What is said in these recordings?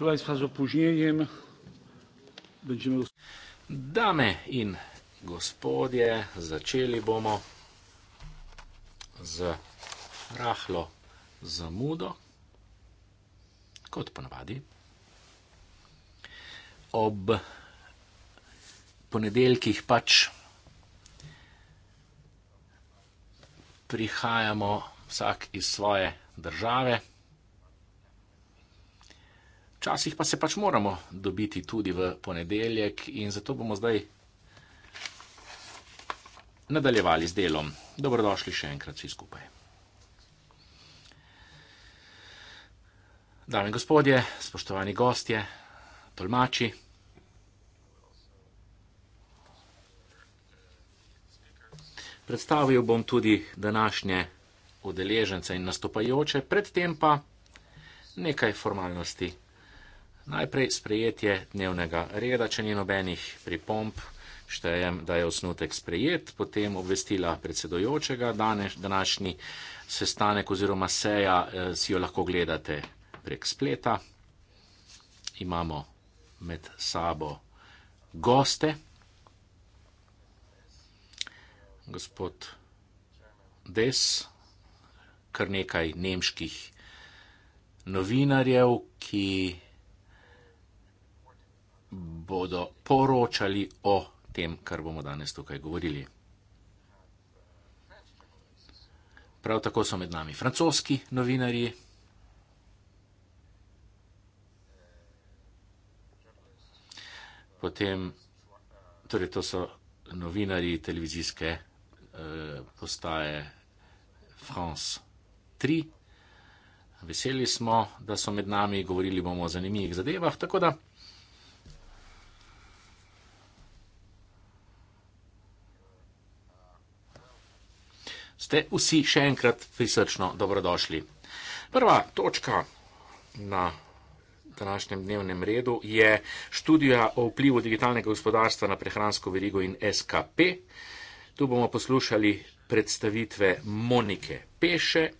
Nikolaj, sva z opožnjenjem. Dame in gospodje, začeli bomo z rahlo zamudo, kot ponavadi. Ob ponedeljkih pač prihajamo vsak iz svoje države. Včasih pa se pač moramo dobiti tudi v ponedeljek in zato bomo zdaj nadaljevali z delom. Dobrodošli še enkrat vsi skupaj. Dame in gospodje, spoštovani gostje, tolmači. Predstavil bom tudi današnje udeležence in nastopajoče, predtem pa nekaj formalnosti. Najprej sprejetje dnevnega reda, če ni nobenih pripomp, štejem, da je osnutek sprejet, potem obvestila predsedojočega, danes, današnji sestanek oziroma seja eh, si jo lahko gledate prek spleta. Imamo med sabo goste. Gospod Des, kar nekaj nemških novinarjev, ki bodo poročali o tem, kar bomo danes tukaj govorili. Prav tako so med nami francoski novinari, potem, torej to so novinari televizijske eh, postaje France 3. Veseli smo, da so med nami govorili bomo o zanimivih zadevah, tako da ste vsi še enkrat prisrčno dobrodošli. Prva točka na današnjem dnevnem redu je študija o vplivu digitalnega gospodarstva na prehransko verigo in SKP. Tu bomo poslušali predstavitve Monike Peše,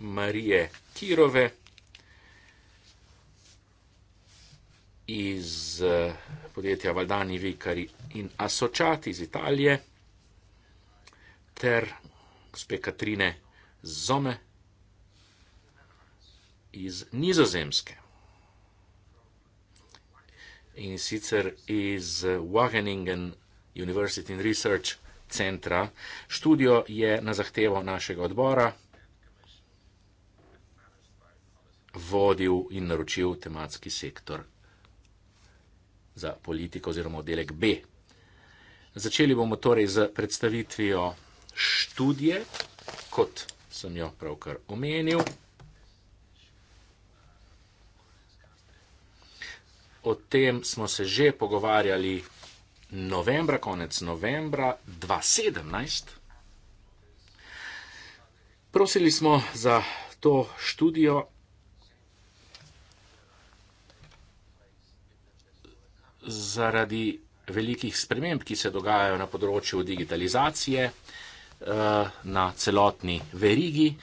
Marije Kirove iz eh, podjetja Valdani Vikari in Asočati iz Italije ter gospe Katrine Zome iz Nizozemske. In sicer iz Wageningen University and Research Centra. Študijo je na zahtevo našega odbora vodil in naročil tematski sektor za politiko oziroma oddelek B. Začeli bomo torej z predstavitvijo študije, kot sem jo pravkar omenil. O tem smo se že pogovarjali novembra, konec novembra 2017. Prosili smo za to študijo zaradi velikih sprememb, ki se dogajajo na področju digitalizacije. Uh, Eh, na celotni verigi.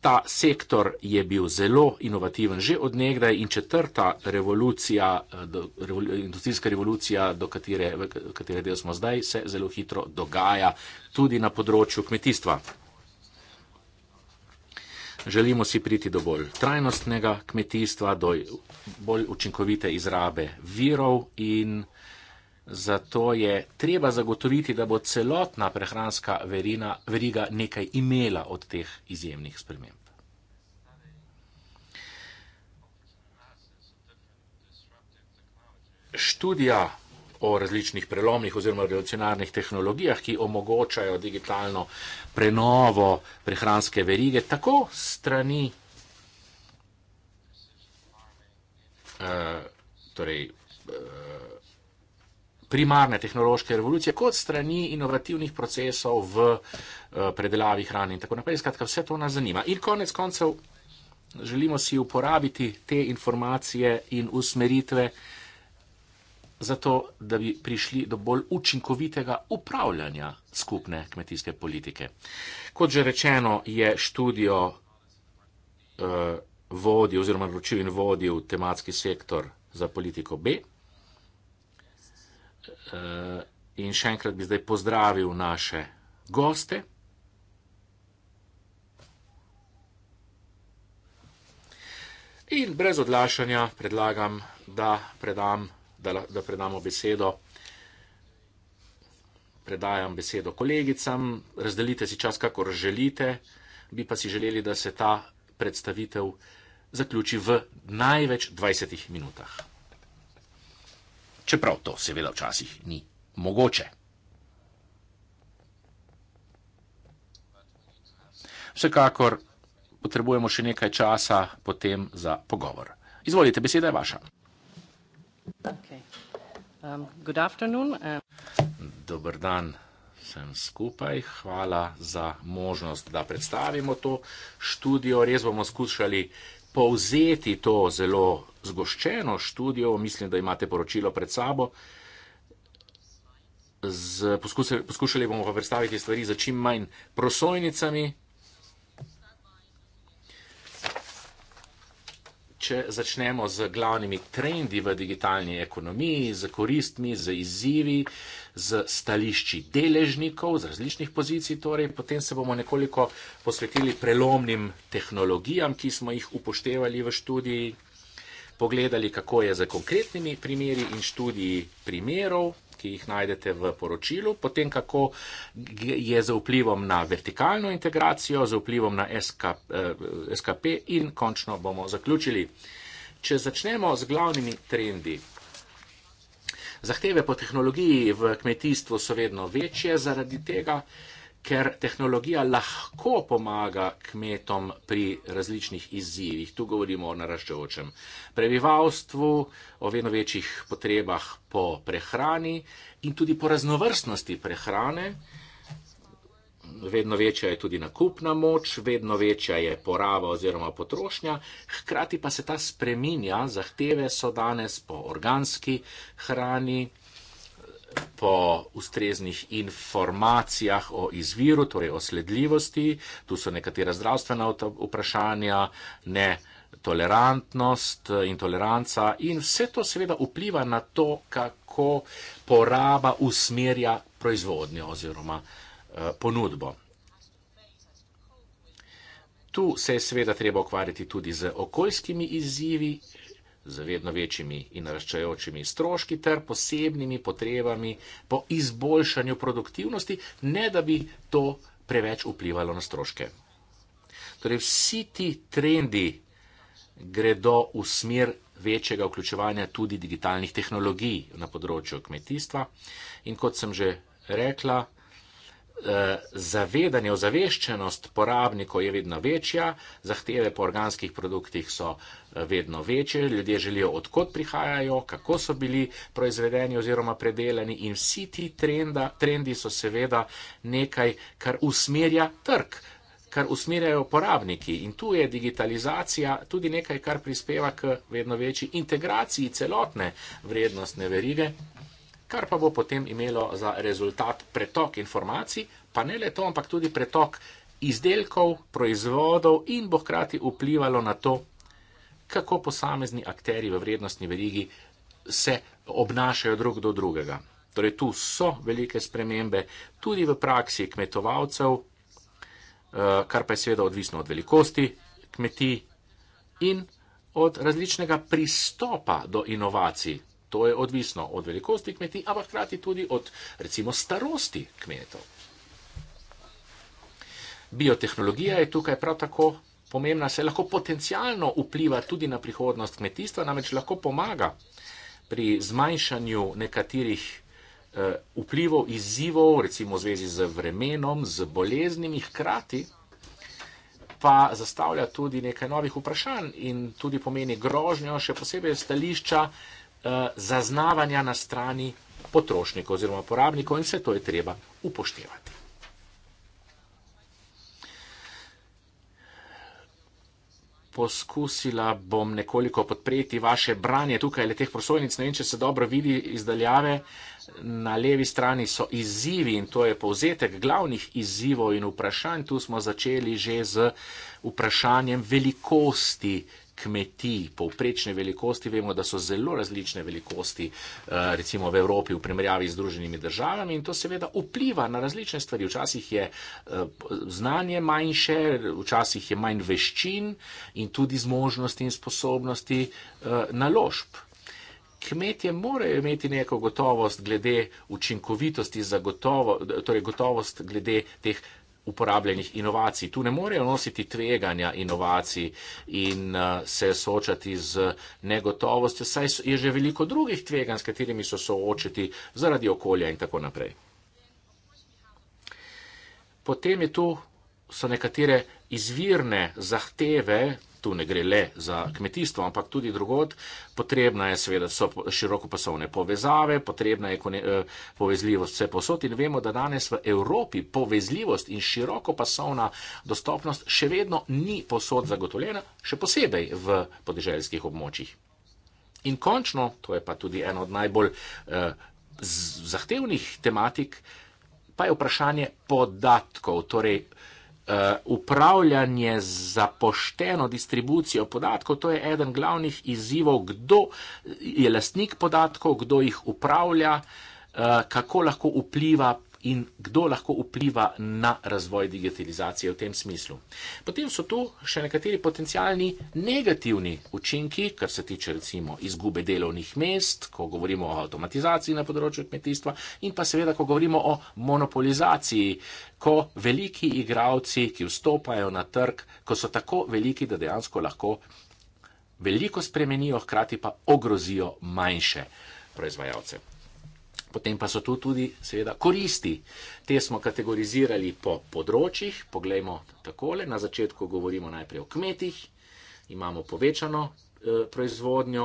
Ta sektor je bil zelo inovativen že odnegdaj in četrta revolucija, eh, industrijska revolucija, do katere, katere del smo zdaj, se zelo hitro dogaja tudi na področju kmetijstva. Želimo si priti do bolj trajnostnega kmetijstva, do bolj učinkovite izrabe virov in Zato je treba zagotoviti, da bo celotna prehranska verina, veriga nekaj imela od teh izjemnih sprememb. Študija o različnih prelomnih oziroma revolucionarnih tehnologijah, ki omogočajo digitalno prenovo prehranske verige, tako strani eh, torej, primarne tehnološke revolucije, kot strani inovativnih procesov v eh, predelavi hrane in tako naprej. Skratka, vse to nas zanima. In konec koncev želimo si uporabiti te informacije in usmeritve zato, da bi prišli do bolj učinkovitega upravljanja skupne kmetijske politike. Kot že rečeno, je študijo uh, vodil oziroma ročil in vodil tematski sektor za politiko B. Eh, in še enkrat bi zdaj pozdravil naše goste. In brez odlašanja predlagam, da, predam, da, da predamo besedo. Predajam besedo kolegicam, razdelite si čas, kako želite, bi pa si želeli, da se ta predstavitev zaključi v največ 20 minutah čeprav to seveda včasih ni mogoče. Vsekakor potrebujemo še nekaj časa potem za pogovor. Izvolite, beseda je vaša. Okay. Um, um Dobr dan vsem skupaj. Hvala za možnost, da predstavimo to študijo. Res bomo skušali povzeti to zelo zgoščeno študijo, mislim, da imate poročilo pred sabo. Z, poskusili, poskušali bomo pa predstaviti stvari za čim manj prosojnicami. Če začnemo z glavnimi trendi v digitalni ekonomiji, z koristmi, z izzivi, z stališči deležnikov, z različnih pozicij, torej, potem se bomo nekoliko posvetili prelomnim tehnologijam, ki smo jih upoštevali v študiji pogledali, kako je z konkretnimi primeri in študiji primerov, ki jih najdete v poročilu, potem kako je z vplivom na vertikalno integracijo, z vplivom na SK, eh, SKP in končno bomo zaključili. Če začnemo z glavnimi trendi. Zahteve po tehnologiji v kmetijstvu so vedno večje zaradi tega, eh, ker tehnologija lahko pomaga kmetom pri različnih izzivih. Tu govorimo o naraščajočem prebivalstvu, o vedno večjih potrebah po prehrani in tudi po raznovrstnosti prehrane. Vedno večja je tudi nakupna moč, vedno večja je poraba oziroma potrošnja, hkrati pa se ta spreminja, zahteve so danes po organski hrani, po ustreznih informacijah o izviru, torej o sledljivosti. Tu so nekatera zdravstvena vprašanja, ne tolerantnost, eh, intoleranca in vse to seveda vpliva na to, kako poraba usmerja proizvodnjo oziroma eh, ponudbo. Tu se je seveda treba okvariti tudi z okoljskimi izzivi, z vedno večjimi in naraščajočimi stroški ter posebnimi potrebami po izboljšanju produktivnosti, ne da bi to preveč vplivalo na stroške. Torej, vsi ti trendi gredo v smer večjega vključevanja tudi digitalnih tehnologij na področju kmetijstva in kot sem že rekla, Eh, zavedanje, ozaveščenost porabnikov je vedno večja, zahteve po organskih produktih so eh, vedno večje, ljudje želijo, odkot prihajajo, kako so bili proizvedeni oziroma predelani in vsi ti trenda, trendi so seveda nekaj, kar usmerja trg kar usmerjajo uporabniki in tu je digitalizacija tudi nekaj, kar prispeva k vedno večji integraciji celotne vrednostne verige kar pa bo potem imelo za rezultat pretok informacij, pa ne le to, ampak tudi pretok izdelkov, proizvodov in bo hkrati vplivalo na to, kako posamezni akteri v vrednostni verigi se obnašajo drug do drugega. Torej, tu so velike spremembe tudi v praksi kmetovalcev, eh, kar pa je seveda odvisno od velikosti kmetij in od različnega pristopa do inovacij to je odvisno od velikosti kmetij, ampak hkrati tudi od recimo starosti kmetov. Biotehnologija je tukaj prav tako pomembna, se lahko potencialno vpliva tudi na prihodnost kmetijstva, namreč lahko pomaga pri zmanjšanju nekaterih eh, vplivov, izzivov, recimo v zvezi z vremenom, z boleznimi, hkrati pa zastavlja tudi nekaj novih vprašanj in tudi pomeni grožnjo, še posebej stališča Eh, zaznavanja na strani potrošnikov oziroma uporabnikov in vse to je treba upoštevati. Poskusila bom nekoliko podpreti vaše branje tukaj le teh prosojnic. Ne vem, če se dobro vidi izdaljave. Na levi strani so izzivi in to je povzetek glavnih izzivov in vprašanj. Tu smo začeli že z vprašanjem velikosti kmetij povprečne velikosti, vemo, da so zelo različne velikosti, eh, recimo v Evropi v primerjavi z združenimi državami in to seveda vpliva na različne stvari. Včasih je eh, znanje manjše, včasih je manj veščin in tudi zmožnosti in sposobnosti eh, naložb. Kmetje morajo imeti neko gotovost glede učinkovitosti, torej gotovost glede teh uporabljenih inovacij. Tu ne morejo nositi tveganja inovacij in uh, se soočati z negotovostjo, saj je že veliko drugih tveganj, s katerimi so soočiti zaradi okolja in tako naprej. Potem je tu so nekatere izvirne zahteve tu ne gre le za kmetijstvo, ampak tudi drugot. Potrebna je seveda so širokopasovne povezave, potrebna je eh, povezljivost vse posod in vemo, da danes v Evropi povezljivost in širokopasovna dostopnost še vedno ni posod zagotovljena, še posebej v podeželjskih območjih. In končno, to je pa tudi eno od najbolj eh, zahtevnih tematik, pa je vprašanje podatkov. Torej, eh, Eh, upravljanje za pošteno distribucijo podatkov, to je eden glavnih izzivov, kdo je lastnik podatkov, kdo jih upravlja, eh, kako lahko vpliva in kdo lahko vpliva na razvoj digitalizacije v tem smislu. Potem so tu še nekateri potencijalni negativni učinki, kar se tiče recimo izgube delovnih mest, ko govorimo o avtomatizaciji na področju kmetijstva in pa seveda, ko govorimo o monopolizaciji, ko veliki igravci, ki vstopajo na trg, ko so tako veliki, da dejansko lahko veliko spremenijo, hkrati pa ogrozijo manjše proizvajalce. Potem pa so tu tudi, seveda, koristi. Te smo kategorizirali po področjih. Poglejmo takole. Na začetku govorimo najprej o kmetih. Imamo povečano eh, proizvodnjo,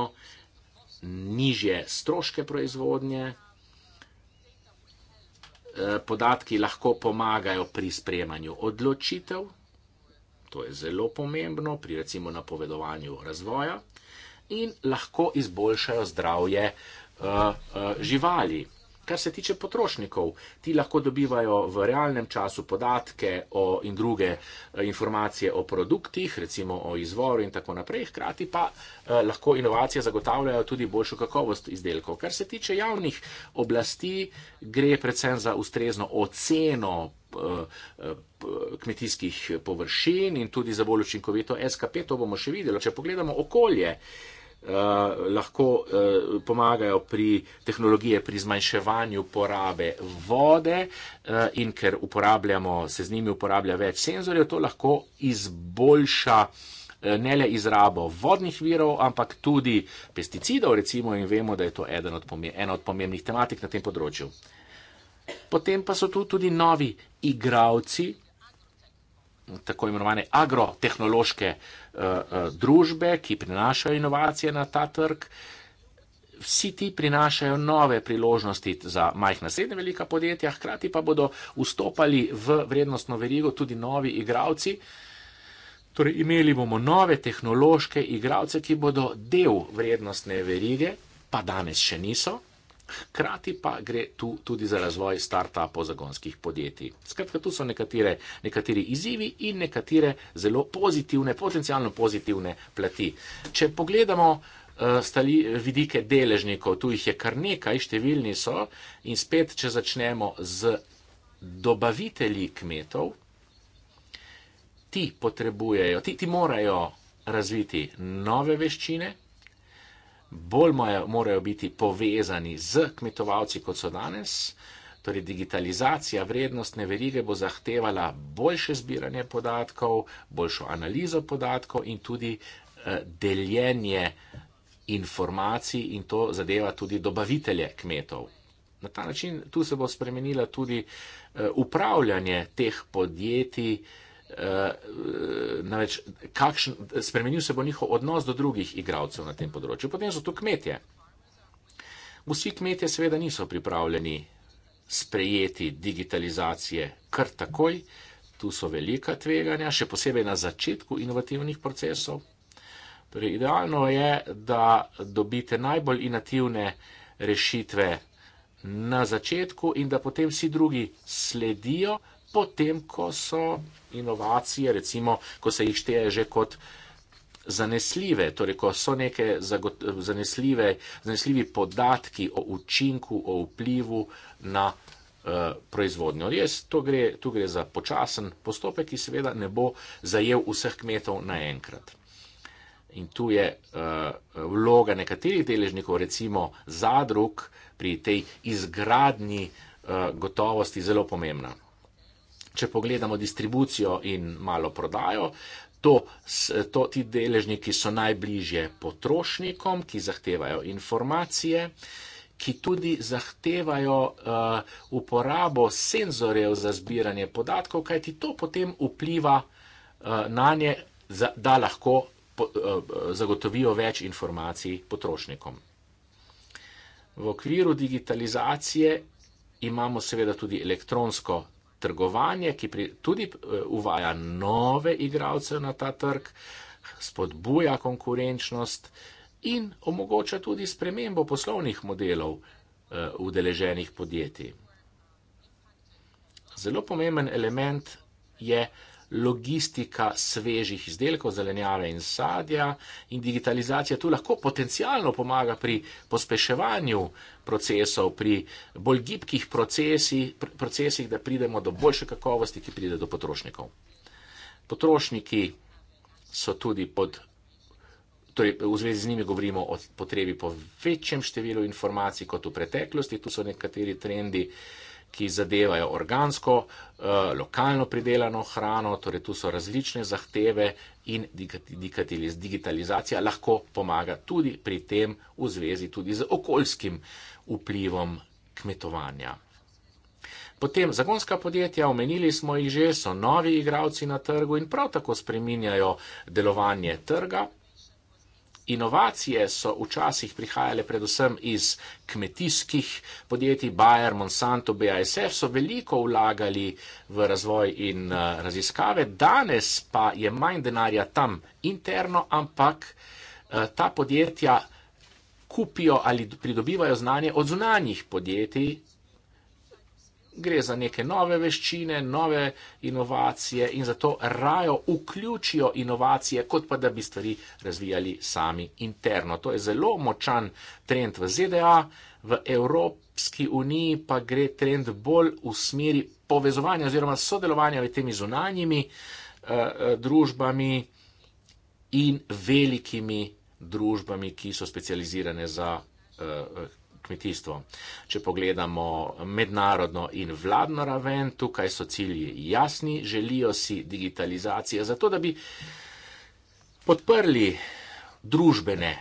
nižje stroške proizvodnje. Eh, podatki lahko pomagajo pri sprejemanju odločitev. To je zelo pomembno pri recimo napovedovanju razvoja in lahko izboljšajo zdravje uh, uh, živali. Kar se tiče potrošnikov, ti lahko dobivajo v realnem času podatke o, in druge eh, informacije o produktih, recimo o izvoru in tako naprej, hkrati pa eh, lahko inovacije zagotavljajo tudi boljšo kakovost izdelkov. Kar se tiče javnih oblasti, gre predvsem za ustrezno oceno eh, eh, kmetijskih površin in tudi za bolj učinkovito SKP, to bomo še videli. Če pogledamo okolje, Eh, lahko uh, pomagajo pri tehnologije pri zmanjševanju porabe vode uh, in ker uporabljamo, se z njimi uporablja več senzorjev, to lahko izboljša ne le izrabo vodnih virov, ampak tudi pesticidov, recimo, in vemo, da je to ena od, pomemb od pomembnih tematik na tem področju. Potem pa so tu tudi novi igravci, tako imenovane agrotehnološke eh, eh, družbe, ki prinašajo inovacije na ta trg. Vsi ti prinašajo nove priložnosti za majhna srednja velika podjetja, hkrati pa bodo vstopali v vrednostno verigo tudi novi igravci. Torej, imeli bomo nove tehnološke igravce, ki bodo del vrednostne verige, pa danes še niso, Hkrati pa gre tu tudi za razvoj start-upov zagonskih podjetij. Skratka, tu so nekatere, nekateri izzivi in nekatere zelo pozitivne, potencijalno pozitivne plati. Če pogledamo eh, stali vidike deležnikov, tu jih je kar nekaj, številni so in spet, če začnemo z dobavitelji kmetov, ti potrebujejo, ti, ti morajo razviti nove veščine, bolj morajo biti povezani z kmetovalci, kot so danes. Torej, digitalizacija vrednostne verige bo zahtevala boljše zbiranje podatkov, boljšo analizo podatkov in tudi eh, deljenje informacij, in to zadeva tudi dobavitelje kmetov. Na ta način tu se bo spremenila tudi eh, upravljanje teh podjetij, uh, namreč kakšen, spremenil se bo njihov odnos do drugih igralcev na tem področju. Potem so tu kmetje. Vsi kmetje seveda niso pripravljeni sprejeti digitalizacije kar takoj. Tu so velika tveganja, še posebej na začetku inovativnih procesov. Torej, idealno je, da dobite najbolj inovativne rešitve na začetku in da potem vsi drugi sledijo, potem ko so inovacije, recimo, ko se jih šteje že kot zanesljive, torej ko so neke zanesljive, zanesljivi podatki o učinku, o vplivu na uh, proizvodnjo. Res, to gre, tu gre za počasen postopek, ki seveda ne bo zajel vseh kmetov naenkrat. In tu je uh, vloga nekaterih deležnikov, recimo zadrug, pri tej izgradnji uh, gotovosti zelo pomembna če pogledamo distribucijo in malo prodajo, to, to ti deležniki so najbližje potrošnikom, ki zahtevajo informacije, ki tudi zahtevajo uh, uporabo senzorjev za zbiranje podatkov, kajti to potem vpliva uh, eh, na nje, za, da lahko po, uh, zagotovijo več informacij potrošnikom. V okviru digitalizacije imamo seveda tudi elektronsko trgovanje, ki pri, tudi eh, uvaja nove igralce na ta trg, spodbuja konkurenčnost in omogoča tudi spremembo poslovnih modelov eh, udeleženih podjetij. Zelo pomemben element je, da logistika svežih izdelkov, zelenjave in sadja. In digitalizacija tu lahko potencialno pomaga pri pospeševanju procesov, pri bolj gibkih procesi, pr procesih, da pridemo do boljše kakovosti, ki pride do potrošnikov. Potrošniki so tudi pod. Torej, v zvezi z njimi govorimo o potrebi po večjem številu informacij kot v preteklosti. Tu so nekateri trendi, uh, ki zadevajo organsko, eh, lokalno pridelano hrano, torej tu so različne zahteve in digitalizacija lahko pomaga tudi pri tem v zvezi tudi z okoljskim vplivom kmetovanja. Potem zagonska podjetja, omenili smo jih že, so novi igravci na trgu in prav tako spreminjajo delovanje trga inovacije so včasih prihajale predvsem iz kmetijskih podjetij, Bayer, Monsanto, BASF so veliko vlagali v razvoj in eh, raziskave, danes pa je manj denarja tam interno, ampak eh, ta podjetja kupijo ali pridobivajo znanje od zunanjih podjetij, gre za neke nove veščine, nove inovacije in zato rajo vključijo inovacije, kot pa da bi stvari razvijali sami interno. To je zelo močan trend v ZDA, v Evropski uniji pa gre trend bolj v smeri povezovanja oziroma sodelovanja med temi zunanjimi eh, eh družbami in velikimi družbami, ki so specializirane za eh, eh kmetijstvo. Če pogledamo mednarodno in vladno raven, tukaj so cilji jasni, želijo si digitalizacijo, zato da bi podprli družbene,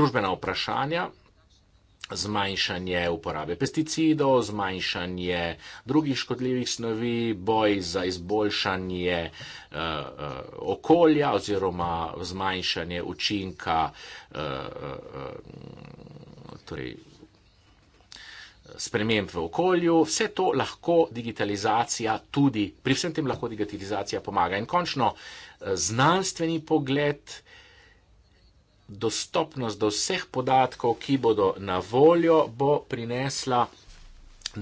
družbena vprašanja, zmanjšanje uporabe pesticidov, zmanjšanje drugih škodljivih snovi, boj za izboljšanje uh, okolja oziroma zmanjšanje učinka uh, uh, torej, eh, sprememb v okolju, vse to lahko digitalizacija tudi, pri vsem tem lahko digitalizacija pomaga. In končno, eh, znanstveni pogled, dostopnost do vseh podatkov, ki bodo na voljo, bo prinesla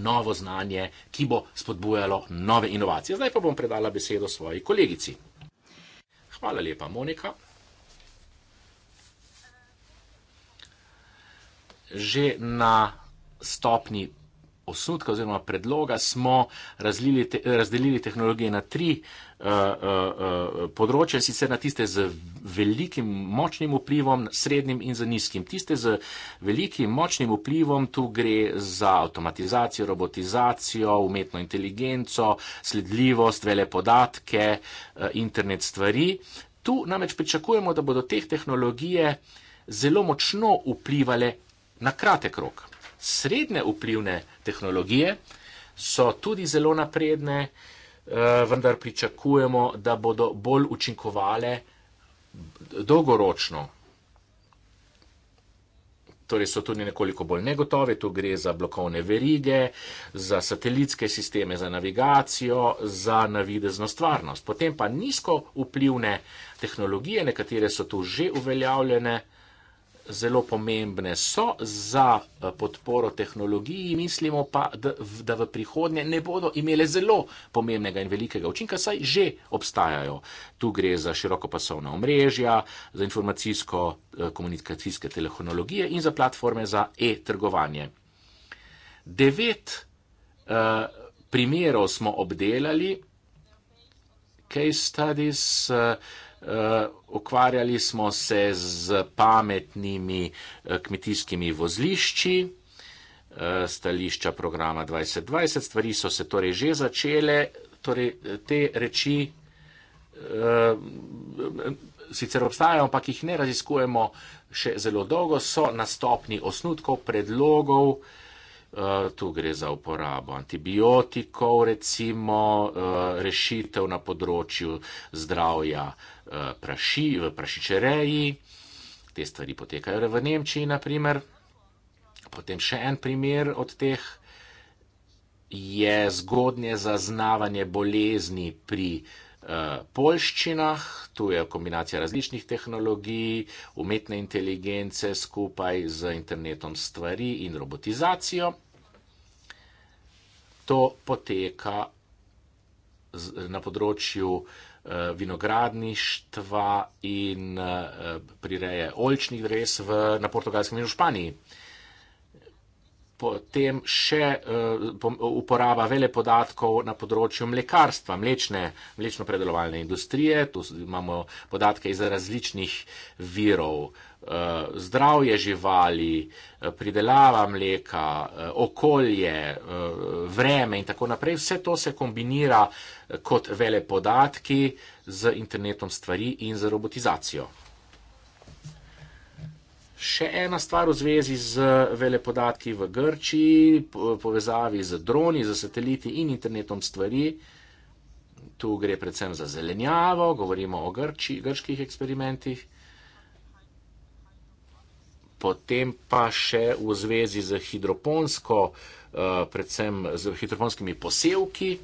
novo znanje, ki bo spodbujalo nove inovacije. Zdaj pa bom predala besedo svoji kolegici. Hvala lepa, Monika. že na stopni osnutka oziroma predloga smo te, razdelili tehnologije na tri uh, uh, uh, področja, sicer na tiste z velikim močnim vplivom, srednjim in z nizkim. Tiste z velikim močnim vplivom tu gre za avtomatizacijo, robotizacijo, umetno inteligenco, sledljivost, vele podatke, uh, internet stvari. Tu namreč pričakujemo, da bodo te tehnologije zelo močno vplivali na kratek rok. Srednje vplivne tehnologije so tudi zelo napredne, eh, vendar pričakujemo, da bodo bolj učinkovale dolgoročno. Torej so tudi nekoliko bolj negotove, tu gre za blokovne verige, za satelitske sisteme, za navigacijo, za navidezno stvarnost. Potem pa nizko vplivne tehnologije, nekatere so tu že uveljavljene, zelo pomembne so za eh, podporo tehnologiji, mislimo pa, da, da v prihodnje ne bodo imele zelo pomembnega in velikega učinka, saj že obstajajo. Tu gre za širokopasovna omrežja, za informacijsko-komunikacijske eh, tehnologije in za platforme za e-trgovanje. Devet uh, primerov smo obdelali, case studies. Uh, Eh, ukvarjali smo se z pametnimi eh, kmetijskimi vozlišči, eh, stališča programa 2020, stvari so se torej že začele, torej te reči sicer obstajajo, ampak jih ne raziskujemo še zelo dolgo, so nastopni osnutkov, predlogov, Eh, tu gre za uporabo antibiotikov, recimo eh, rešitev na področju zdravja eh, praši, v prašičereji. Te stvari potekajo v Nemčiji, naprimer. Potem še en primer od teh je zgodnje zaznavanje bolezni pri uh, Eh, polščinah, tu je kombinacija različnih tehnologij, umetne inteligence skupaj z internetom stvari in robotizacijo. To poteka na področju eh, vinogradništva in eh, prireje oljčnih dreves na portugalskem in v Španiji potem še eh, uporaba vele podatkov na področju mlekarstva, mlečne, mlečno-predelovalne industrije. Tu imamo podatke iz različnih virov. Eh, zdravje živali, eh, pridelava mleka, okolje, vreme in tako naprej. Vse to se kombinira kot vele podatki z internetom stvari in z robotizacijo. Še ena stvar v zvezi z velepodatki v Grčiji, povezavi z droni, z sateliti in internetom stvari. Tu gre predvsem za zelenjavo, govorimo o Grči, grških eksperimentih. Potem pa še v zvezi z hidroponsko, eh, predvsem z hidroponskimi posevki.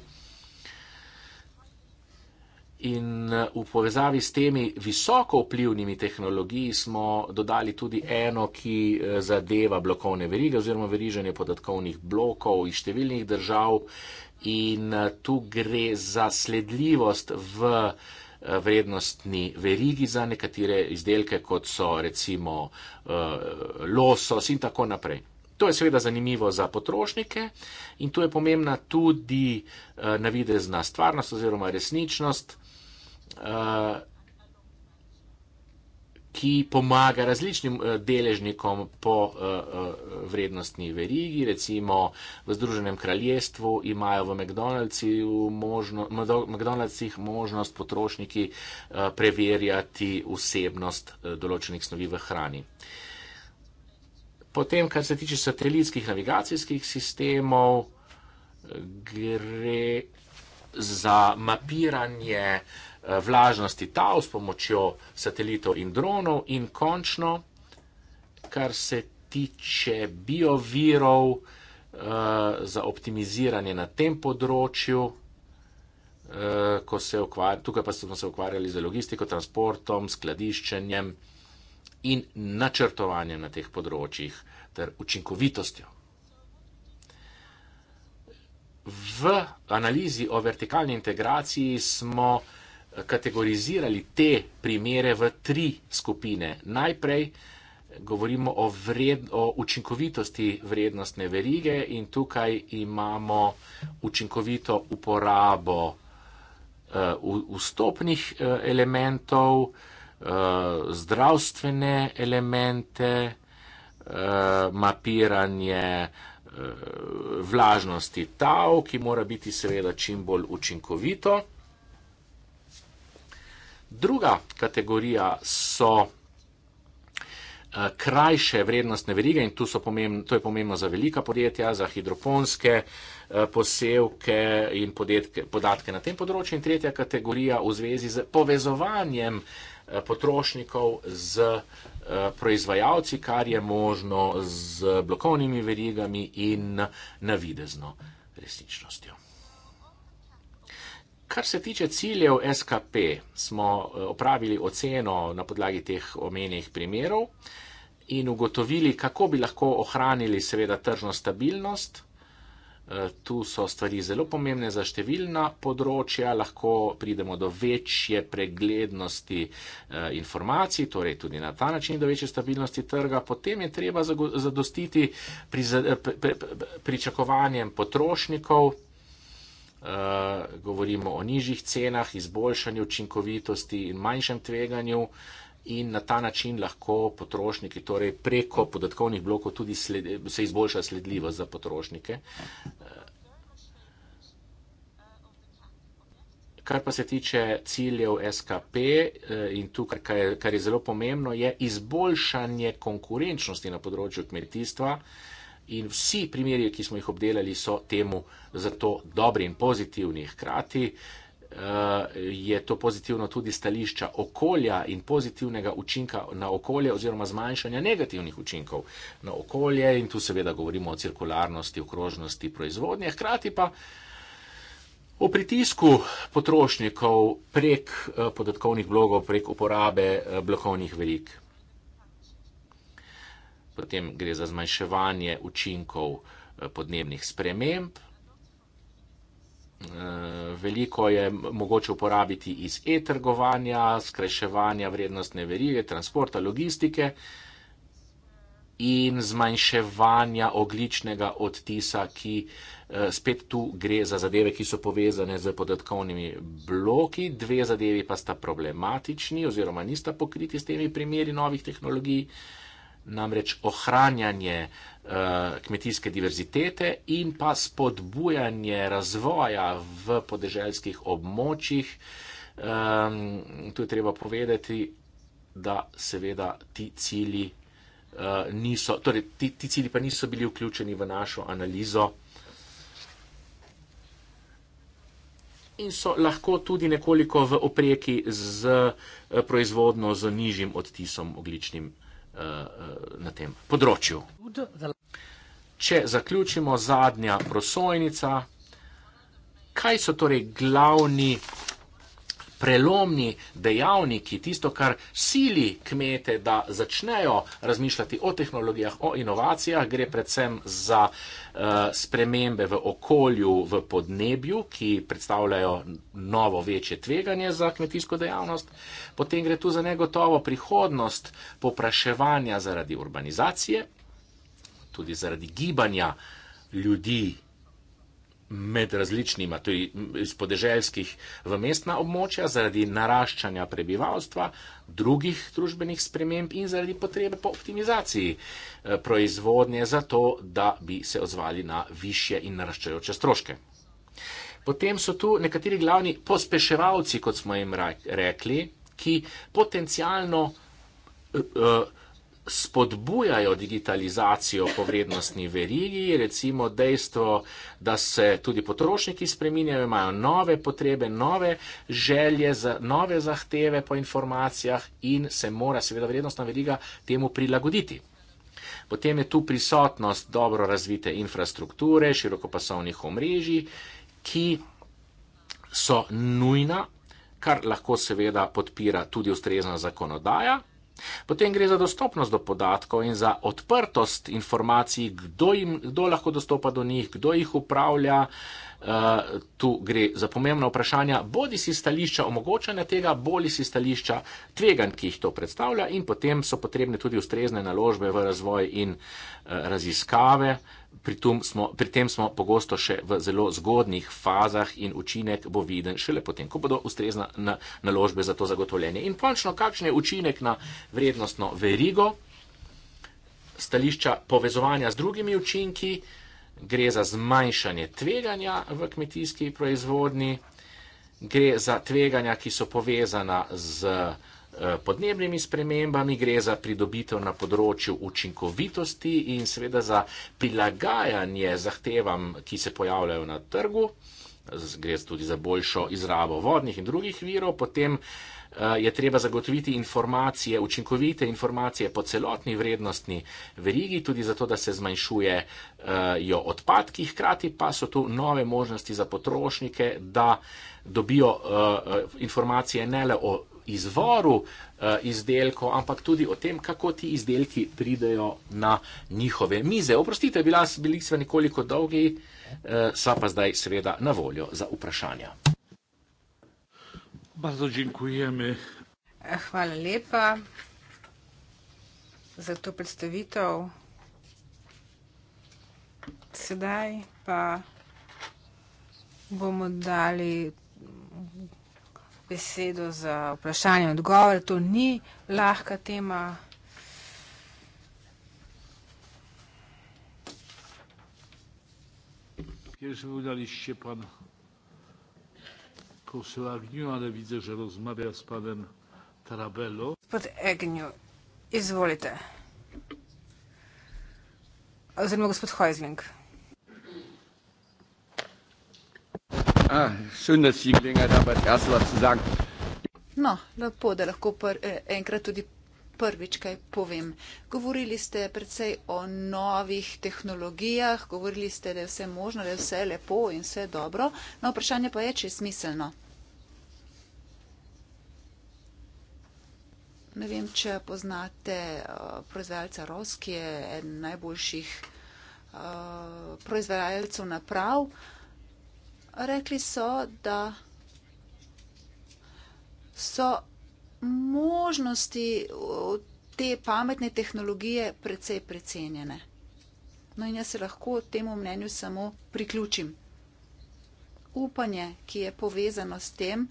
In eh, v povezavi s temi visoko vplivnimi tehnologiji smo dodali tudi eno, ki eh, zadeva blokovne verige oziroma veriženje podatkovnih blokov iz številnih držav. In eh, tu gre za sledljivost v vrednostni verigi za nekatere izdelke, kot so recimo losos in tako naprej. To je seveda zanimivo za potrošnike in tu je pomembna tudi navidezna stvarnost oziroma resničnost ki pomaga različnim eh, deležnikom po eh, eh, vrednostni verigi. Recimo v Združenem kraljestvu imajo v McDonald'sih možnost potrošniki preverjati vsebnost določenih snovi v hrani. Potem, kar se tiče satelitskih navigacijskih sistemov, gre za mapiranje Eh, vlažnosti TAV s pomočjo satelitov in dronov, in končno, kar se tiče biovirov eh, za optimiziranje na tem področju, eh, ukvar... tukaj pa smo se ukvarjali z logistiko, transportom, skladiščenjem in načrtovanjem na teh področjih ter učinkovitostjo. V analizi o vertikalni integraciji smo uh, kategorizirali te primere v tri skupine. Najprej govorimo o, vred, o učinkovitosti vrednostne verige in tukaj imamo učinkovito uporabo uh, vstopnih uh, elementov, uh, zdravstvene elemente, uh, mapiranje uh, vlažnosti tav, ki mora biti seveda čim bolj učinkovito. Druga kategorija so eh, krajše vrednostne verige in tu so pomembno, to je pomembno za velika podjetja, za hidroponske eh, posevke in podetke, podatke na tem področju. In tretja kategorija v zvezi z povezovanjem eh, potrošnikov z proizvajalci, kar je možno z blokovnimi verigami in navidezno resničnostjo. Kar se tiče ciljev SKP, smo eh, opravili oceno na podlagi teh omenjenih primerov in ugotovili, kako bi lahko ohranili seveda tržno stabilnost. Eh, tu so stvari zelo pomembne za številna področja, lahko pridemo do večje preglednosti eh, informacij, torej tudi na ta način do večje stabilnosti trga. Potem je treba zadostiti pričakovanjem potrošnikov. Eh, govorimo o nižjih cenah, izboljšanju učinkovitosti in manjšem tveganju. In na ta način lahko potrošniki, torej preko podatkovnih blokov, tudi sled, se izboljša sledljivost za potrošnike. Eh, kar pa se tiče ciljev SKP eh, in tukaj, kar je, kar je zelo pomembno, je izboljšanje konkurenčnosti na področju kmetijstva in vsi primeri, ki smo jih obdelali, so temu zato dobri in pozitivni. Hkrati eh, je to pozitivno tudi stališča okolja in pozitivnega učinka na okolje oziroma zmanjšanja negativnih učinkov na okolje in tu seveda govorimo o cirkularnosti, okrožnosti proizvodnje. Hkrati pa. O pritisku potrošnikov prek eh, podatkovnih blogov, prek uporabe eh, blokovnih velik potem gre za zmanjševanje učinkov eh, podnebnih sprememb. Eh, veliko je mogoče uporabiti iz e-trgovanja, skrajševanja vrednostne verige, transporta, logistike in zmanjševanja ogličnega odtisa, ki eh, spet tu gre za zadeve, ki so povezane z podatkovnimi bloki. Dve zadevi pa sta problematični oziroma nista pokriti s temi primeri novih tehnologij namreč ohranjanje eh, kmetijske diverzitete in pa spodbujanje razvoja v podeželskih območjih. Tu je treba povedati, da seveda ti cili, eh, niso, torej, ti, ti cili pa niso bili vključeni v našo analizo. In so lahko tudi nekoliko v opreki z eh, proizvodno z nižjim odtisom ogličnim Eh, eh, na tem področju. Če zaključimo zadnja prosojnica, kaj so torej glavni prelomni dejavniki, tisto, kar sili kmete, da začnejo razmišljati o tehnologijah, o inovacijah, gre predvsem za uh, spremembe v okolju, v podnebju, ki predstavljajo novo večje tveganje za kmetijsko dejavnost. Potem gre tu za negotovo prihodnost popraševanja zaradi urbanizacije, tudi zaradi gibanja ljudi med različnima, tudi iz podeželskih v mestna območja, zaradi naraščanja prebivalstva, drugih družbenih sprememb in zaradi potrebe po optimizaciji eh, proizvodnje, zato da bi se odzvali na više in naraščajoče stroške. Potem so tu nekateri glavni pospeševalci, kot smo jim rekli, ki potencialno. Uh, uh, spodbujajo digitalizacijo po vrednostni verigi, recimo dejstvo, da se tudi potrošniki spreminjajo, imajo nove potrebe, nove želje, nove zahteve po informacijah in se mora seveda vrednostna veriga temu prilagoditi. Potem je tu prisotnost dobro razvite infrastrukture, širokopasovnih omrežij, ki so nujna, kar lahko seveda podpira tudi ustrezna zakonodaja. Potem gre za dostopnost do podatkov in za odprtost informacij, kdo, jim, kdo lahko dostopa do njih, kdo jih upravlja. Uh, tu gre za pomembna vprašanja, bodi si stališča omogočanja tega, bodi si stališča tvegan, ki jih to predstavlja in potem so potrebne tudi ustrezne naložbe v razvoj in uh, raziskave, uh, pri, smo, pri tem smo pogosto še v zelo zgodnih fazah in učinek bo viden šele potem, ko bodo ustrezna na, naložbe za to zagotovljene. In končno, kakšen je učinek na vrednostno verigo? Stališča povezovanja z drugimi učinki, gre za zmanjšanje tveganja v kmetijski proizvodni, gre za tveganja, ki so povezana z. Eh, podnebnimi spremembami, gre za pridobitev na področju učinkovitosti in seveda za prilagajanje zahtevam, ki se pojavljajo na trgu. Gre tudi za boljšo izrabo vodnih in drugih virov, potem eh, je treba zagotoviti informacije, učinkovite informacije po celotni vrednostni verigi, tudi zato, da se zmanjšujejo eh, odpadki, hkrati pa so tu nove možnosti za potrošnike, da dobijo informacije ne le o izvoru eh, izdelkov, ampak tudi o tem, kako ti izdelki pridejo na njihove mize. Oprostite, bila, bili smo nekoliko dolgi, eh, sva pa zdaj seveda na voljo za vprašanja. Hvala lepa za to predstavitev. Sedaj pa bomo dali besedo za vprašanje in odgovor. To ni lahka tema. Jaz sem videl, da je pan, ko se je agnil, ali vidi, da razmavlja s panem Tarabello. Gospod Egnil, izvolite. Oziroma gospod Hojzling. Ah, no, lepo, da lahko pr, eh, enkrat tudi prvič kaj povem. Govorili ste predvsej o novih tehnologijah, govorili ste, da je vse možno, da je vse lepo in vse dobro. No, vprašanje pa je, če je smiselno. Ne vem, če poznate uh, proizvajalca Ross, ki je eden najboljših uh, proizvajalcev naprav. Uh, rekli so, da so možnosti te pametne tehnologije precej precenjene. No in jaz se lahko temu mnenju samo priključim. Upanje, ki je povezano s tem,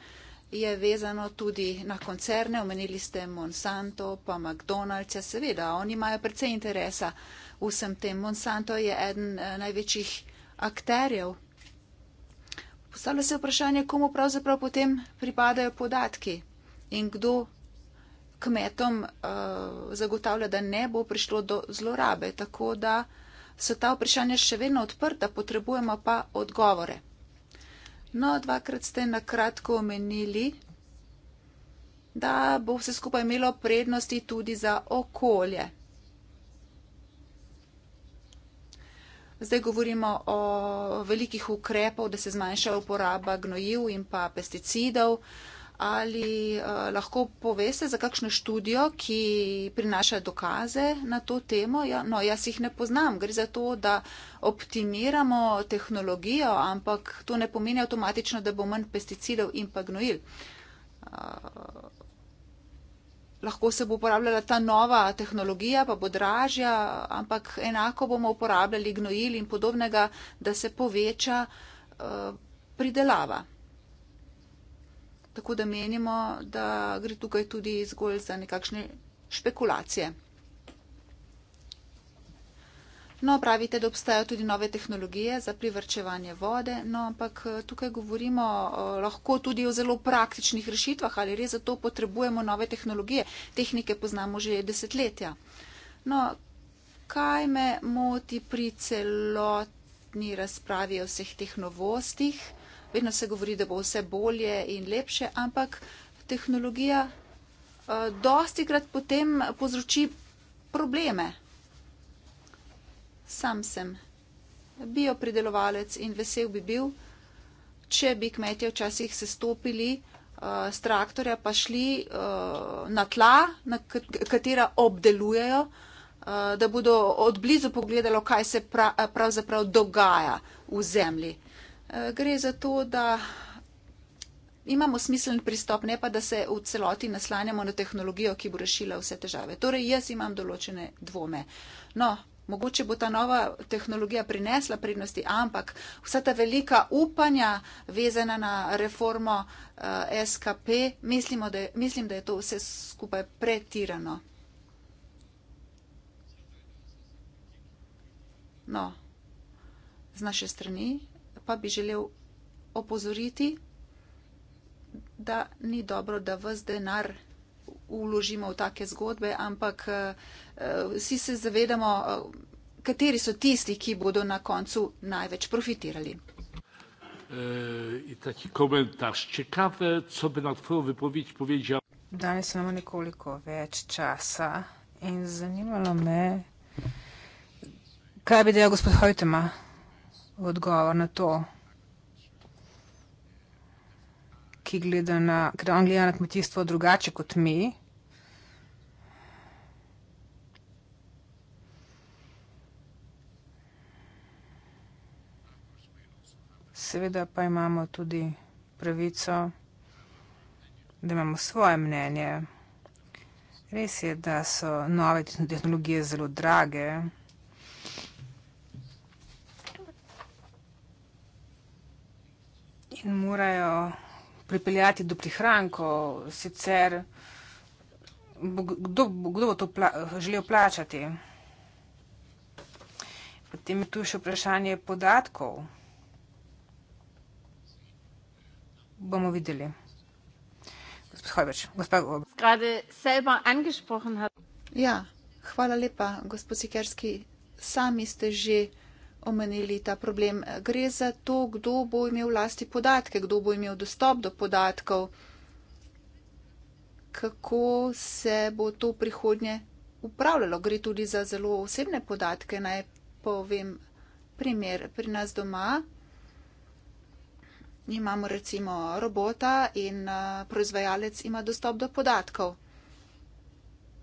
je vezano tudi na koncerne. Omenili ste Monsanto, pa McDonald's, seveda, oni imajo precej interesa vsem tem. Monsanto je eden eh, največjih akterjev postavlja se vprašanje, komu pravzaprav potem pripadajo podatki in kdo kmetom uh, zagotavlja, da ne bo prišlo do zlorabe. Tako da so ta vprašanja še vedno odprta, potrebujemo pa odgovore. No, dvakrat ste na kratko omenili, da bo vse skupaj imelo prednosti tudi za okolje. Zdaj govorimo o velikih ukrepov, da se zmanjša uporaba gnojiv in pa pesticidov. Ali eh, lahko poveste za kakšno študijo, ki prinaša dokaze na to temo? Ja, no, jaz jih ne poznam. Gre za to, da optimiramo tehnologijo, ampak to ne pomeni avtomatično, da bo manj pesticidov in pa gnojil. Eh, lahko se bo uporabljala ta nova tehnologija, pa bo dražja, ampak enako bomo uporabljali gnojil in podobnega, da se poveča eh, pridelava. Tako da menimo, da gre tukaj tudi zgolj za nekakšne špekulacije. No, pravite, da obstajajo tudi nove tehnologije za privrčevanje vode, no, ampak eh, tukaj govorimo eh, lahko tudi o zelo praktičnih rešitvah, ali res zato potrebujemo nove tehnologije. Tehnike poznamo že desetletja. No, kaj me moti pri celotni razpravi o vseh teh novostih? Vedno se govori, da bo vse bolje in lepše, ampak tehnologija eh, dosti krat potem povzroči probleme. Sam sem biopridelovalec in vesel bi bil, če bi kmetje včasih se stopili z uh, eh, traktorja, pa šli uh, na tla, na katera obdelujejo, uh, da bodo od blizu pogledali, kaj se pra pravzaprav dogaja v zemlji. Uh, gre za to, da imamo smiseln pristop, ne pa da se v celoti naslanjamo na tehnologijo, ki bo rešila vse težave. Torej, jaz imam določene dvome. No, Mogoče bo ta nova tehnologija prinesla prednosti, ampak vsa ta velika upanja vezana na reformo uh, eh, SKP, mislimo, da je, mislim, da je to vse skupaj pretirano. No, z naše strani pa bi želel opozoriti, da ni dobro, da vse denar uložimo v take zgodbe, ampak eh, eh, vsi se zavedamo, eh, kateri so tisti, ki bodo na koncu največ profitirali. Danes imamo nekoliko več časa in zanimalo me, kaj bi dejal gospod Hojtema v odgovor na to, ki gleda na, ker on gleda na kmetijstvo drugače kot mi. seveda pa imamo tudi pravico, da imamo svoje mnenje. Res je, da so nove tehnologije zelo drage. In morajo pripeljati do prihrankov, sicer kdo, kdo bo to pla želel plačati. Potem je tu še vprašanje podatkov. bomo videli. Ja, hvala lepa, gospod Sikerski. Sami ste že omenili ta problem. Gre za to, kdo bo imel vlasti podatke, kdo bo imel dostop do podatkov, kako se bo to prihodnje upravljalo. Gre tudi za zelo osebne podatke. Naj povem primer pri nas doma imamo recimo robota in eh, proizvajalec ima dostop do podatkov.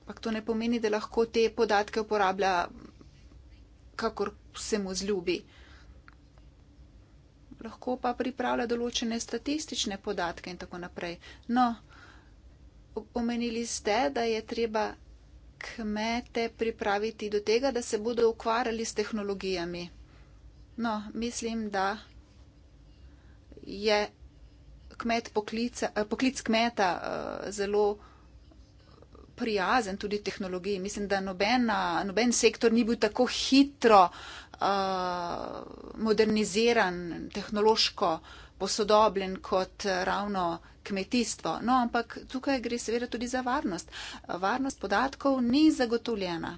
Ampak to ne pomeni, da lahko te podatke uporablja, kakor se mu zljubi. Lahko pa pripravlja določene statistične podatke in tako naprej. No, omenili ste, da je treba kmete pripraviti do tega, da se bodo ukvarjali s tehnologijami. No, mislim, da je kmet poklica, eh, poklic kmeta eh, zelo prijazen tudi tehnologiji. Mislim, da nobena, noben sektor ni bil tako hitro uh, moderniziran, tehnološko posodobljen kot ravno kmetijstvo. No, ampak tukaj gre seveda tudi za varnost. Varnost podatkov ni zagotovljena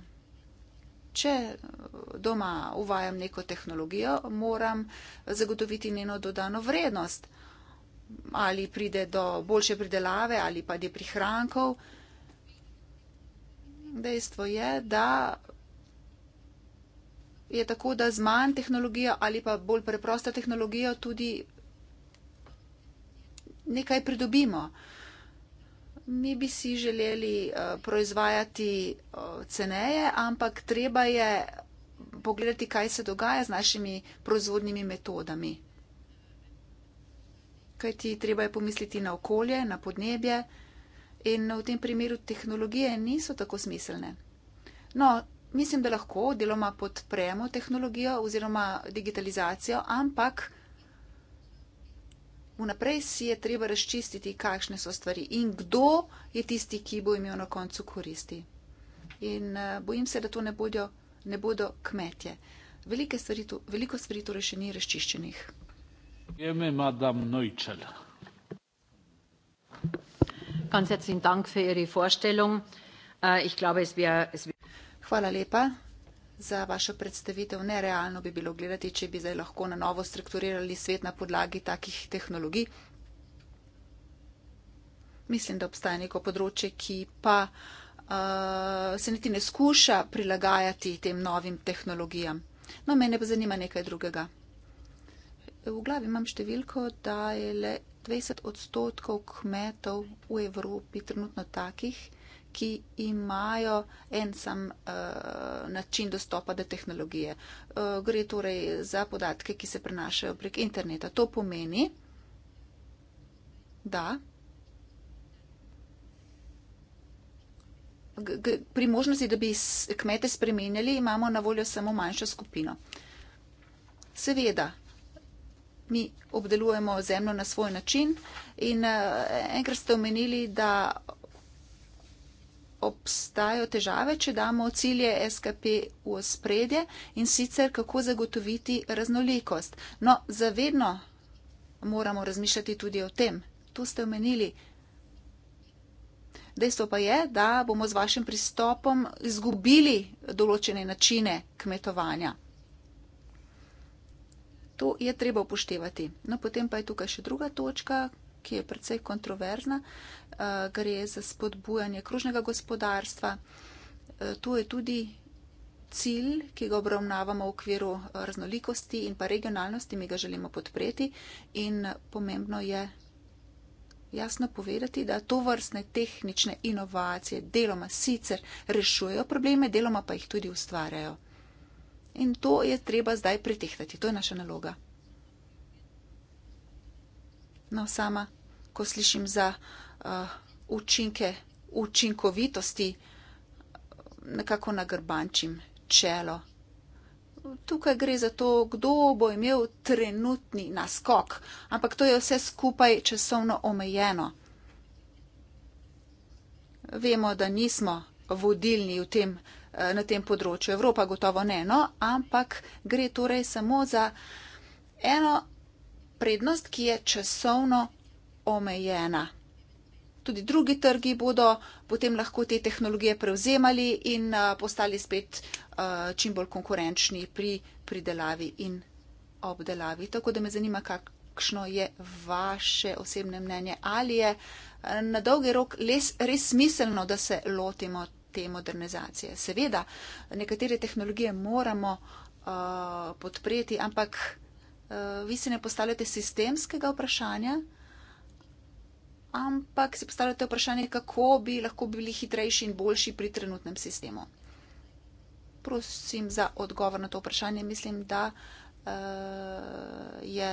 če eh, doma uvajam neko tehnologijo, moram zagotoviti njeno dodano vrednost. Ali pride do boljše pridelave ali pa je prihrankov. Dejstvo je, da je tako, da z manj tehnologijo ali pa bolj preprosta tehnologija tudi nekaj pridobimo mi bi si želeli eh, proizvajati eh, ceneje, ampak treba je pogledati, kaj se dogaja z našimi proizvodnimi metodami. Kaj ti treba je pomisliti na okolje, na podnebje in v tem primeru tehnologije niso tako smiselne. No, mislim, da lahko deloma podpremo tehnologijo oziroma digitalizacijo, ampak vnaprej si je treba razčistiti, kakšne so stvari in kdo je tisti, ki bo imel na koncu koristi. In eh, bojim se, da to ne bodo, ne bodo kmetje. Stvari tu, veliko stvari torej še ni razčiščenih. Gremo, madam Neučel. Äh, Hvala lepa za vašo predstavitev. Nerealno bi bilo gledati, če bi zdaj lahko na novo strukturirali svet na podlagi takih tehnologij. Mislim, da obstaja neko področje, ki pa uh, se niti ne skuša prilagajati tem novim tehnologijam. No, mene pa zanima nekaj drugega. V glavi imam številko, da je le 20 odstotkov kmetov v Evropi trenutno takih, ki imajo en sam uh, način dostopa do tehnologije. Uh, gre torej za podatke, ki se prenašajo prek interneta. To pomeni, da pri možnosti, da bi kmete spremenjali, imamo na voljo samo manjšo skupino. Seveda. Mi obdelujemo zemljo na svoj način in eh, enkrat ste omenili, da obstajajo težave, če damo cilje SKP v spredje in sicer kako zagotoviti raznolikost. No, zavedno moramo razmišljati tudi o tem. To ste omenili. Dejstvo pa je, da bomo z vašim pristopom izgubili določene načine kmetovanja. To je treba upoštevati. No, potem pa je tukaj še druga točka, ki je precej kontroverzna. Eh, gre za spodbujanje kružnega gospodarstva. Eh, to je tudi cilj, ki ga obravnavamo v okviru eh, raznolikosti in pa regionalnosti, mi ga želimo podpreti in pomembno je jasno povedati, da to vrstne tehnične inovacije deloma sicer rešujejo probleme, deloma pa jih tudi ustvarjajo. In to je treba zdaj pretehtati, to je naša naloga. No, sama, ko slišim za uh, učinke učinkovitosti, nekako nagrbančim čelo. Tukaj gre za to, kdo bo imel trenutni naskok, ampak to je vse skupaj časovno omejeno. Vemo, da nismo vodilni v tem, eh, na tem področju, Evropa gotovo ne, no, ampak gre torej samo za eno prednost, ki je časovno omejena. Tudi drugi trgi bodo potem lahko te tehnologije prevzemali in postali spet čim bolj konkurenčni pri pridelavi in obdelavi. Tako da me zanima, kakšno je vaše osebne mnenje. Ali je na dolgi rok les res smiselno, da se lotimo te modernizacije? Seveda, nekatere tehnologije moramo uh, podpreti, ampak Eh, vi se ne postavljate sistemskega vprašanja, ampak se postavljate vprašanje, kako bi lahko bili hitrejši in boljši pri trenutnem sistemu. Prosim za odgovor na to vprašanje. Mislim, da uh, je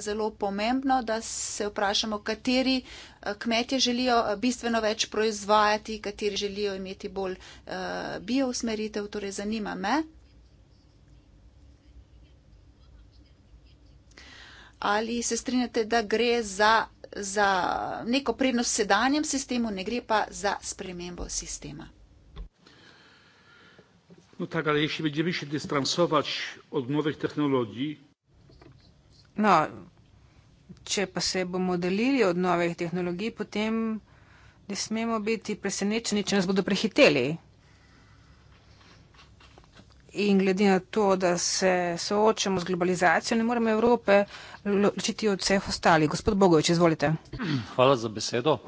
zelo pomembno, da se vprašamo, kateri eh, kmetje želijo bistveno več proizvajati, kateri želijo imeti bolj uh, biosmeritev. Torej, zanima me. ali se strinjate, da gre za, za neko prednost sedanjem sistemu, ne gre pa za spremembo sistema? No tak, ale jeśli będziemy się dystansować od nowych technologii. No, če pa se bomo delili od novih tehnologij, potem ne smemo biti presenečeni, če nas bodo prehiteli in glede na to, da se soočamo z globalizacijo, ne moremo Evrope ločiti od vseh ostalih. Gospod Bogovič, izvolite. Hvala za besedo.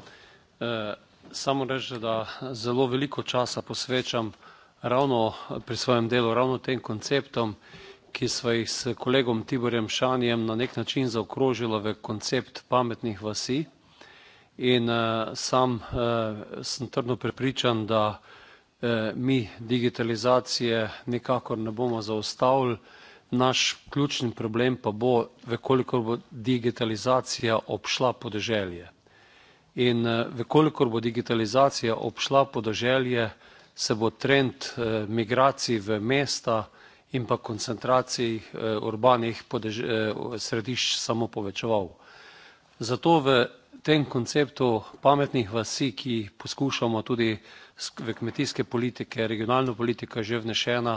Eh, samo reče, da zelo veliko časa posvečam ravno pri svojem delu, ravno tem konceptom, ki smo jih s kolegom Tiborjem Šanjem na nek način zaokrožili v koncept pametnih vasi. In eh, sam eh, sem trdno prepričan, da Eh, mi digitalizacije nikakor ne bomo zaustavili. Naš ključni problem pa bo, vekolikor bo digitalizacija obšla podeželje. In eh, vekolikor bo digitalizacija obšla podeželje, se bo trend eh, migracij v mesta in pa koncentracij urbanih središč samo povečeval. Zato v tem konceptu pametnih vasi, ki poskušamo tudi vsega, v kmetijske politike, regionalno politiko že vnešena,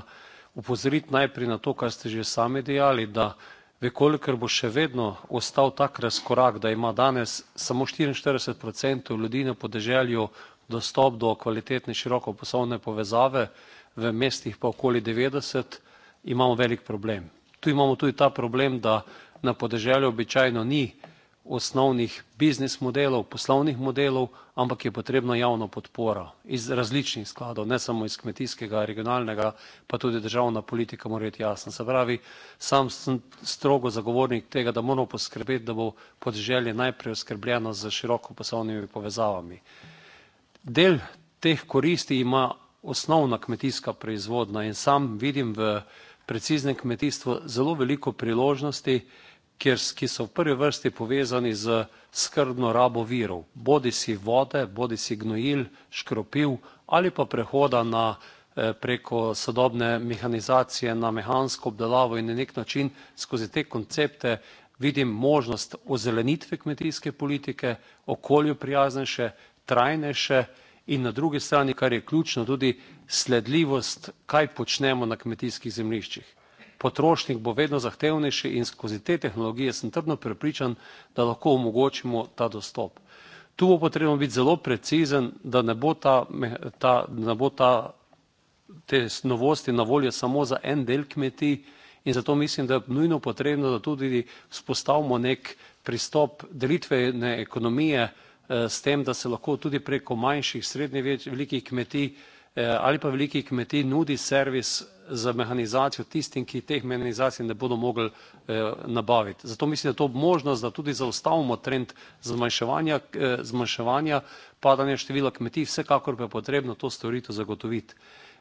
upozoriti najprej na to, kar ste že sami dejali, da vekolikor bo še vedno ostal tak razkorak, da ima danes samo 44% ljudi na podeželju dostop do kvalitetne široko poslovne povezave, v mestih pa okoli 90, imamo velik problem. Tu imamo tudi ta problem, da na podeželju običajno ni osnovnih biznis modelov, poslovnih modelov, ampak je potrebna javna podpora iz različnih skladov, ne samo iz kmetijskega, regionalnega, pa tudi državna politika mora biti jasna. Se pravi, sam sem strogo zagovornik tega, da moramo poskrbeti, da bo podželje najprej oskrbljeno z široko poslovnimi povezavami. Del teh koristi ima osnovna kmetijska proizvodna in sam vidim v preciznem kmetijstvu zelo veliko priložnosti, kjer, ki so v prvi vrsti povezani z skrbno rabo virov, bodi si vode, bodi si gnojil, škropiv ali pa prehoda na eh, preko sodobne mehanizacije na mehansko obdelavo in na nek način skozi te koncepte vidim možnost ozelenitve kmetijske politike, okolju prijaznejše, trajnejše in na drugi strani, kar je ključno, tudi sledljivost, kaj počnemo na kmetijskih zemljiščih potrošnik bo vedno zahtevnejši in skozi te tehnologije sem trdno prepričan, da lahko omogočimo ta dostop. Tu bo potrebno biti zelo precizen, da ne bo ta, ta, ne bo ta, te novosti na voljo samo za en del kmetij in zato mislim, da je nujno potrebno, da tudi spostavimo nek pristop delitvene ekonomije eh, s tem, da se lahko tudi preko manjših, srednje, velikih kmetij eh, ali pa velikih kmetij nudi servis za mehanizacijo tistim, ki teh mehanizacij ne bodo mogli eh, nabaviti. Zato mislim, da je to možnost, da tudi zaustavimo trend zmanjševanja eh, padanja števila kmetij, vsekakor pa je potrebno to storito zagotoviti.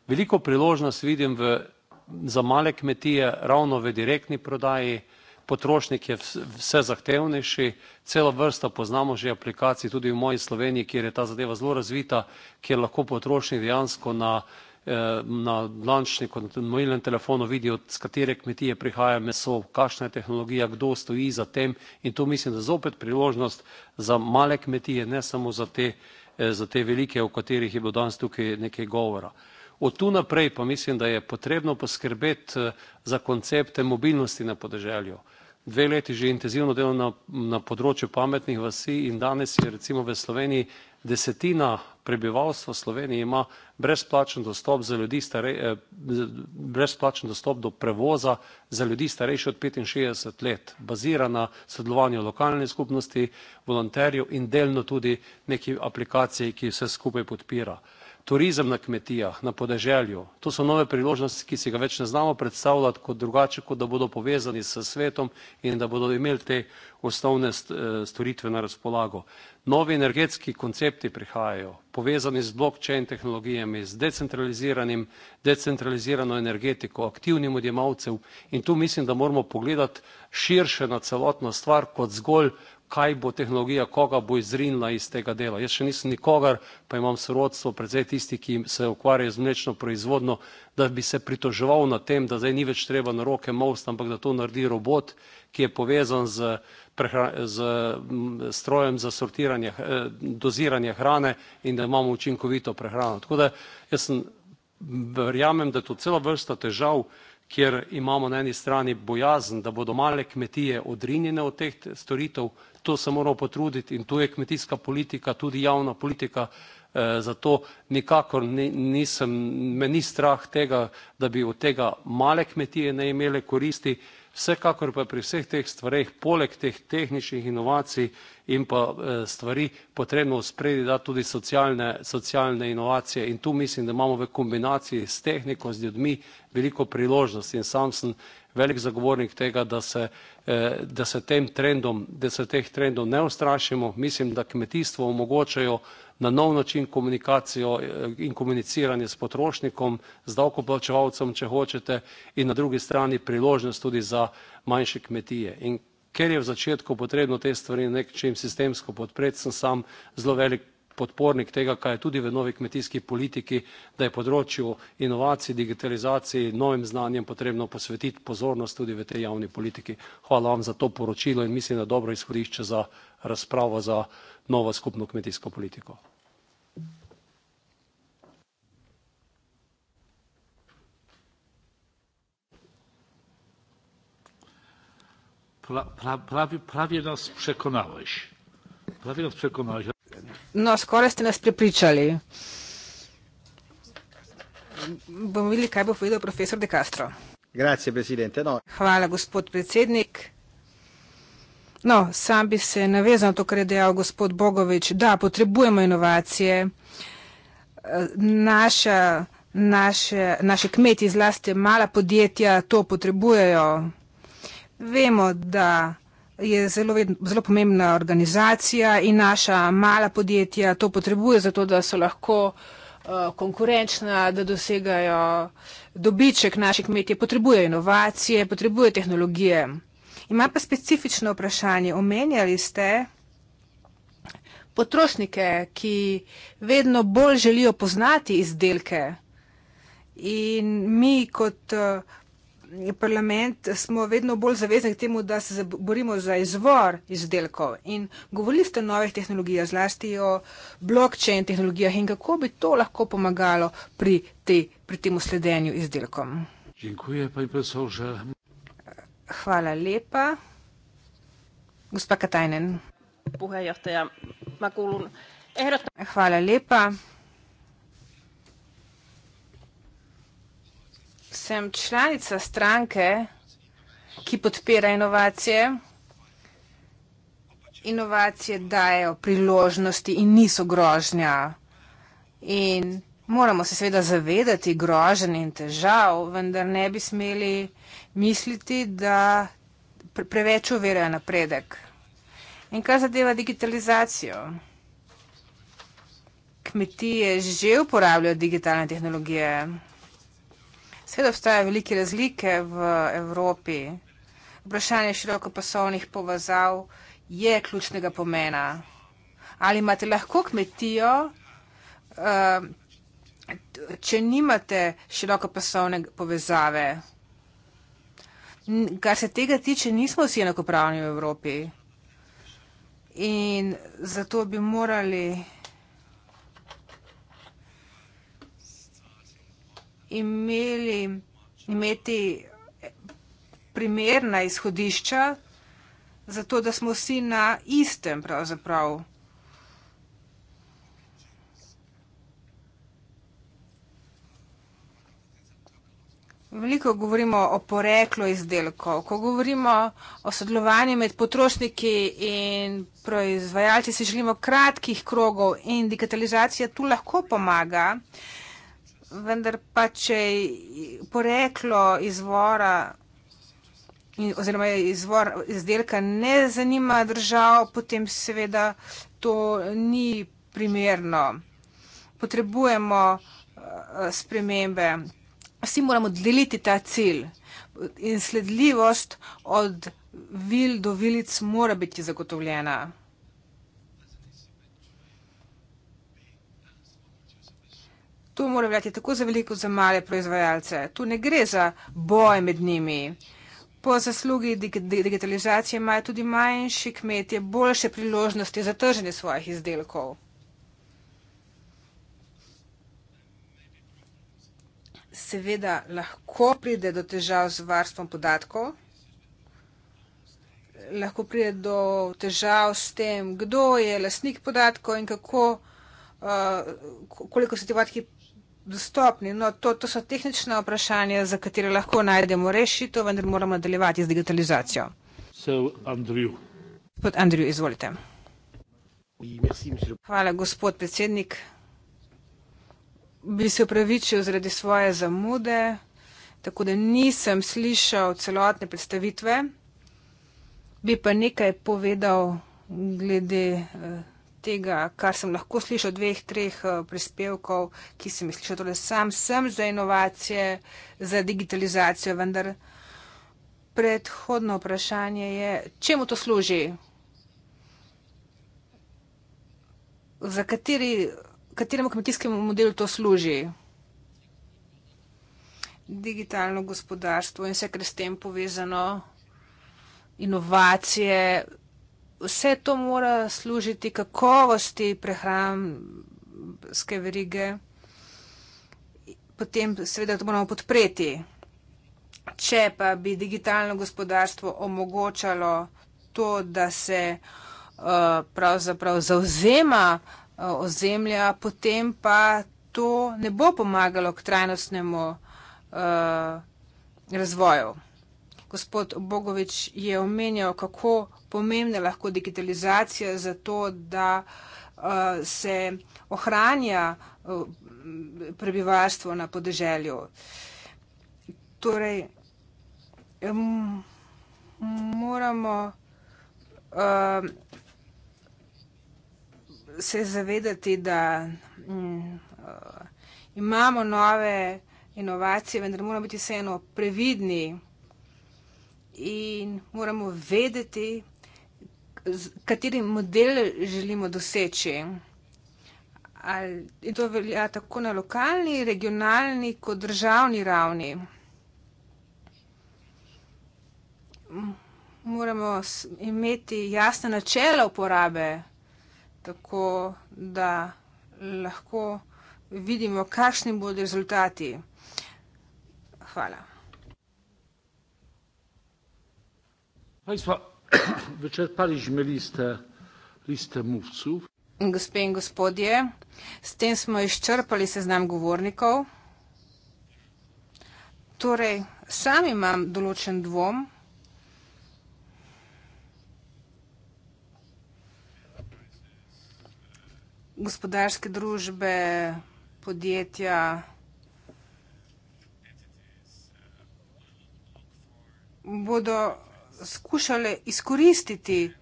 Veliko priložnost vidim za male kmetije ravno v direktni prodaji, potrošnik je vse zahtevnejši, celo vrsta poznamo že aplikacij tudi v moji Sloveniji, kjer je ta zadeva zelo razvita, kjer lahko potrošnik dejansko na vsega, Eh, na lančniku, na mobilnem telefonu vidi, od katere kmetije prihaja meso, kakšna je tehnologija, kdo stoji za tem in to mislim, da zopet priložnost za male kmetije, ne samo za te, eh, za te velike, o katerih je bilo danes tukaj nekaj govora. Od tu naprej pa mislim, da je potrebno poskrbeti eh, za koncepte mobilnosti na podeželju. Dve leti že intenzivno delam na, na področju pametnih vasi in danes je recimo v Sloveniji desetina prebivalstvo Slovenije ima brezplačen dostop, stare, eh, brezplačen dostop do prevoza za ljudi starejše od 65 let, bazira na sodelovanju lokalne skupnosti, volonterjev in delno tudi neki aplikaciji, ki se skupaj podpira turizem na kmetijah, na podeželju. To so nove priložnosti, ki si ga več ne znamo predstavljati kot drugače, kot da bodo povezani s svetom in da bodo imeli te osnovne e, storitve na razpolago. Novi energetski koncepti prihajajo, povezani z blockchain tehnologijami, z decentraliziranim, decentralizirano energetiko, aktivnim odjemalcem in tu mislim, da moramo pogledati širše na celotno stvar kot zgolj kaj bo tehnologija, koga bo izrinila iz tega dela. Jaz še nisem nikogar, pa imam sorodstvo, predvsej tisti, ki se ukvarjajo z mlečno proizvodno, da bi se pritoževal na tem, da zdaj ni več treba na roke most, ampak da to naredi robot, ki je povezan z, z strojem za sortiranje, eh, doziranje hrane in da imamo učinkovito prehrano. Tako da jaz sem, verjamem, da je to cela vrsta težav, kjer imamo na eni strani bojazen, da bodo male kmetije odrinjene od teh storitev, to se moramo potruditi in tu je kmetijska politika, tudi javna politika, eh, zato nikakor nisem, me ni strah tega, da bi od tega male kmetije ne imele koristi, Vsekakor pa pri vseh teh stvareh, poleg teh tehničnih inovacij in pa eh, stvari, potrebno spredi dati tudi socialne, socialne inovacije in tu mislim, da imamo v kombinaciji s tehniko, z ljudmi veliko priložnosti in sam sem velik zagovornik tega, da se, eh, da se tem trendom, da se teh trendov ne ustrašimo. Mislim, da kmetijstvo omogočajo na nov način komunikacijo eh, in komuniciranje s potrošnikom, z davkoplačevalcem, če hočete, in na drugi strani priložnost tudi za manjše kmetije. In ker je v začetku potrebno te stvari nekčem sistemsko podpreti, sem sam zelo velik podpornik tega, kaj je tudi v novi kmetijski politiki, da je področju inovacij, digitalizaciji, novim znanjem potrebno posvetiti pozornost tudi v tej javni politiki. Hvala vam za to poročilo in mislim, da dobro izhodišče za razpravo za novo skupno kmetijsko politiko. Pravi, pravi nas prekonavaš. Pravi nas prekonavaš. No, skoraj ste nas prepričali. Bomo videli, kaj bo povedal profesor De Castro. Grazie, no. Hvala, gospod predsednik. No, sam bi se navezal to, kar je dejal gospod Bogovič, da potrebujemo inovacije. E, naša, naše, naše kmeti, zlasti mala podjetja, to potrebujejo. Vemo, da je zelo, zelo pomembna organizacija in naša mala podjetja to potrebuje, zato da so lahko e, konkurenčna, da dosegajo dobiček naših kmetij, potrebuje inovacije, potrebuje tehnologije. Ima pa specifično vprašanje. Omenjali ste potrošnike, ki vedno bolj želijo poznati izdelke. In mi kot eh, parlament smo vedno bolj zavezani k temu, da se borimo za izvor izdelkov. In govorili ste o novih tehnologijah, zlasti o blockchain tehnologijah in kako bi to lahko pomagalo pri, te, pri tem usledenju izdelkom. Dziękuję Pani Profesorze. Hvala lepa. Gospa Katajnen. Hvala lepa. Sem članica stranke, ki podpira inovacije. Inovacije dajo priložnosti in niso grožnja. In moramo se seveda zavedati grožen in težav, vendar ne bi smeli misliti, da preveč overajo napredek. In kar zadeva digitalizacijo. Kmetije že uporabljajo digitalne tehnologije. Sveda obstajajo velike razlike v Evropi. Vprašanje širokopasovnih povezav je ključnega pomena. Ali imate lahko kmetijo, eh, če nimate širokopasovne povezave? kar se tega tiče, nismo vsi enakopravni v Evropi. In zato bi morali imeli, imeti primerna izhodišča, zato da smo vsi na istem pravzaprav. Veliko govorimo o poreklu izdelkov. Ko govorimo o sodelovanju med potrošniki in proizvajalci, si želimo kratkih krogov in digitalizacija tu lahko pomaga. Vendar pa, če poreklo izvora in, oziroma izvor izdelka ne zanima držav, potem seveda to ni primerno. Potrebujemo eh, spremembe vsi moramo deliti ta cilj. In sledljivost od vil do vilic mora biti zagotovljena. To mora veljati tako za veliko, za male proizvajalce. Tu ne gre za boj med njimi. Po zaslugi digitalizacije imajo tudi manjši kmetje boljše priložnosti za trženje svojih izdelkov. seveda lahko pride do težav z varstvom podatkov, lahko pride do težav s tem, kdo je lasnik podatkov in kako, uh, koliko so ti podatki dostopni. No, to, to so tehnična vprašanja, za katere lahko najdemo rešitev, vendar moramo nadaljevati z digitalizacijo. Gospod Andrew, izvolite. Hvala, gospod predsednik bi se upravičil zaradi svoje zamude, tako da nisem slišal celotne predstavitve, bi pa nekaj povedal glede eh, tega, kar sem lahko slišal dveh, treh eh, prispevkov, ki sem jih slišal. Torej sam sem za inovacije, za digitalizacijo, vendar predhodno vprašanje je, čemu to služi? Za kateri kateremu kmetijskemu modelu to služi? Digitalno gospodarstvo in vse, kar s tem povezano, inovacije, vse to mora služiti kakovosti prehranske verige, potem seveda to moramo podpreti. Če pa bi digitalno gospodarstvo omogočalo to, da se uh, pravzaprav zauzema uh, ozemlja, potem pa to ne bo pomagalo k trajnostnemu eh, razvoju. Gospod Bogovič je omenjal, kako pomembna lahko digitalizacija za to, da eh, se ohranja eh, prebivalstvo na podeželju. Torej, moramo se zavedati, da mm, uh, imamo nove inovacije, vendar moramo biti vseeno previdni in moramo vedeti, kateri model želimo doseči. Al, in to velja tako na lokalni, regionalni, kot državni ravni. Moramo imeti jasne načela uporabe tako da lahko vidimo, kakšni bodo rezultati. Hvala. Gospe in gospodje, s tem smo izčrpali seznam govornikov. Torej, sam imam določen dvom. gospodarske družbe, podjetja. Bodo skušali izkoristiti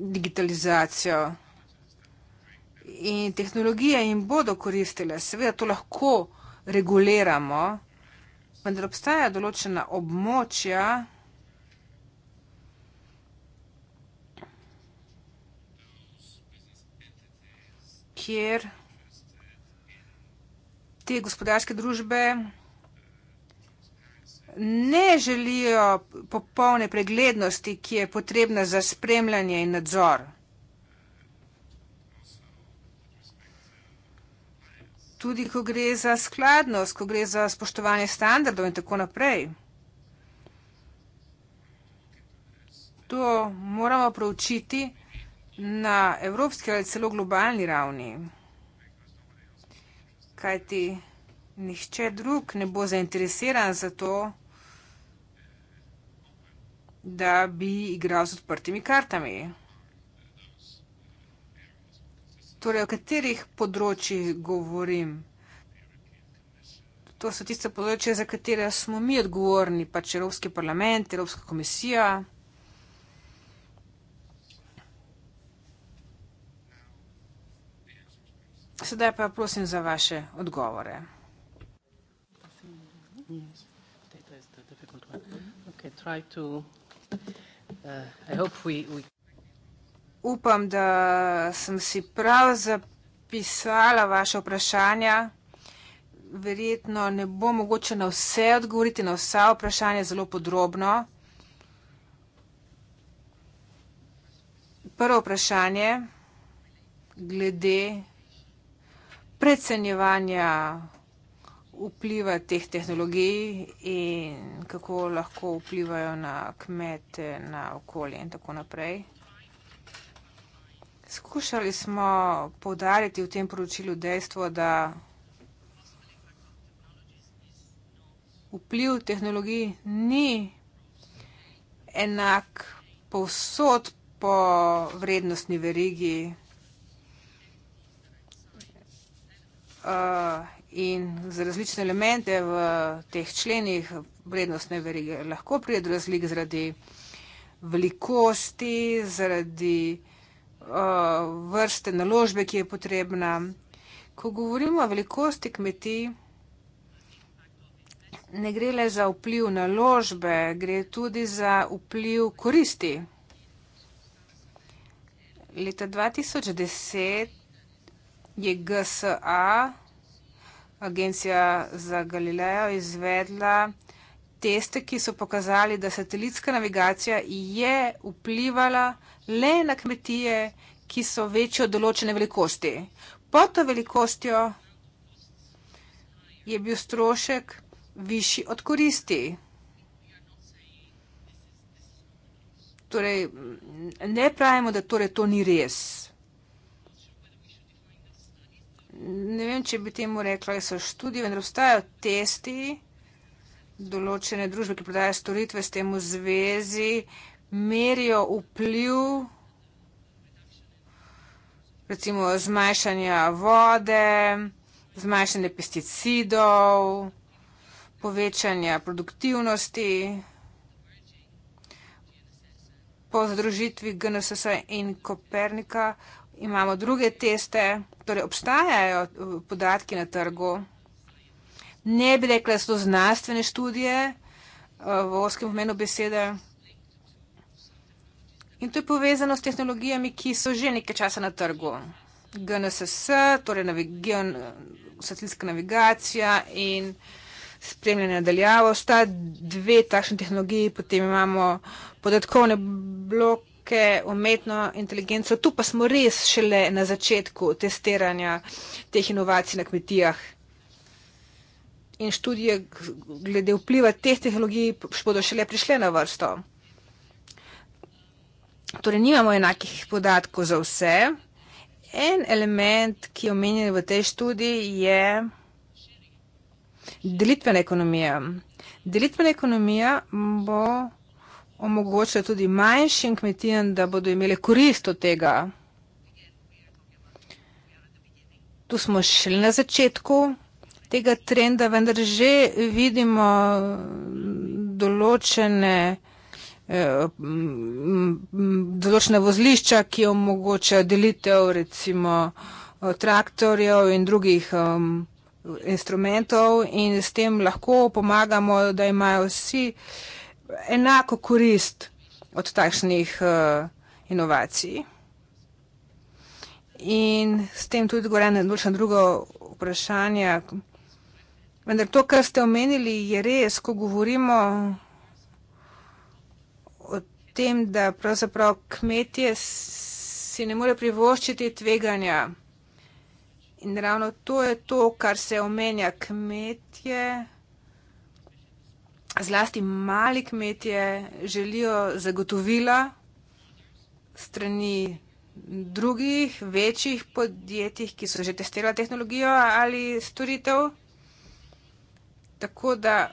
digitalizacijo in tehnologije jim bodo koristile. Seveda to lahko reguliramo, vendar obstaja določena območja, kjer te gospodarske družbe ne želijo popolne preglednosti, ki je potrebna za spremljanje in nadzor. Tudi, ko gre za skladnost, ko gre za spoštovanje standardov in tako naprej. To moramo proučiti na evropski ali celo globalni ravni. Kaj ti nihče drug ne bo zainteresiran za to, da bi igral z odprtimi kartami. Torej, o katerih področjih govorim? To so tiste področje, za katere smo mi odgovorni, pač Evropski parlament, Evropska komisija. Sedaj pa prosim za vaše odgovore. Uh, Upam, da sem si prav zapisala vaše vprašanja. Verjetno ne bo mogoče na vse odgovoriti, na vsa vprašanja zelo podrobno. Prvo vprašanje glede precenjevanja vpliva teh tehnologij in kako lahko vplivajo na kmete, na okolje in tako naprej. Skušali smo podariti v tem poročilu dejstvo, da vpliv tehnologij ni enak povsod po vrednostni verigi. Eh, in za različne elemente v teh členih vrednostne verige lahko pride do razlik zaradi velikosti, zaradi eh, vrste naložbe, ki je potrebna. Ko govorimo o velikosti kmetij, ne gre le za vpliv naložbe, gre tudi za vpliv koristi. Leta 2010 je GSA, agencija za Galileo, izvedla teste, ki so pokazali, da satelitska navigacija je vplivala le na kmetije, ki so večje od določene velikosti. Pod to velikostjo je bil strošek višji od koristi. Torej, ne pravimo, da torej to ni res ne vem, če bi temu rekla, da so študije, vendar obstajajo testi, določene družbe, ki prodajajo storitve s tem v zvezi, merijo vpliv recimo zmanjšanja vode, zmanjšanje pesticidov, povečanja produktivnosti po združitvi GNSS in Kopernika imamo druge teste, torej obstajajo uh, podatki na trgu. Ne bi rekla, da so to znanstvene študije uh, v oskem pomenu besede. In to je povezano s tehnologijami, ki so že nekaj časa na trgu. GNSS, torej navigion, satelitska navigacija in spremljanje nadaljavo, sta dve takšne tehnologiji, potem imamo podatkovne blok, neke umetno inteligenco. Tu pa smo res šele na začetku testiranja teh inovacij na kmetijah. In študije glede vpliva teh tehnologij bodo šele prišle na vrsto. Torej, nimamo enakih podatkov za vse. En element, ki je omenjen v tej študiji, je delitvena ekonomija. Delitvena ekonomija bo omogoča tudi manjšim kmetijam, da bodo imele korist od tega. Tu smo šli na začetku tega trenda, vendar že vidimo mm, določene eh, mm, določena vozlišča, ki omogoča delitev recimo eh, traktorjev in drugih um, instrumentov in s tem lahko pomagamo, da imajo vsi uh, enako korist od takšnih uh, inovacij. In s tem tudi gore ne odločam drugo vprašanje. Vendar to, kar ste omenili, je res, ko govorimo o tem, da pravzaprav kmetje si ne more privoščiti tveganja. In ravno to je to, kar se omenja kmetje zlasti mali kmetje želijo zagotovila strani drugih večjih podjetij, ki so že testirali tehnologijo ali storitev, tako da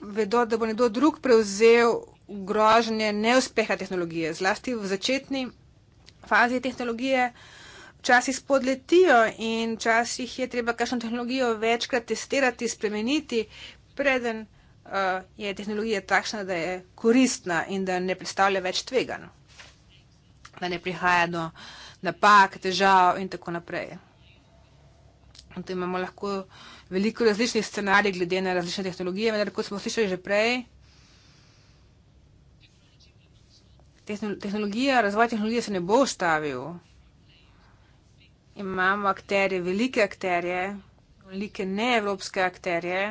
vedo, da bo nekdo drug prevzel groženje neuspeha tehnologije, zlasti v začetni fazi tehnologije. Včasih spodletijo in včasih je treba kakšno tehnologijo večkrat testirati, spremeniti, preden uh, je tehnologija takšna, da je koristna in da ne predstavlja več tvegan, da ne prihaja do napak, težav in tako naprej. In tu imamo lahko veliko različnih scenarij glede na različne tehnologije, vendar kot smo slišali že prej, tehnologija, razvoj tehnologije se ne bo ustavil. Imamo akterje, velike akterje, velike neevropske akterje,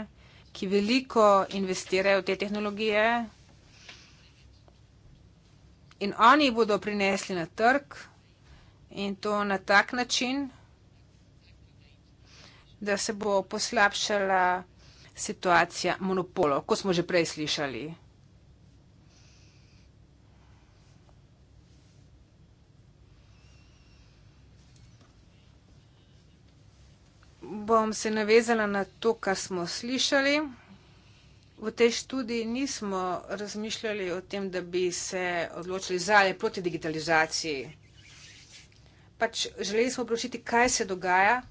ki veliko investirajo v te tehnologije in oni jih bodo prinesli na trg in to na tak način, da se bo poslabšala situacija monopolov, kot smo že prej slišali. bom se navezala na to, kar smo slišali. V tej študiji nismo razmišljali o tem, da bi se odločili za ali proti digitalizaciji. Pač želeli smo vprašati, kaj se dogaja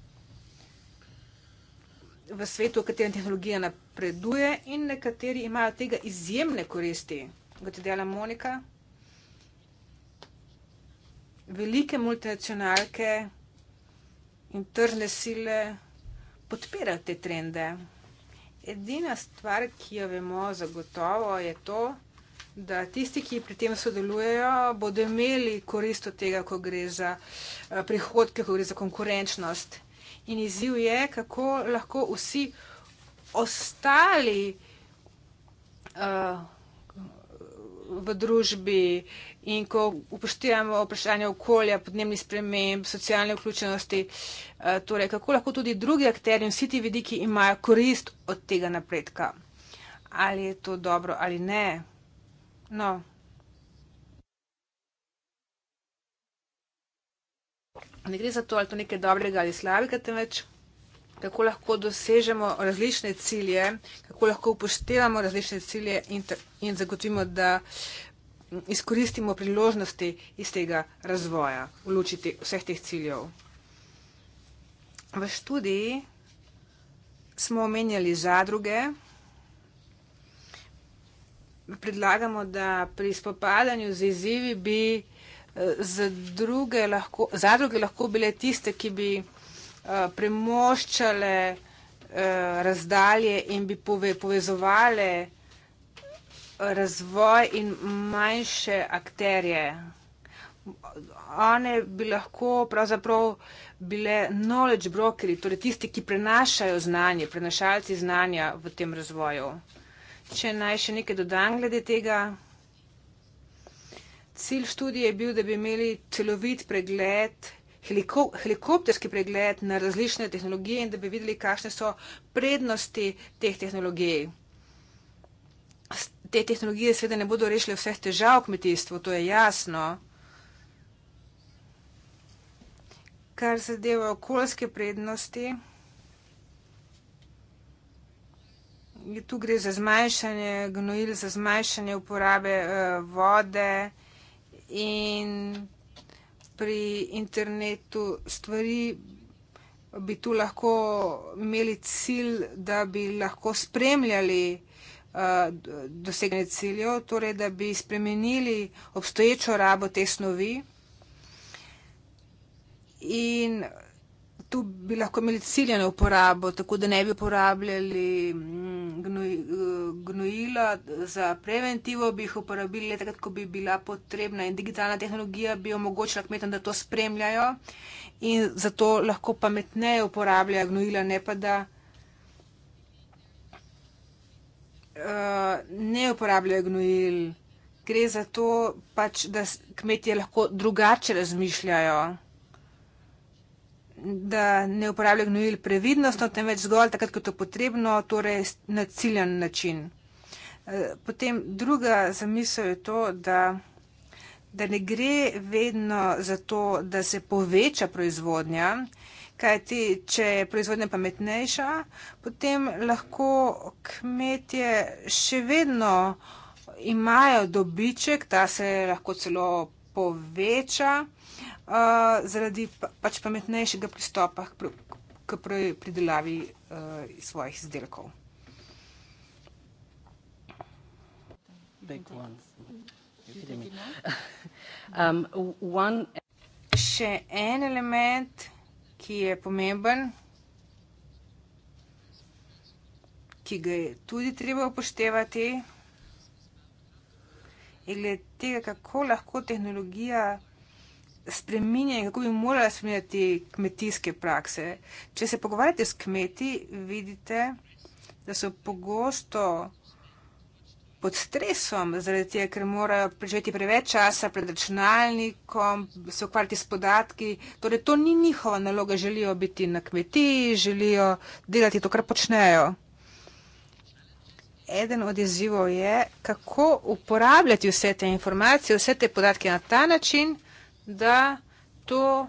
v svetu, v katerem tehnologija napreduje in nekateri imajo tega izjemne koristi, kot je dejala Monika. Velike multinacionalke in tržne sile podpira te trende. Edina stvar, ki jo vemo zagotovo, je to, da tisti, ki pri tem sodelujejo, bodo imeli korist od tega, ko gre za eh, prihodke, ko gre za konkurenčnost. In izziv je, kako lahko vsi ostali uh, v družbi in ko upoštevamo vprašanje okolja, podnebnih sprememb, socialne vključenosti, eh, torej kako lahko tudi drugi akteri in vsi ti vidiki imajo korist od tega napredka. Ali je to dobro ali ne? No. Ne gre za to, ali to nekaj dobrega ali slabega, temveč kako lahko dosežemo različne cilje, kako lahko upoštevamo različne cilje in, in zagotovimo, da izkoristimo priložnosti iz tega razvoja, vlučiti vseh teh ciljev. V študiji smo omenjali zadruge. Predlagamo, da pri spopadanju z izzivi bi eh, z druge lahko, zadruge lahko bile tiste, ki bi Eh, premoščale eh, razdalje in bi povezovale razvoj in manjše akterje. One bi lahko pravzaprav bile knowledge brokeri, torej tisti, ki prenašajo znanje, prenašalci znanja v tem razvoju. Če naj še nekaj dodam glede tega. Cilj študije je bil, da bi imeli celovit pregled heliko, helikopterski pregled na različne tehnologije in da bi videli, kakšne so prednosti teh tehnologij. Te tehnologije seveda ne bodo rešile vseh težav v kmetijstvu, to je jasno. Kar zadeva okoljske prednosti, tu gre za zmanjšanje gnojil, za zmanjšanje uporabe eh, vode in pri internetu stvari, bi tu lahko imeli cilj, da bi lahko spremljali uh, dosegne ciljev, torej da bi spremenili obstoječo rabo te snovi in tu bi lahko imeli ciljeno uporabo, tako da ne bi uporabljali mm, gnoj, eh, gnojila za preventivo, bi jih uporabili le takrat, ko bi bila potrebna in digitalna tehnologija bi omogočila kmetom, da to spremljajo in zato lahko pametneje uporabljajo gnojila, ne pa da uh, ne uporabljajo gnojil. Gre za to, pač, da kmetje lahko drugače razmišljajo da ne uporablja gnojil previdnostno, temveč zgolj takrat, ko je to potrebno, torej na ciljen način. Eh, potem druga zamisel je to, da, da ne gre vedno za to, da se poveča proizvodnja, kajti če je proizvodnja pametnejša, potem lahko kmetje še vedno imajo dobiček, ta se lahko celo poveča uh, zaradi pa, pač pametnejšega pristopa k, k, k pridelavi uh, svojih izdelkov. Um, one... Še en element, ki je pomemben, ki ga je tudi treba upoštevati, je glede tega, kako lahko tehnologija spreminja in kako bi morala spreminjati kmetijske prakse. Če se pogovarjate s kmeti, vidite, da so pogosto pod stresom, zaradi tega, ker morajo preživeti preveč časa pred računalnikom, se ukvarjati s podatki. Torej, to ni njihova naloga, želijo biti na kmetiji, želijo delati to, kar počnejo. Eden od izzivov je, kako uporabljati vse te informacije, vse te podatke na ta način, da to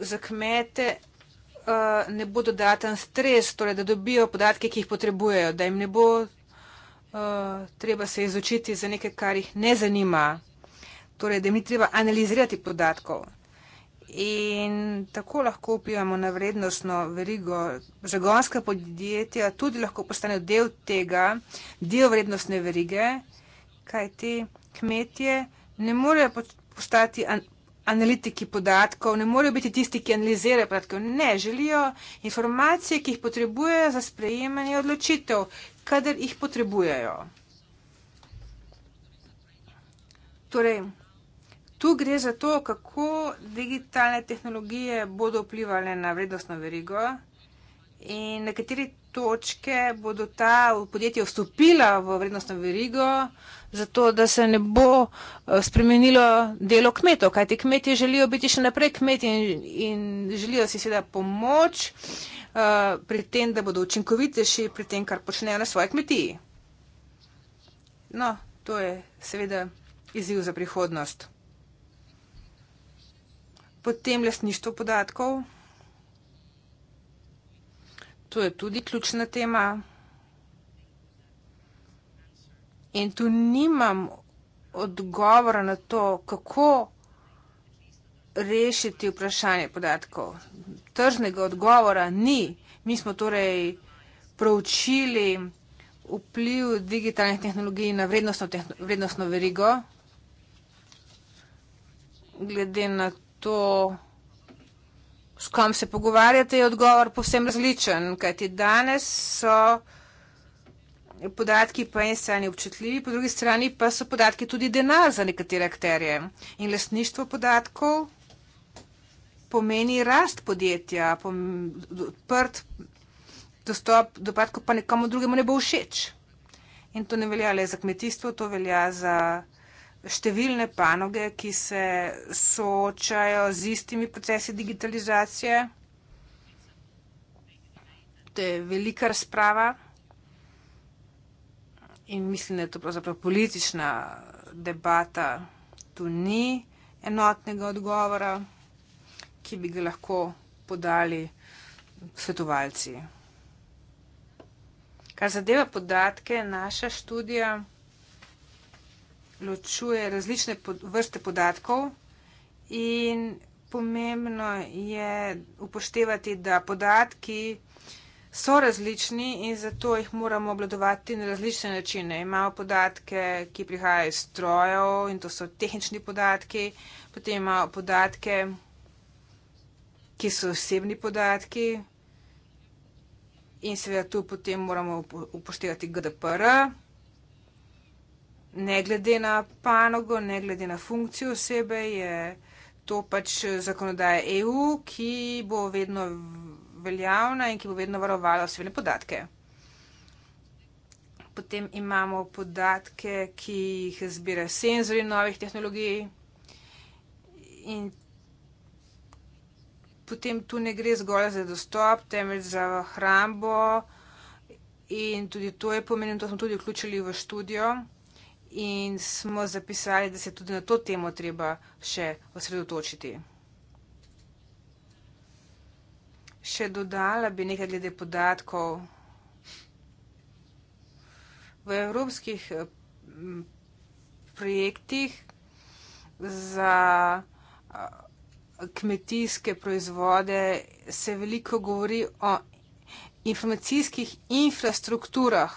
za kmete uh, ne bo dodaten stres, torej da dobijo podatke, ki jih potrebujejo, da jim ne bo uh, treba se izučiti za nekaj, kar jih ne zanima, torej da jim ni treba analizirati podatkov. In tako lahko vplivamo na vrednostno verigo. Zagonska podjetja tudi lahko postanejo del tega, del vrednostne verige, kajti kmetje ne morejo postati an analitiki podatkov, ne morejo biti tisti, ki analizirajo podatke. Ne, želijo informacije, ki jih potrebujejo za sprejemanje odločitev, kadar jih potrebujejo. Torej, tu gre za to, kako digitalne tehnologije bodo vplivali na vrednostno verigo in na kateri točke bodo ta podjetja vstopila v vrednostno verigo, zato da se ne bo eh, spremenilo delo kmetov, kajti kmetje želijo biti še naprej kmeti in, in želijo si seveda pomoč uh, pri tem, da bodo učinkovitejši pri tem, kar počnejo na svoji kmetiji. No, to je seveda izziv za prihodnost. Potem lastništvo podatkov. To je tudi ključna tema. In tu nimam odgovora na to, kako rešiti vprašanje podatkov. Tržnega odgovora ni. Mi smo torej proučili vpliv digitalnih tehnologij na vrednostno, vrednostno verigo, glede na to, s kom se pogovarjate, je odgovor povsem različen, kajti danes so podatki po eni strani občutljivi, po drugi strani pa so podatki tudi denar za nekatere akterje. In lastništvo podatkov pomeni rast podjetja, odprt dostop do podatkov pa nekomu drugemu ne bo všeč. In to ne velja le za kmetijstvo, to velja za številne panoge, ki se soočajo z istimi procesi digitalizacije. To je velika razprava in mislim, da je to pravzaprav politična debata, tu ni enotnega odgovora, ki bi ga lahko podali svetovalci. Kar zadeva podatke, naša študija ločuje različne pod, vrste podatkov in pomembno je upoštevati, da podatki so različni in zato jih moramo obladovati na različne načine. Imamo podatke, ki prihajajo iz strojev in to so tehnični podatki, potem imamo podatke, ki so osebni podatki in seveda tu potem moramo upoštevati GDPR, ne glede na panogo, ne glede na funkcijo osebe, je to pač zakonodaja EU, ki bo vedno veljavna in ki bo vedno varovala osebne podatke. Potem imamo podatke, ki jih zbira senzori novih tehnologij. In potem tu ne gre zgolj za dostop, temveč za hrambo. In tudi to je pomenilo, to smo tudi vključili v študijo in smo zapisali, da se tudi na to temo treba še osredotočiti. še dodala bi nekaj glede podatkov. V evropskih eh, projektih za eh, kmetijske proizvode se veliko govori o informacijskih infrastrukturah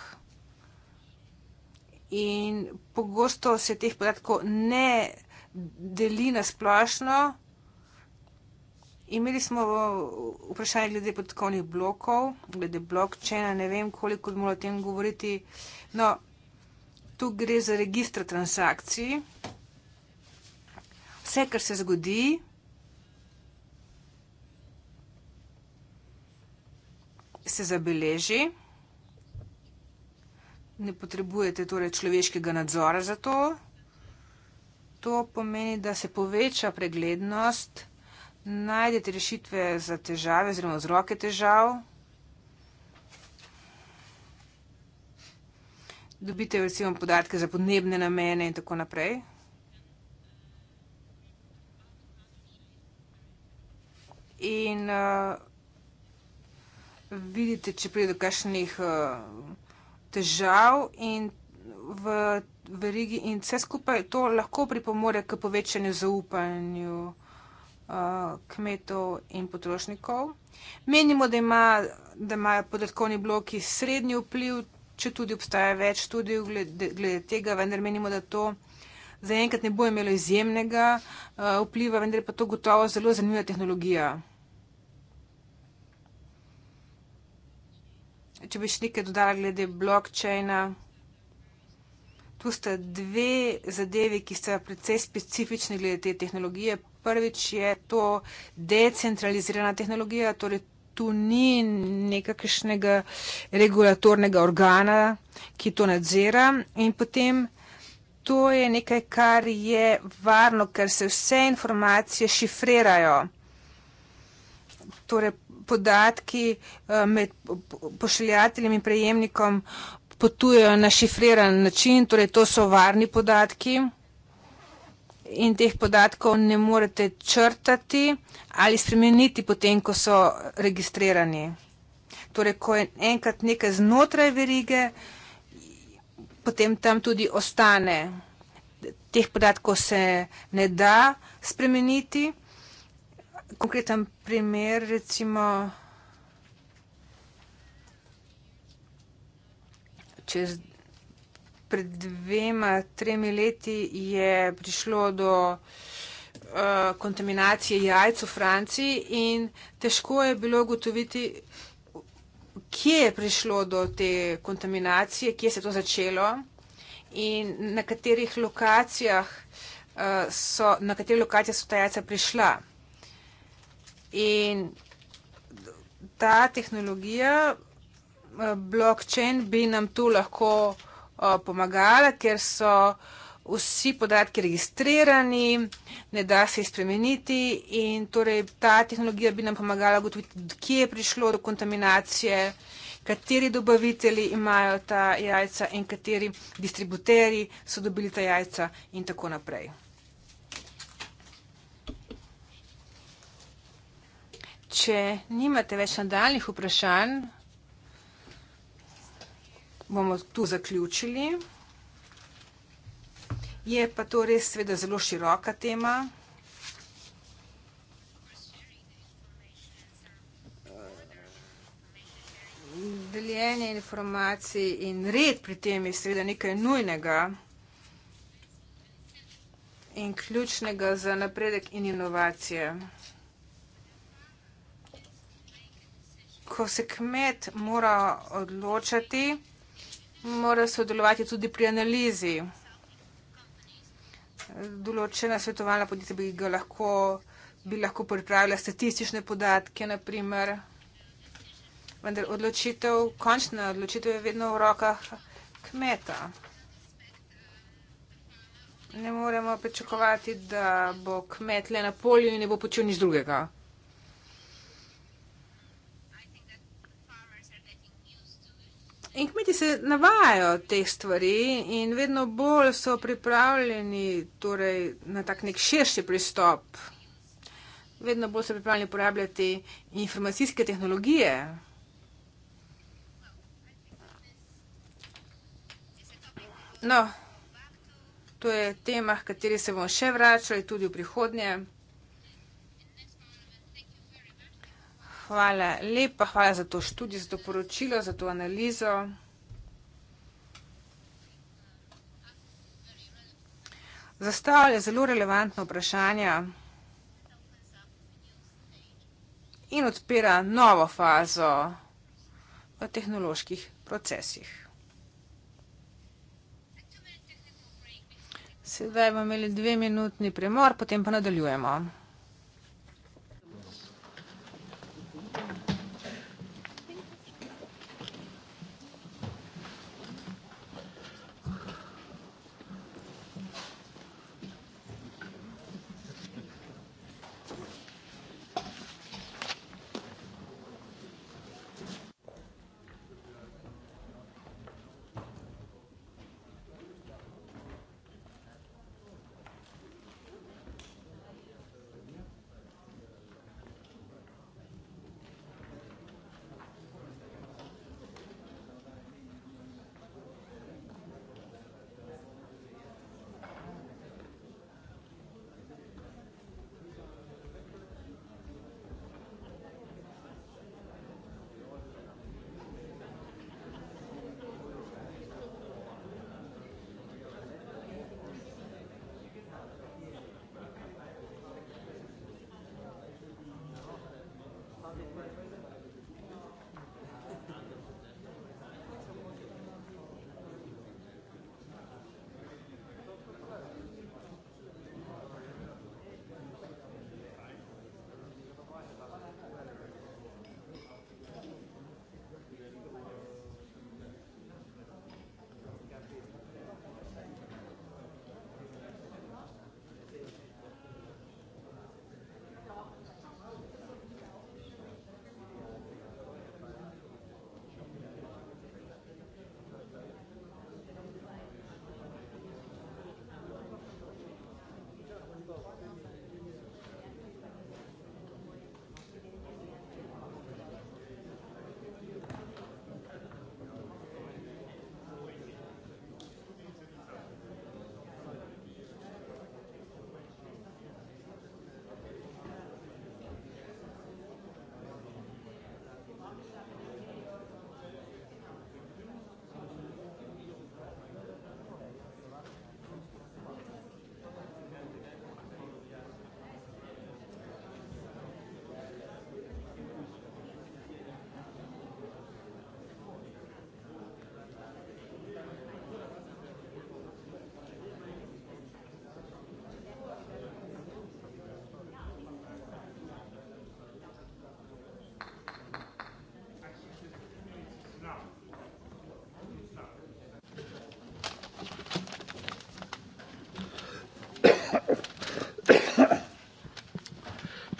in pogosto se teh podatkov ne deli na splošno. Imeli smo uh, vprašanje glede podatkovnih blokov, glede blockchaina, ne vem, koliko bi moralo o tem govoriti. No, tu gre za registr transakcij. Vse, kar se zgodi, se zabeleži. Ne potrebujete torej človeškega nadzora za to. To pomeni, da se poveča preglednost najdete rešitve za težave oziroma vzroke težav. Dobite recimo podatke za podnebne namene in tako naprej. In uh, vidite, če pride do kakšnih uh, težav in v verigi in vse skupaj to lahko pripomore k povečanju zaupanju. Eh, kmetov in potrošnikov. Menimo, da, ima, da imajo podatkovni bloki srednji vpliv, če tudi obstaja več študij glede, glede tega, vendar menimo, da to zaenkrat ne bo imelo izjemnega uh, vpliva, vendar pa to gotovo zelo zanimiva tehnologija. Če bi še nekaj dodala glede blokčina. Tu sta dve zadevi, ki sta precej specifični glede te tehnologije. Prvič je to decentralizirana tehnologija, torej tu ni nekakšnega regulatornega organa, ki to nadzira. In potem to je nekaj, kar je varno, ker se vse informacije šifrirajo. Torej, podatki eh, med pošiljateljem in prejemnikom potujejo na šifriran način, torej to so varni podatki in teh podatkov ne morete črtati ali spremeniti potem, ko so registrirani. Torej, ko je enkrat nekaj znotraj verige, potem tam tudi ostane. Teh podatkov se ne da spremeniti. Konkreten primer, recimo. čez pred dvema, tremi leti je prišlo do uh, kontaminacije jajc v Franciji in težko je bilo ugotoviti, kje je prišlo do te kontaminacije, kje se je to začelo in na katerih lokacijah uh, so, na katerih lokacijah so ta jajca prišla. In ta tehnologija blockchain bi nam tu lahko pomagala, ker so vsi podatki registrirani, ne da se jih spremeniti in torej ta tehnologija bi nam pomagala ugotoviti, kje je prišlo do kontaminacije, kateri dobavitelji imajo ta jajca in kateri distributeri so dobili ta jajca in tako naprej. Če nimate več nadaljnih vprašanj, bomo tu zaključili. Je pa to res sveda zelo široka tema. Deljenje informacij in red pri tem je sveda nekaj nujnega in ključnega za napredek in inovacije. Ko se kmet mora odločati, mora sodelovati tudi pri analizi. Določena svetovalna podjetja bi, lahko, bi lahko pripravila statistične podatke, naprimer. Vendar odločitev, končna odločitev je vedno v rokah kmeta. Ne moremo pričakovati, da bo kmet le na polju in ne bo počel nič drugega. In kmeti se navajajo te stvari in vedno bolj so pripravljeni torej, na tak nek širši pristop. Vedno bolj so pripravljeni uporabljati informacijske tehnologije. No, to je tema, kateri se bomo še vračali tudi v prihodnje. Hvala lepa, hvala za to študijo, za to poročilo, za to analizo. Zastavlja zelo relevantno vprašanje in odpira novo fazo v tehnoloških procesih. Sedaj bomo imeli dveminutni premor, potem pa nadaljujemo.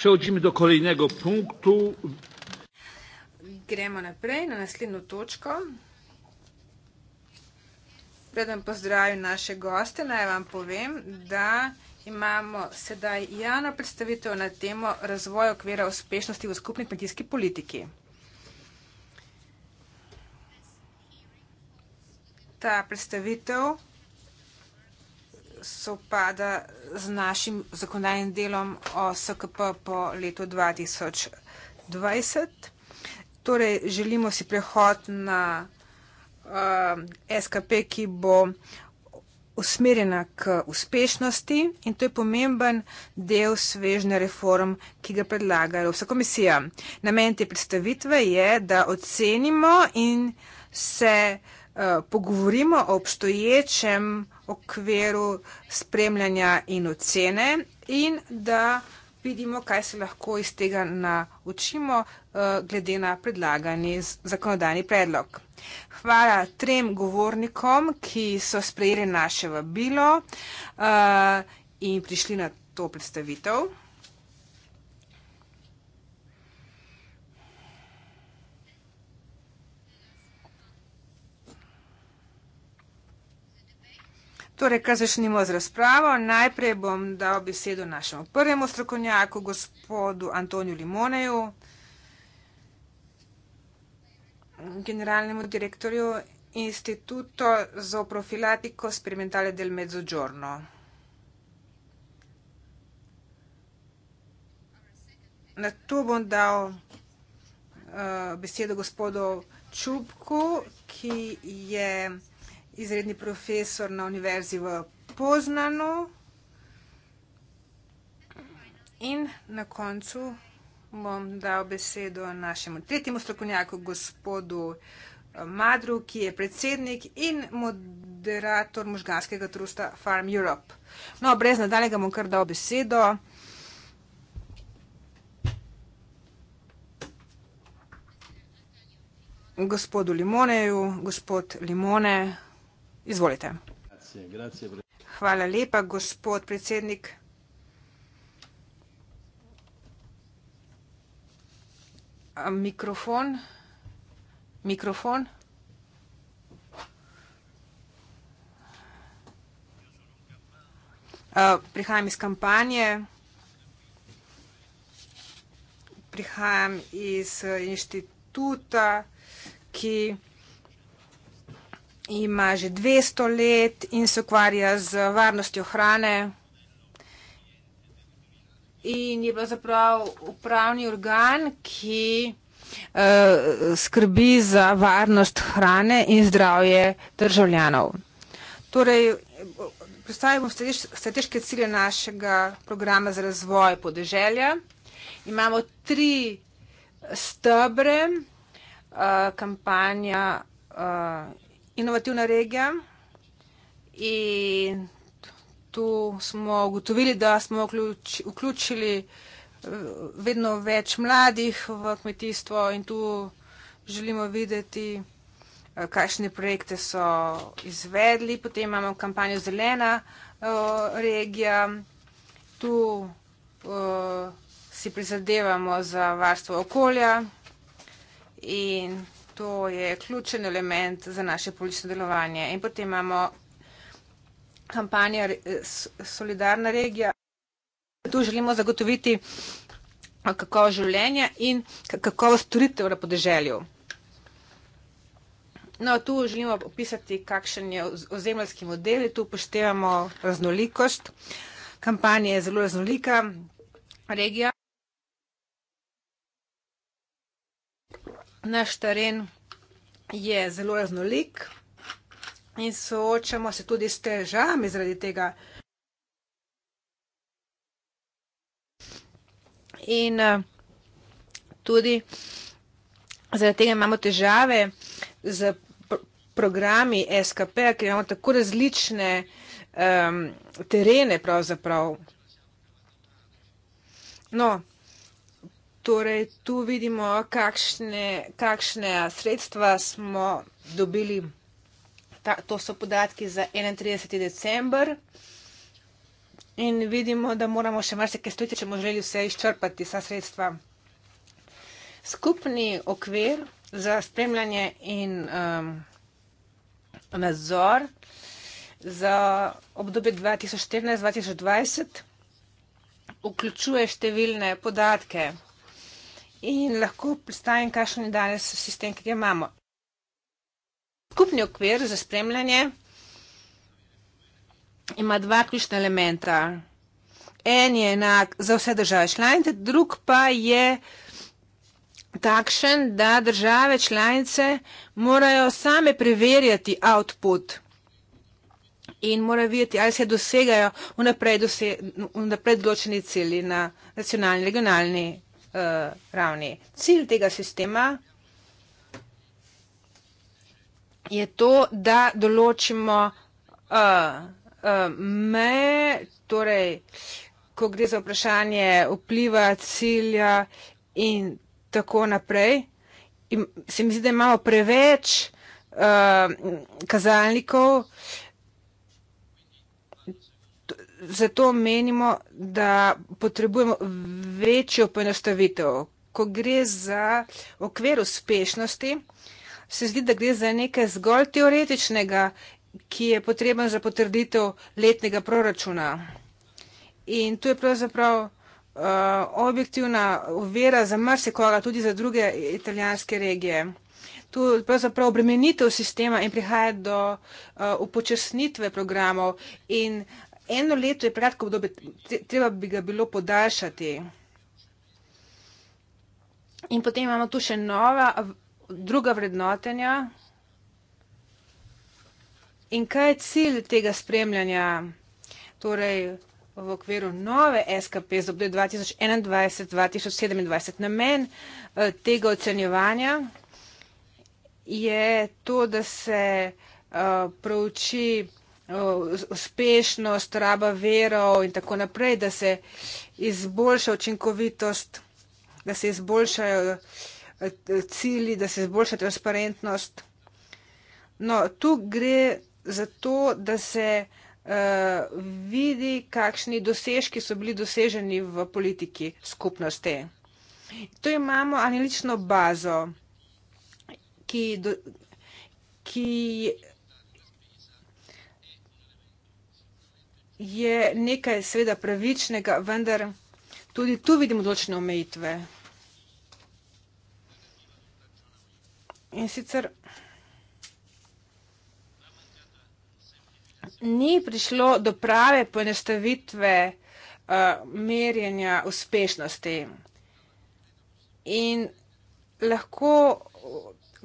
Prehodimo do kolejnega punktu. Gremo naprej na naslednjo točko. Predem pozdravim naše goste, naj vam povem, da imamo sedaj javno predstavitev na temo razvoja okvira uspešnosti v skupni kmetijski politiki. Ta predstavitev sopada z našim zakonodajnim delom o SKP po letu 2020. Torej, želimo si prehod na uh, eh, SKP, ki bo usmerjena k uspešnosti in to je pomemben del svežne reform, ki ga predlaga Evropska komisija. Namen te predstavitve je, da ocenimo in se uh, Eh, pogovorimo o obstoječem okviru spremljanja in ocene in da vidimo, kaj se lahko iz tega naučimo, eh, glede na predlagani zakonodajni predlog. Hvala trem govornikom, ki so sprejeli naše vabilo eh, in prišli na to predstavitev. Torej, kar začnimo z razpravo, najprej bom dal besedo našemu prvemu strokovnjaku, gospodu Antoniju Limoneju, generalnemu direktorju Instituto za profilatiko sperimentale del Mezzogiorno. Na to bom dal uh, besedo gospodu Čupku, ki je izredni profesor na univerzi v Poznanu. In na koncu bom dal besedo našemu tretjemu strokovnjaku, gospodu eh, Madru, ki je predsednik in moderator možganskega trusta Farm Europe. No, brez nadaljega bom kar dal besedo. Gospodu Limoneju, gospod Limone, Izvolite. Hvala lepa, gospod predsednik. Mikrofon. Mikrofon. Prihajam iz kampanje. Prihajam iz eh, inštituta, ki ima že 200 let in se ukvarja z varnostjo hrane. In je pravzaprav upravni organ, ki eh, skrbi za varnost hrane in zdravje državljanov. Torej, predstavimo strateške cilje našega programa za razvoj podeželja. Imamo tri stebre, eh, kampanja. Eh, inovativna regija. In tu smo ugotovili, da smo vključ, vključili eh, vedno več mladih v kmetijstvo in tu želimo videti, eh, kakšne projekte so izvedli. Potem imamo kampanjo Zelena eh, regija. Tu si prizadevamo za varstvo okolja in to je ključen element za naše politično delovanje. In potem imamo kampanja eh, Solidarna regija. Tu želimo zagotoviti eh, kakovost življenja in kakovost storitev na podeželju. No, tu želimo opisati, kakšen je ozemljski model. Tu poštevamo raznolikost. Kampanja je zelo raznolika. Regija. naš teren je zelo raznolik in soočamo se tudi s težavami zaradi tega. In eh, tudi zaradi tega imamo težave z programi SKP, ker imamo tako različne um, terene pravzaprav. No, Torej, tu vidimo, kakšne, kakšne sredstva smo dobili. Ta, to so podatki za 31. december. In vidimo, da moramo še marsikaj storiti, če bomo želeli vse izčrpati, vsa sredstva. Skupni okvir za spremljanje in um, nadzor za obdobje 2014-2020 vključuje številne podatke in lahko predstavim, kakšen je danes sistem, ki ga imamo. Skupni okvir za spremljanje ima dva ključna elementa. En je enak za vse države članice, drug pa je takšen, da države članice morajo same preverjati output in morajo videti, ali se dosegajo vnaprej določeni cilji na nacionalni, regionalni Eh, ravni. Cilj tega sistema je to, da določimo eh, eh, me, torej, ko gre za vprašanje vpliva, cilja in tako naprej. Se mi zdi, da imamo preveč kazalnikov, ki zato menimo, da potrebujemo večjo poenostavitev. Ko gre za okvir uspešnosti, se zdi, da gre za nekaj zgolj teoretičnega, ki je potreben za potrditev letnega proračuna. In tu je pravzaprav uh, objektivna uvera za marsikoga, tudi za druge italijanske regije. Tu je pravzaprav obremenitev sistema in prihaja do uh, upočasnitve programov in uh, eno leto je kratko obdobje, treba bi ga bilo podaljšati. In potem imamo tu še nova, druga vrednotenja. In kaj je cilj tega spremljanja? Torej, v okviru nove SKP za obdobje 2021-2027 namen eh, tega ocenjevanja je to, da se uh, prouči uspešnost, raba verov in tako naprej, da se izboljša učinkovitost, da se izboljšajo eh, cili, da se izboljša transparentnost. No, tu gre za to, da se uh, vidi, kakšni dosežki so bili doseženi v politiki skupnosti. Tu imamo analitično bazo, ki, do, ki je nekaj seveda pravičnega, vendar tudi tu vidimo določene omejitve. In sicer ni prišlo do prave poenostavitve uh, merjenja uspešnosti. In lahko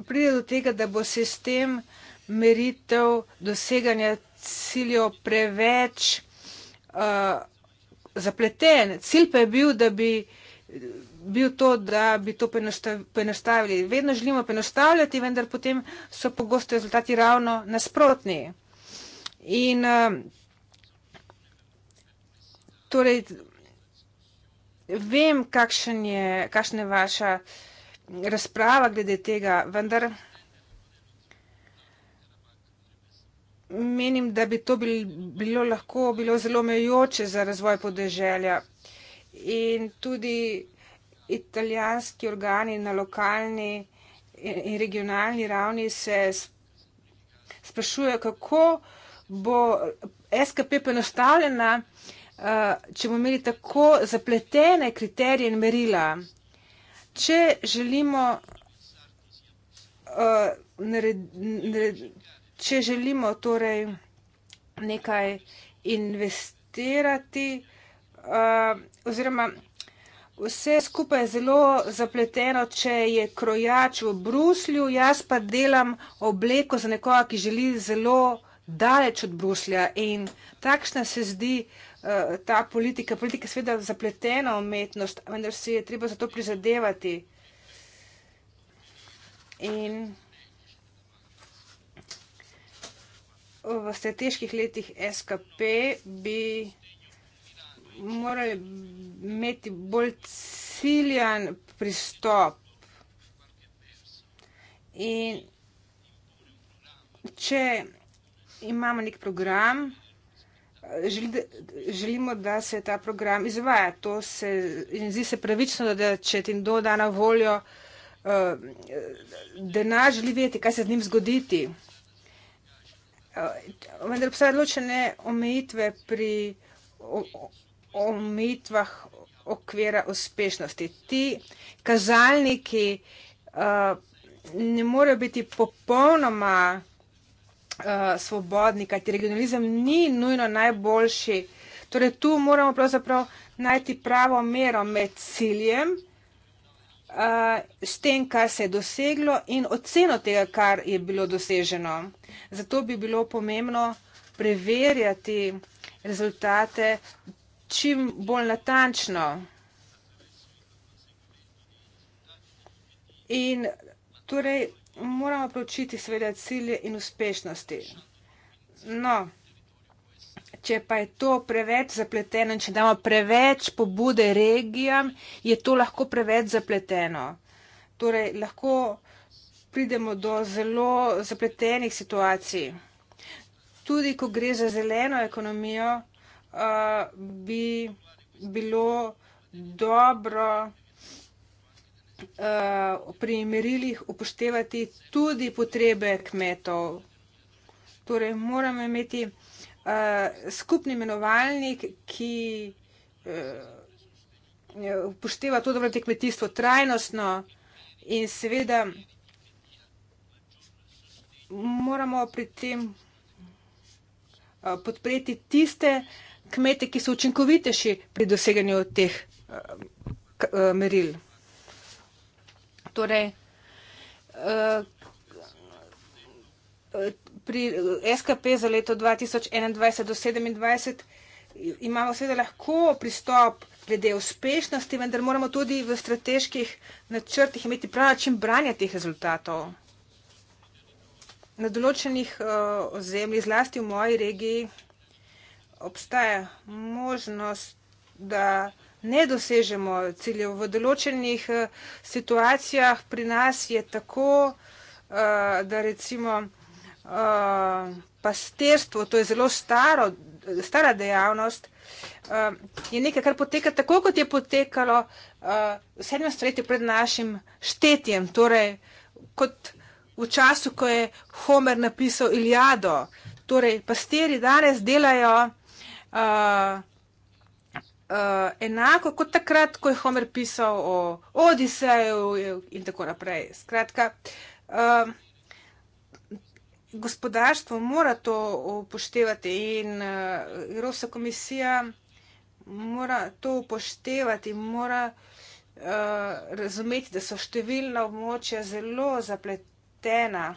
pride do tega, da bo sistem meritev doseganja ciljev preveč uh, zapleten. Cilj pa je bil, da bi bil to, da bi to poenostavili. Vedno želimo poenostavljati, vendar potem so pogosto rezultati ravno nasprotni. In uh, torej vem, kakšen je, kakšna je vaša mm, razprava glede tega, vendar. menim, da bi to bil, bilo lahko bilo zelo mejoče za razvoj podeželja. In tudi italijanski organi na lokalni in regionalni ravni se sprašujejo, kako bo SKP prenostavljena, eh, če bomo imeli tako zapletene kriterije in merila. Če želimo uh, nared, nared, če želimo torej nekaj investirati, uh, oziroma vse skupaj je zelo zapleteno, če je krojač v Bruslju, jaz pa delam obleko za nekoga, ki želi zelo daleč od Bruslja in takšna se zdi uh, ta politika. Politika je seveda zapletena umetnost, vendar si je treba za to prizadevati. In v strateških letih SKP bi morali imeti bolj ciljan pristop. In če imamo nek program, želimo, da se ta program izvaja. To se, in zdi se pravično, da če ti kdo da na voljo, eh, denar želi vedeti, kaj se z njim zgoditi. Eh, vendar obstajajo ločene omejitve pri omejitvah okvira uspešnosti. Ti kazalniki eh, ne morejo biti popolnoma eh, svobodni, kajti regionalizem ni nujno najboljši. Torej, tu moramo pravzaprav najti pravo mero med ciljem, s tem, kar se je doseglo in oceno tega, kar je bilo doseženo. Zato bi bilo pomembno preverjati rezultate čim bolj natančno. In torej moramo preučiti seveda cilje in uspešnosti. No, če pa je to preveč zapleteno, če damo preveč pobude regijam, je to lahko preveč zapleteno. Torej, lahko pridemo do zelo zapletenih situacij. Tudi, ko gre za zeleno ekonomijo, bi bilo dobro pri merilih upoštevati tudi potrebe kmetov. Torej, moramo imeti. Eh, skupni imenovalnik, ki uh, upošteva to, da je kmetijstvo trajnostno in seveda moramo pri tem uh, podpreti tiste kmete, ki so učinkovitejši pri doseganju teh uh, meril. Torej, uh, pri SKP za leto 2021 do 2027 imamo seveda lahko pristop glede uspešnosti, vendar moramo tudi v strateških načrtih imeti prav način branja teh rezultatov. Na določenih eh, ozemljih, zlasti v moji regiji, obstaja možnost, da ne dosežemo ciljev. V določenih eh, situacijah pri nas je tako, eh, da recimo Eh, pastirstvo, to je zelo staro, stara dejavnost, eh, je nekaj, kar poteka tako, kot je potekalo eh, v sedmem stoletju pred našim štetjem, torej kot v času, ko je Homer napisal Iliado. Torej, pastiri danes delajo enako kot takrat, ko je Homer pisal o Odiseju in tako naprej. Skratka, gospodarstvo mora to upoštevati in uh, Evropska komisija mora to upoštevati, mora uh, razumeti, da so številna območja zelo zapletena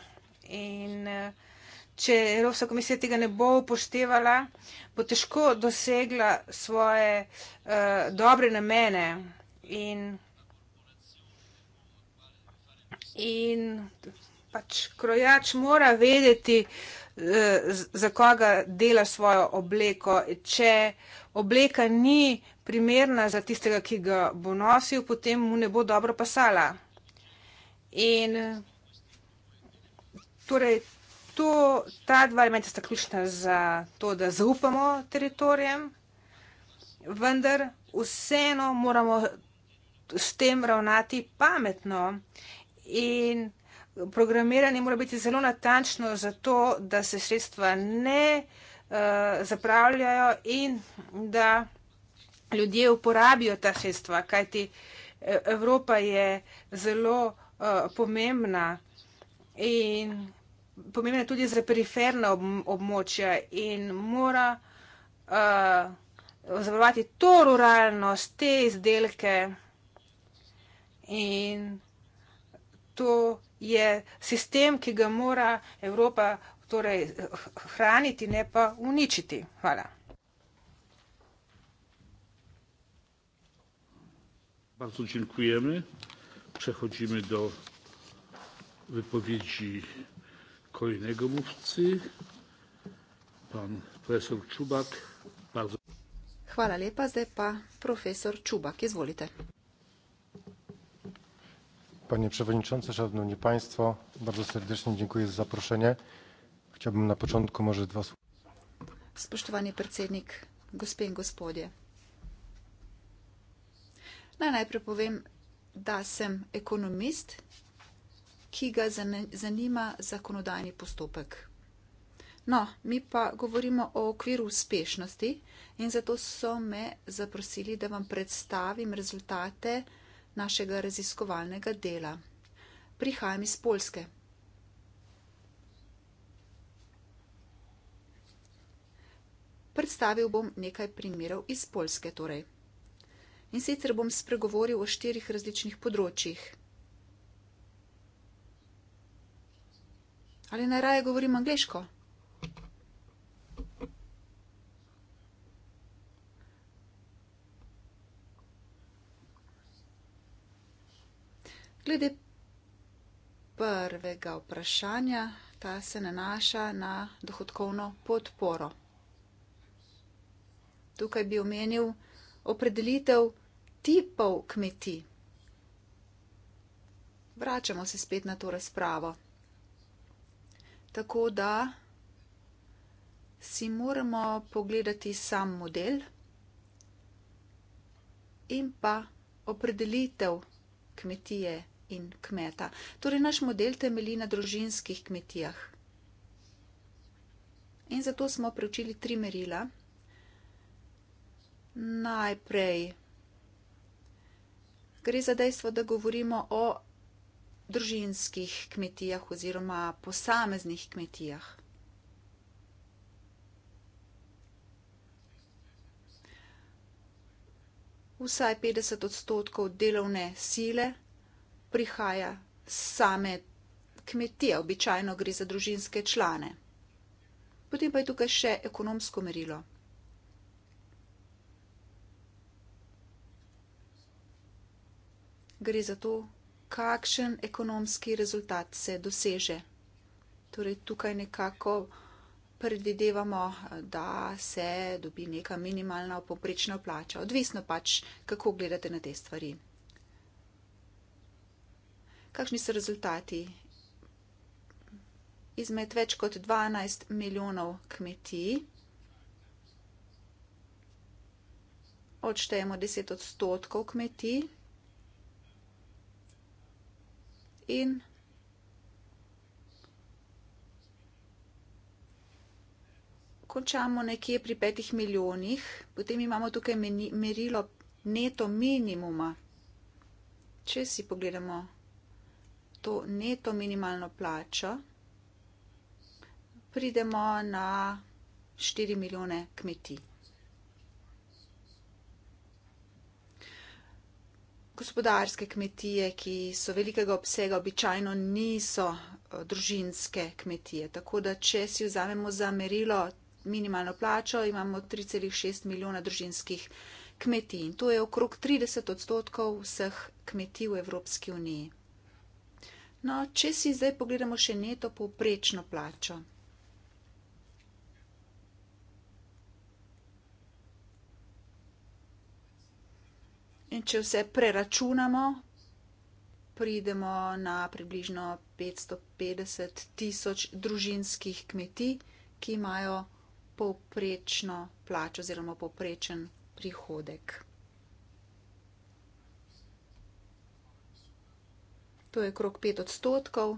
in uh, če Evropska komisija tega ne bo upoštevala, bo težko dosegla svoje uh, dobre namene in, in pač krojač mora vedeti, eh, za koga dela svojo obleko. Če obleka ni primerna za tistega, ki ga bo nosil, potem mu ne bo dobro pasala. In torej, to, ta dva elementa sta ključna za to, da zaupamo teritorijem, vendar vseeno moramo s tem ravnati pametno. In programiranje mora biti zelo natančno za to, da se sredstva ne uh, zapravljajo in da ljudje uporabijo ta sredstva, kajti eh, Evropa je zelo uh, pomembna in pomembna tudi za periferna ob, območja in mora uh, zavarovati to ruralnost, te izdelke in to je sistem, ki ga mora Evropa torej, hraniti, ne pa uničiti. Hvala. Bardzo dziękujemy. Przechodzimy do wypowiedzi kolejnego mówcy. Pan profesor Czubak. Bardzo... Hvala lepa, zdaj pa profesor Čubak, izvolite. Panie Przewodniczący, Szanowni Państwo, bardzo serdecznie dziękuję za zaproszenie. Chciałbym na początku może dwa słowa. Spoštovani predsednik, gospe in gospodje. Naj najprej povem, da sem ekonomist, ki ga zanima zakonodajni postopek. No, mi pa govorimo o okviru uspešnosti in zato so me zaprosili, da vam predstavim rezultate našega raziskovalnega dela. Prihajam iz Polske. Predstavil bom nekaj primerov iz Polske, torej. In sicer bom spregovoril o štirih različnih področjih. Ali naj raje govorim angliško? Glede prvega vprašanja, ta se nanaša na dohodkovno podporo. Tukaj bi omenil opredelitev tipov kmetij. Vračamo se spet na to razpravo. Tako da si moramo pogledati sam model in pa opredelitev kmetije in kmeta. Torej, naš model temelji na družinskih kmetijah. In zato smo preučili tri merila. Najprej gre za dejstvo, da govorimo o družinskih kmetijah oziroma posameznih kmetijah. Vsaj 50 odstotkov delovne sile prihaja z same kmetije, običajno gre za družinske člane. Potem pa je tukaj še ekonomsko merilo. Gre za to, kakšen ekonomski rezultat se doseže. Torej, tukaj nekako predvidevamo, da se dobi neka minimalna poprečna plača, odvisno pač, kako gledate na te stvari kakšni so rezultati. Izmed več kot 12 milijonov kmetij odštejemo 10 odstotkov kmetij in končamo nekje pri 5 milijonih. Potem imamo tukaj merilo neto minimuma. Če si pogledamo to neto minimalno plačo, pridemo na 4 milijone kmetij. Gospodarske kmetije, ki so velikega obsega, običajno niso eh, družinske kmetije. Tako da, če si vzamemo za merilo minimalno plačo, imamo 3,6 milijona družinskih kmetij. In to je okrog 30 odstotkov vseh kmetij v Evropski uniji. No, če si zdaj pogledamo še neto povprečno plačo. In če vse preračunamo, pridemo na približno 550 tisoč družinskih kmetij, ki imajo povprečno plačo oziroma povprečen prihodek. to je krok pet odstotkov,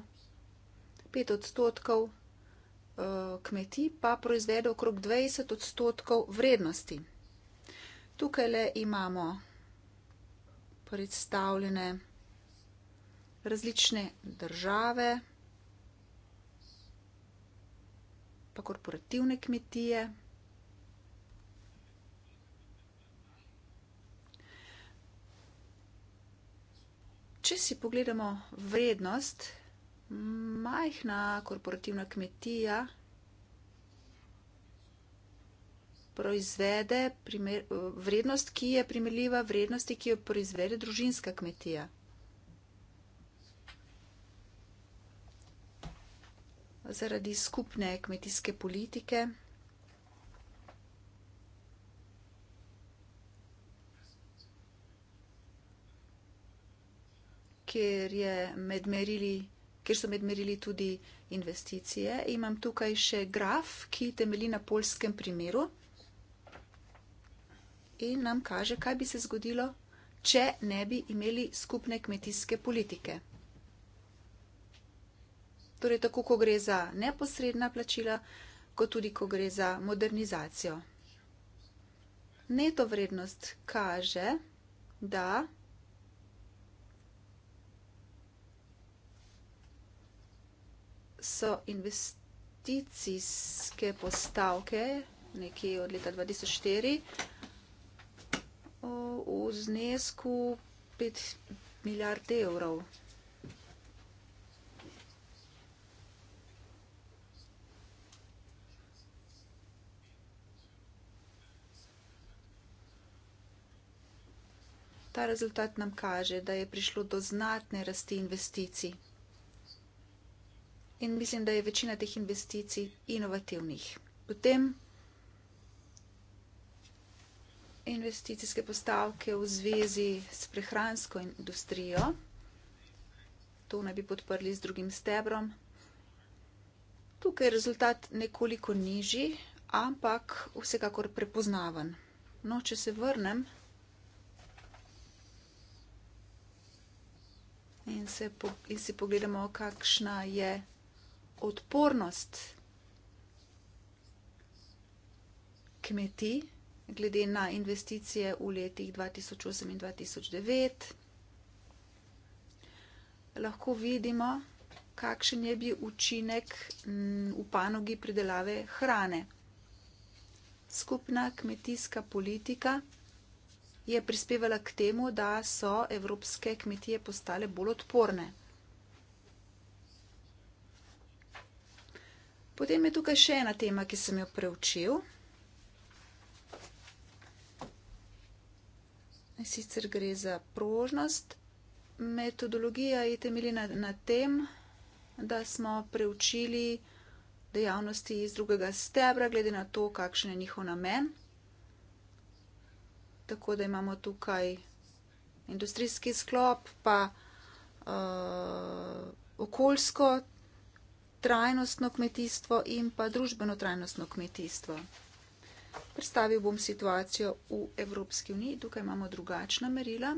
pet odstotkov eh, kmetij pa proizvede okrog 20 odstotkov vrednosti. Tukaj le imamo predstavljene različne države, pa korporativne kmetije, če si pogledamo vrednost, majhna korporativna kmetija proizvede primer, vrednost, ki je primerljiva vrednosti, ki jo proizvede družinska kmetija. Zaradi skupne kmetijske politike. kjer, med merili, kjer so med merili tudi investicije. Imam tukaj še graf, ki temeli na polskem primeru in nam kaže, kaj bi se zgodilo, če ne bi imeli skupne kmetijske politike. Torej, tako, ko gre za neposredna plačila, kot tudi, ko gre za modernizacijo. Neto vrednost kaže, da so investicijske postavke nekje od leta 2004 v znesku 5 milijard evrov. Ta rezultat nam kaže, da je prišlo do znatne rasti investicij in mislim, da je večina teh investicij inovativnih. Potem investicijske postavke v zvezi s prehransko industrijo. To naj bi podprli z drugim stebrom. Tukaj je rezultat nekoliko nižji, ampak vsekakor prepoznaven. No, če se vrnem in, se po, in si pogledamo, kakšna je odpornost kmetij glede na investicije v letih 2008 in 2009. Lahko vidimo, kakšen je bil učinek v panogi pridelave hrane. Skupna kmetijska politika je prispevala k temu, da so evropske kmetije postale bolj odporne. Potem je tukaj še ena tema, ki sem jo preučil. Sicer gre za prožnost. Metodologija je temeljena na tem, da smo preučili dejavnosti iz drugega stebra, glede na to, kakšen je njihov namen. Tako da imamo tukaj industrijski sklop, pa uh, okoljsko trajnostno kmetijstvo in pa družbeno trajnostno kmetijstvo. Predstavil bom situacijo v Evropski uniji, tukaj imamo drugačna merila.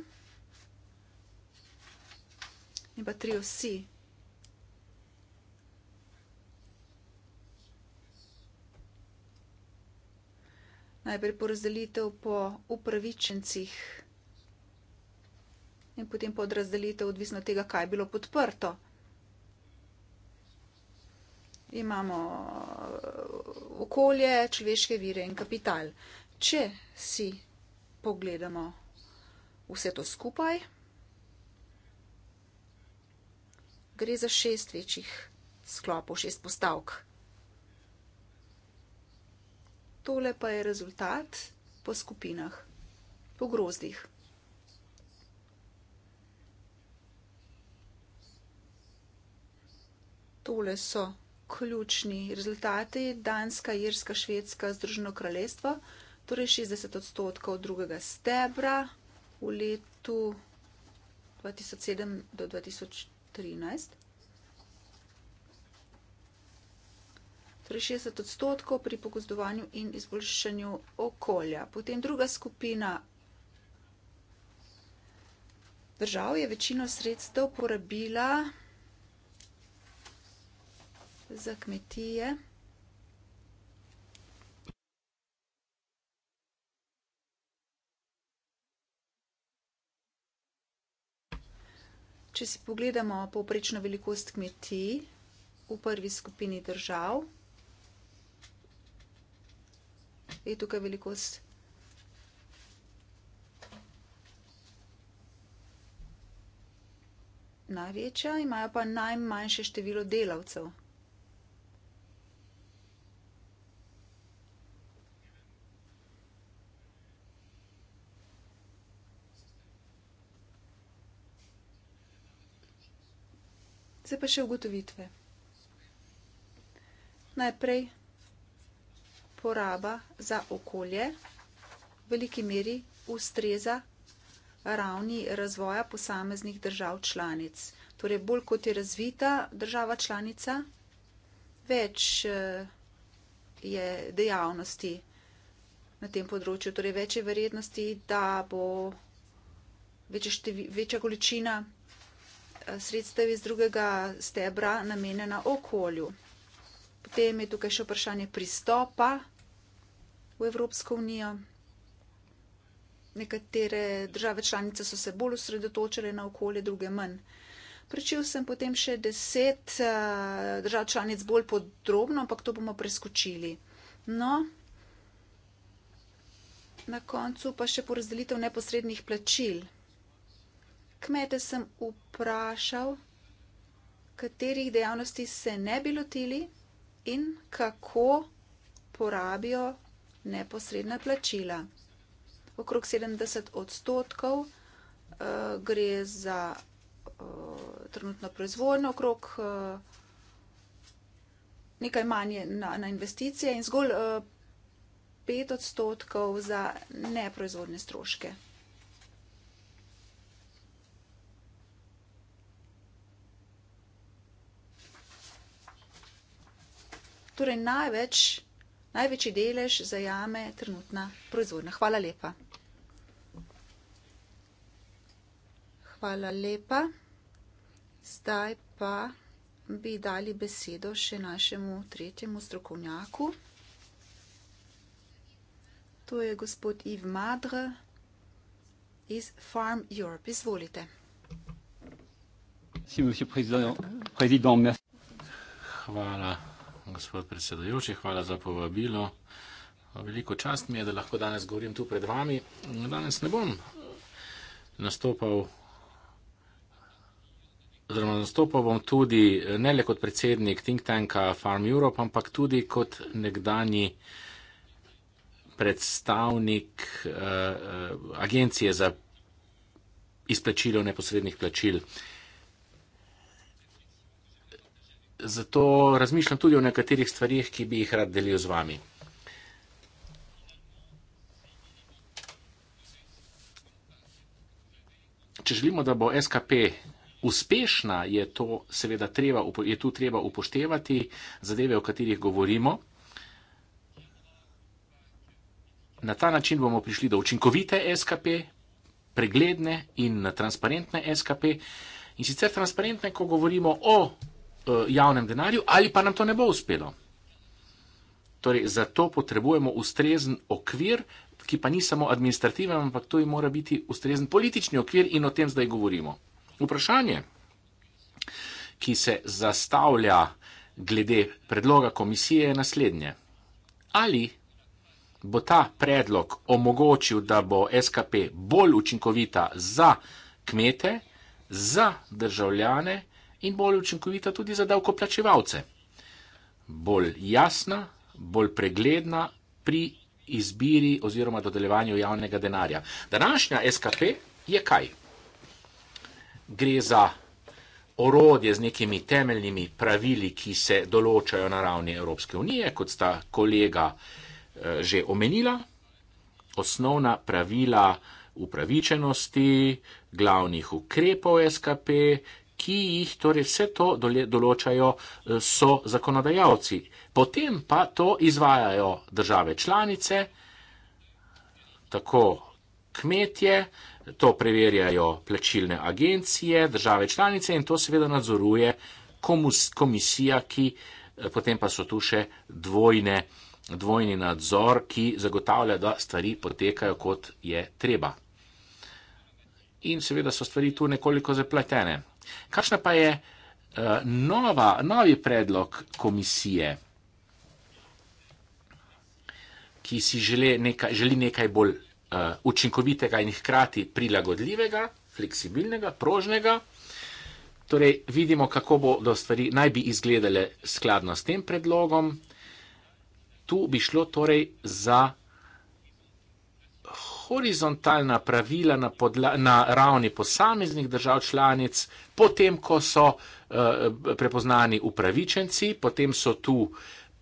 In pa tri osi. Najprej porazdelitev po upravičencih in potem podrazdelitev odvisno tega, kaj je bilo podprto imamo eh, okolje, človeške vire in kapital. Če si pogledamo vse to skupaj, gre za šest večjih sklopov, šest postavk. Tole pa je rezultat po skupinah, po grozdih. Tole so ključni rezultati. Danska, Irska, Švedska, Združeno kraljestvo, torej 60 odstotkov drugega stebra v letu 2007 do 2013. Torej 60 odstotkov pri pogozdovanju in izboljšanju okolja. Potem druga skupina držav je večino sredstev porabila za kmetije. Če si pogledamo povprečno velikost kmetij v prvi skupini držav, je tukaj velikost največja, imajo pa najmanjše število delavcev. Zdaj pa še ugotovitve. Najprej poraba za okolje v veliki meri ustreza ravni razvoja posameznih držav članic. Torej, bolj kot je razvita država članica, več eh, je dejavnosti na tem področju, torej več je verjetnosti, da bo večja, števi, večja količina sredstev iz drugega stebra namenjena okolju. Potem je tukaj še vprašanje pristopa v Evropsko unijo. Nekatere države članice so se bolj osredotočile na okolje, druge manj. Pričel sem potem še deset eh, držav članic bolj podrobno, ampak to bomo preskočili. No, na koncu pa še porazdelitev neposrednih plačil kmete sem vprašal, katerih dejavnosti se ne bi lotili in kako porabijo neposredna plačila. Okrog 70 odstotkov uh, gre za uh, trenutno proizvodnjo, okrog uh, nekaj manje na, na investicije in zgolj uh, 5 odstotkov za neproizvodne stroške. Torej, največ, največji delež zajame trenutna proizvodnja. Hvala lepa. Hvala lepa. Zdaj pa bi dali besedo še našemu tretjemu strokovnjaku. To je gospod Iv Madre iz Farm Europe. Izvolite. Hvala gospod predsedujoči, hvala za povabilo. Veliko čast mi je, da lahko danes govorim tu pred vami. Danes ne bom nastopal, oziroma nastopal bom tudi ne le kot predsednik think tanka Farm Europe, ampak tudi kot nekdani predstavnik uh, agencije za izplačilo neposrednih plačil. Uh, zato razmišljam tudi o nekaterih stvarih, ki bi jih rad delil z vami. Če želimo, da bo SKP uspešna, je, to, seveda, treba, je tu treba upoštevati zadeve, o katerih govorimo. Na ta način bomo prišli do učinkovite SKP, pregledne in transparentne SKP. In sicer transparentne, ko govorimo o Eh, javnem denarju ali pa nam to ne bo uspelo. Torej, zato potrebujemo ustrezen okvir, ki pa ni samo administrativen, ampak to mora biti ustrezen politični okvir in o tem zdaj govorimo. Vprašanje, ki se zastavlja glede predloga komisije, je naslednje. Ali bo ta predlog omogočil, da bo SKP bolj učinkovita za kmete, za državljane, in bolj učinkovita tudi za davkoplačevalce. Bolj jasna, bolj pregledna pri izbiri oziroma dodeljevanju javnega denarja. Današnja SKP je kaj? Gre za orodje z nekimi temeljnimi pravili, ki se določajo na ravni Evropske unije, kot sta kolega eh, že omenila. Osnovna pravila upravičenosti, glavnih ukrepov SKP, ki jih torej vse to določajo eh, so zakonodajalci. Potem pa to izvajajo države članice, tako kmetje, to preverjajo plačilne agencije, države članice in to seveda nadzoruje komisija, ki eh, potem pa so tu še dvojne, dvojni nadzor, ki zagotavlja, da stvari potekajo kot je treba. In seveda so stvari tu nekoliko zapletene. Kakšna pa je uh, nova, novi predlog komisije, ki si želi nekaj, želi nekaj bolj uh, učinkovitega in hkrati prilagodljivega, fleksibilnega, prožnega? Torej, vidimo, kako bodo stvari naj bi izgledale skladno s tem predlogom. Tu bi šlo torej za horizontalna pravila na, podla, na ravni posameznih držav članic, potem ko so eh, prepoznani upravičenci, potem so tu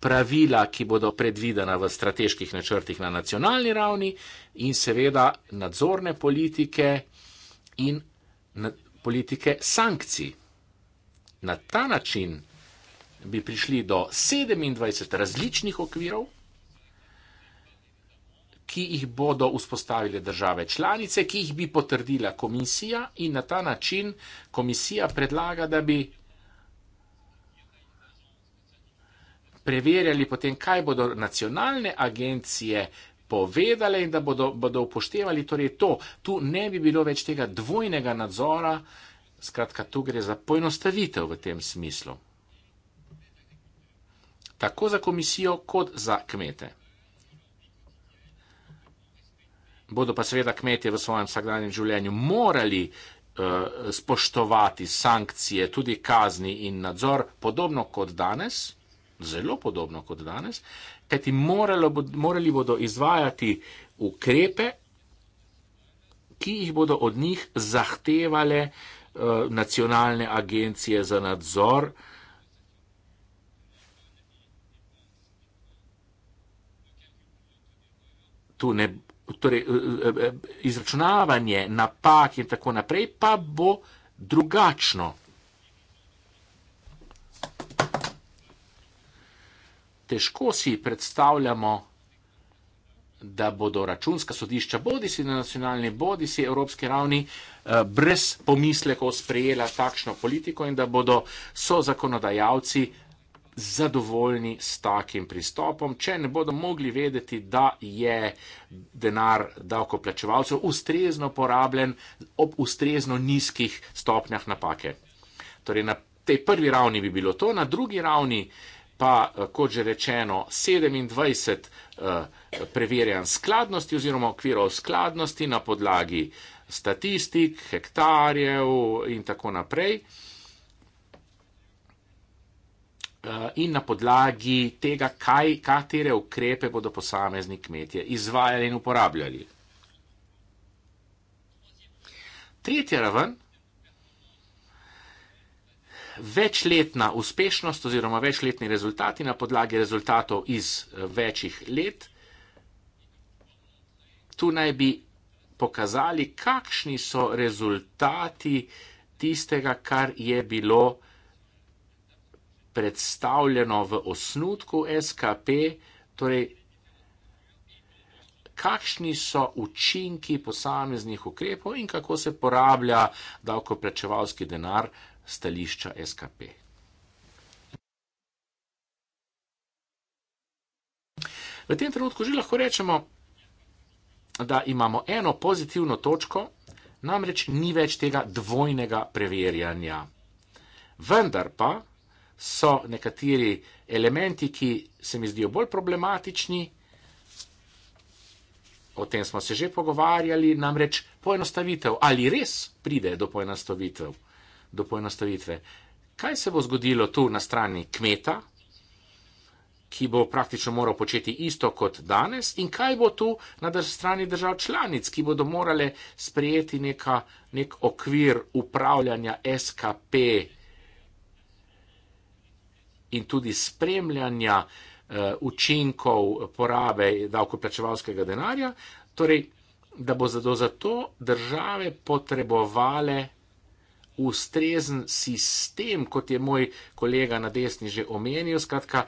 pravila, ki bodo predvidena v strateških načrtih na nacionalni ravni in seveda nadzorne politike in politike sankcij. Na ta način bi prišli do 27 različnih okvirov, ki jih bodo vzpostavile države članice, ki jih bi potrdila komisija in na ta način komisija predlaga, da bi preverjali potem, kaj bodo nacionalne agencije povedale in da bodo, bodo upoštevali torej to. Tu ne bi bilo več tega dvojnega nadzora, skratka, tu gre za poenostavitev v tem smislu. Tako za komisijo, kot za kmete bodo pa seveda kmetje v svojem vsakdanjem življenju morali eh, spoštovati sankcije, tudi kazni in nadzor, podobno kot danes, zelo podobno kot danes, kajti morali bodo izvajati ukrepe, ki jih bodo od njih zahtevale eh, nacionalne agencije za nadzor. Tu ne bo torej, eh, eh, eh, izračunavanje napak in tako naprej pa bo drugačno. Težko si predstavljamo, da bodo računska sodišča, bodi si na nacionalni, bodi si evropski ravni, brez pomislekov sprejela takšno politiko in da bodo so zakonodajalci zadovoljni s takim pristopom, če ne bodo mogli vedeti, da je denar davkoplačevalcev ustrezno porabljen ob ustrezno nizkih stopnjah napake. Torej, na tej prvi ravni bi bilo to, na drugi ravni pa, eh, kot že rečeno, 27 eh, preverjan skladnosti oziroma okvirov skladnosti na podlagi statistik, hektarjev in tako naprej. Eh, in na podlagi tega, kaj, katere ukrepe bodo posamezni kmetje izvajali in uporabljali. Tretja raven, večletna uspešnost oziroma večletni rezultati na podlagi rezultatov iz eh, večjih let, tu naj bi pokazali, kakšni so rezultati tistega, kar je bilo uh, predstavljeno v osnutku SKP, torej kakšni so učinki posameznih ukrepov in kako se porablja davkoplačevalski denar stališča SKP. V tem trenutku že lahko rečemo, da imamo eno pozitivno točko, namreč ni več tega dvojnega preverjanja. Vendar pa so nekateri elementi, ki se mi zdijo bolj problematični. O tem smo se že pogovarjali, namreč poenostavitev. Ali res pride do, do poenostavitve? Kaj se bo zgodilo tu na strani kmeta, ki bo praktično moral početi isto kot danes, in kaj bo tu na strani držav članic, ki bodo morale sprejeti neka, nek okvir upravljanja SKP in tudi spremljanja eh, učinkov porabe davkoplačevalskega denarja, torej, da bo zato, zato države potrebovale ustrezen sistem, kot je moj kolega na desni že omenil, skratka,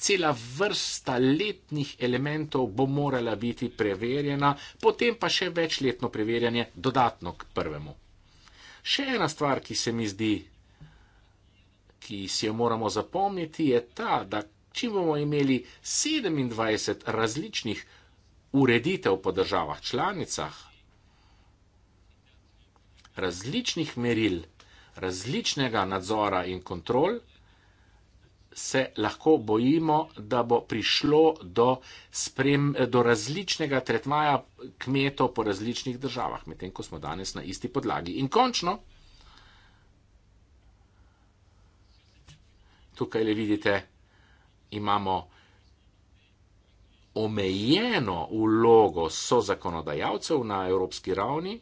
cela vrsta letnih elementov bo morala biti preverjena, potem pa še večletno preverjanje dodatno k prvemu. Še ena stvar, ki se mi zdi ki si jo moramo zapomniti, je ta, da če bomo imeli 27 različnih ureditev po državah članicah, različnih meril, različnega nadzora in kontrol, se lahko bojimo, da bo prišlo do, sprem, do različnega tretmaja kmetov po različnih državah, medtem ko smo danes na isti podlagi. In končno, tukaj le vidite, imamo omejeno vlogo so zakonodajalcev na evropski ravni.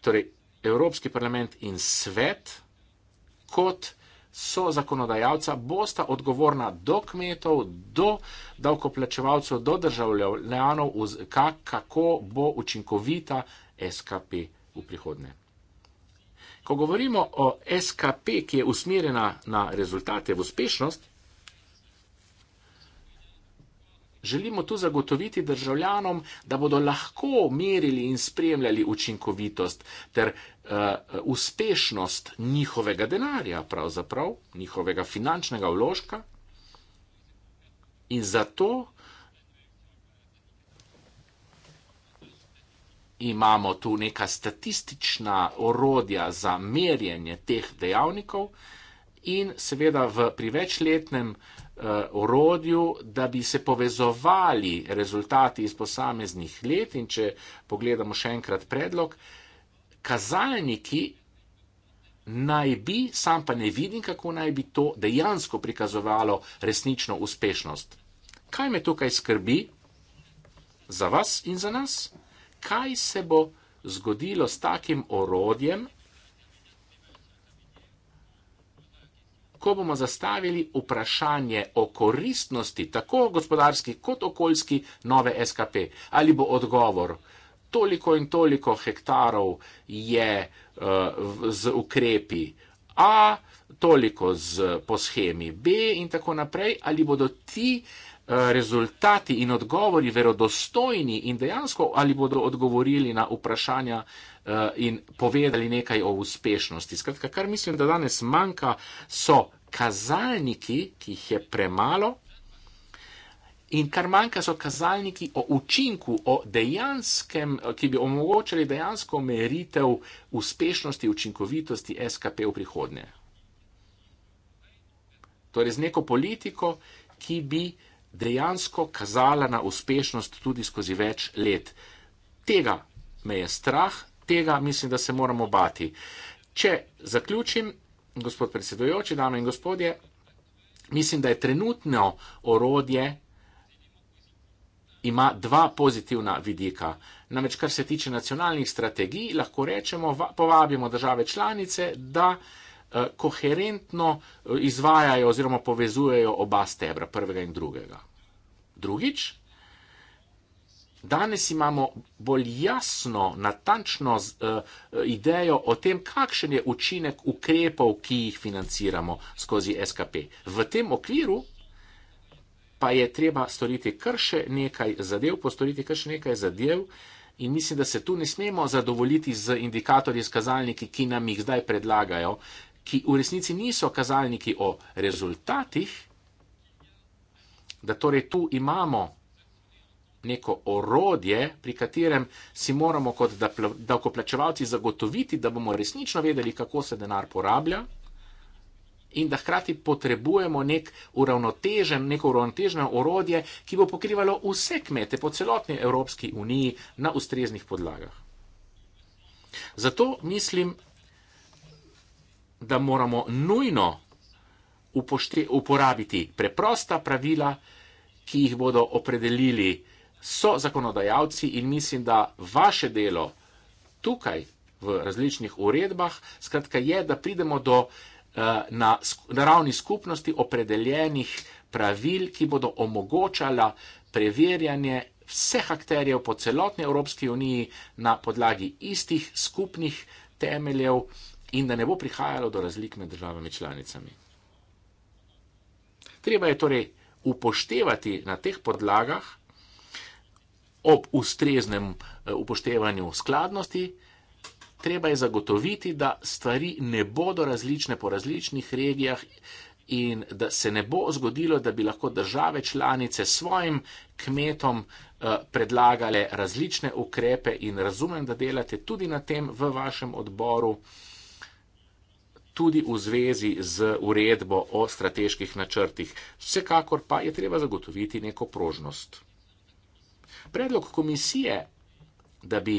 Torej, Evropski parlament in svet kot so zakonodajalca bosta odgovorna do kmetov, do davkoplačevalcev, do državljanov, kako bo učinkovita SKP v prihodnje. Ko govorimo o SKP, ki je usmerjena na rezultate, v uspešnost, želimo tu zagotoviti državljanom, da bodo lahko merili in spremljali učinkovitost ter uh, uspešnost njihovega denarja, pravzaprav njihovega finančnega vložka. In zato imamo tu neka statistična orodja za merjenje teh dejavnikov in seveda v privečletnem eh, orodju, da bi se povezovali rezultati iz posameznih let in če pogledamo še enkrat predlog, kazalniki naj bi, sam pa ne vidim, kako naj bi to dejansko prikazovalo resnično uspešnost. Kaj me tukaj skrbi za vas in za nas? kaj se bo zgodilo s takim orodjem, ko bomo zastavili vprašanje o koristnosti, tako gospodarski kot okoljski, nove SKP. Ali bo odgovor, toliko in toliko hektarov je uh, z ukrepi A, toliko z, po schemi B in tako naprej, ali bodo ti Eh, rezultati in odgovori verodostojni in dejansko ali bodo odgovorili na vprašanja eh, in povedali nekaj o uspešnosti. Skratka, kar mislim, da danes manjka, so kazalniki, ki jih je premalo, in kar manjka, so kazalniki o učinku, o dejanskem, ki bi omogočili dejansko meritev uspešnosti, učinkovitosti SKP v prihodnje. Torej, z neko politiko, ki bi uh, dejansko kazala na uspešnost tudi skozi več let. Tega me je strah, tega mislim, da se moramo bati. Če zaključim, gospod predsedujoči, dame in gospodje, mislim, da je trenutno orodje ima dva pozitivna vidika. Namreč, kar se tiče nacionalnih strategij, lahko rečemo, povabimo države članice, da Eh, koherentno eh, izvajajo oziroma povezujejo oba stebra, prvega in drugega. Drugič, danes imamo bolj jasno, natančno eh, idejo o tem, kakšen je učinek ukrepov, ki jih financiramo skozi SKP. V tem okviru pa je treba storiti kar še nekaj zadev, postoriti kar še nekaj zadev. In mislim, da se tu ne smemo zadovoljiti z indikatorji, z kazalniki, ki nam jih zdaj predlagajo, ki v resnici niso kazalniki o rezultatih, da torej tu imamo neko orodje, pri katerem si moramo kot davkoplačevalci zagotoviti, da bomo resnično vedeli, kako se denar porablja. In da hkrati potrebujemo nek uravnotežen, neko uravnoteženo orodje, ki bo pokrivalo vse kmete po celotni Evropski uniji na ustreznih podlagah. Zato mislim, da moramo nujno upošte, uporabiti preprosta pravila, ki jih bodo opredelili so zakonodajalci in mislim, da vaše delo tukaj v različnih uredbah, skratka je, da pridemo do eh, na, na ravni skupnosti opredeljenih pravil, ki bodo omogočala preverjanje vseh akterjev po celotni Evropski uniji na podlagi istih skupnih temeljev, in da ne bo prihajalo do razlik med državami članicami. Treba je torej upoštevati na teh podlagah ob ustreznem eh, upoštevanju skladnosti, treba je zagotoviti, da stvari ne bodo različne po različnih regijah in da se ne bo zgodilo, da bi lahko države članice svojim kmetom eh, predlagale različne ukrepe in razumem, da delate tudi na tem v vašem odboru tudi v zvezi z uredbo o strateških načrtih. Vsekakor pa je treba zagotoviti neko prožnost. Predlog komisije, da bi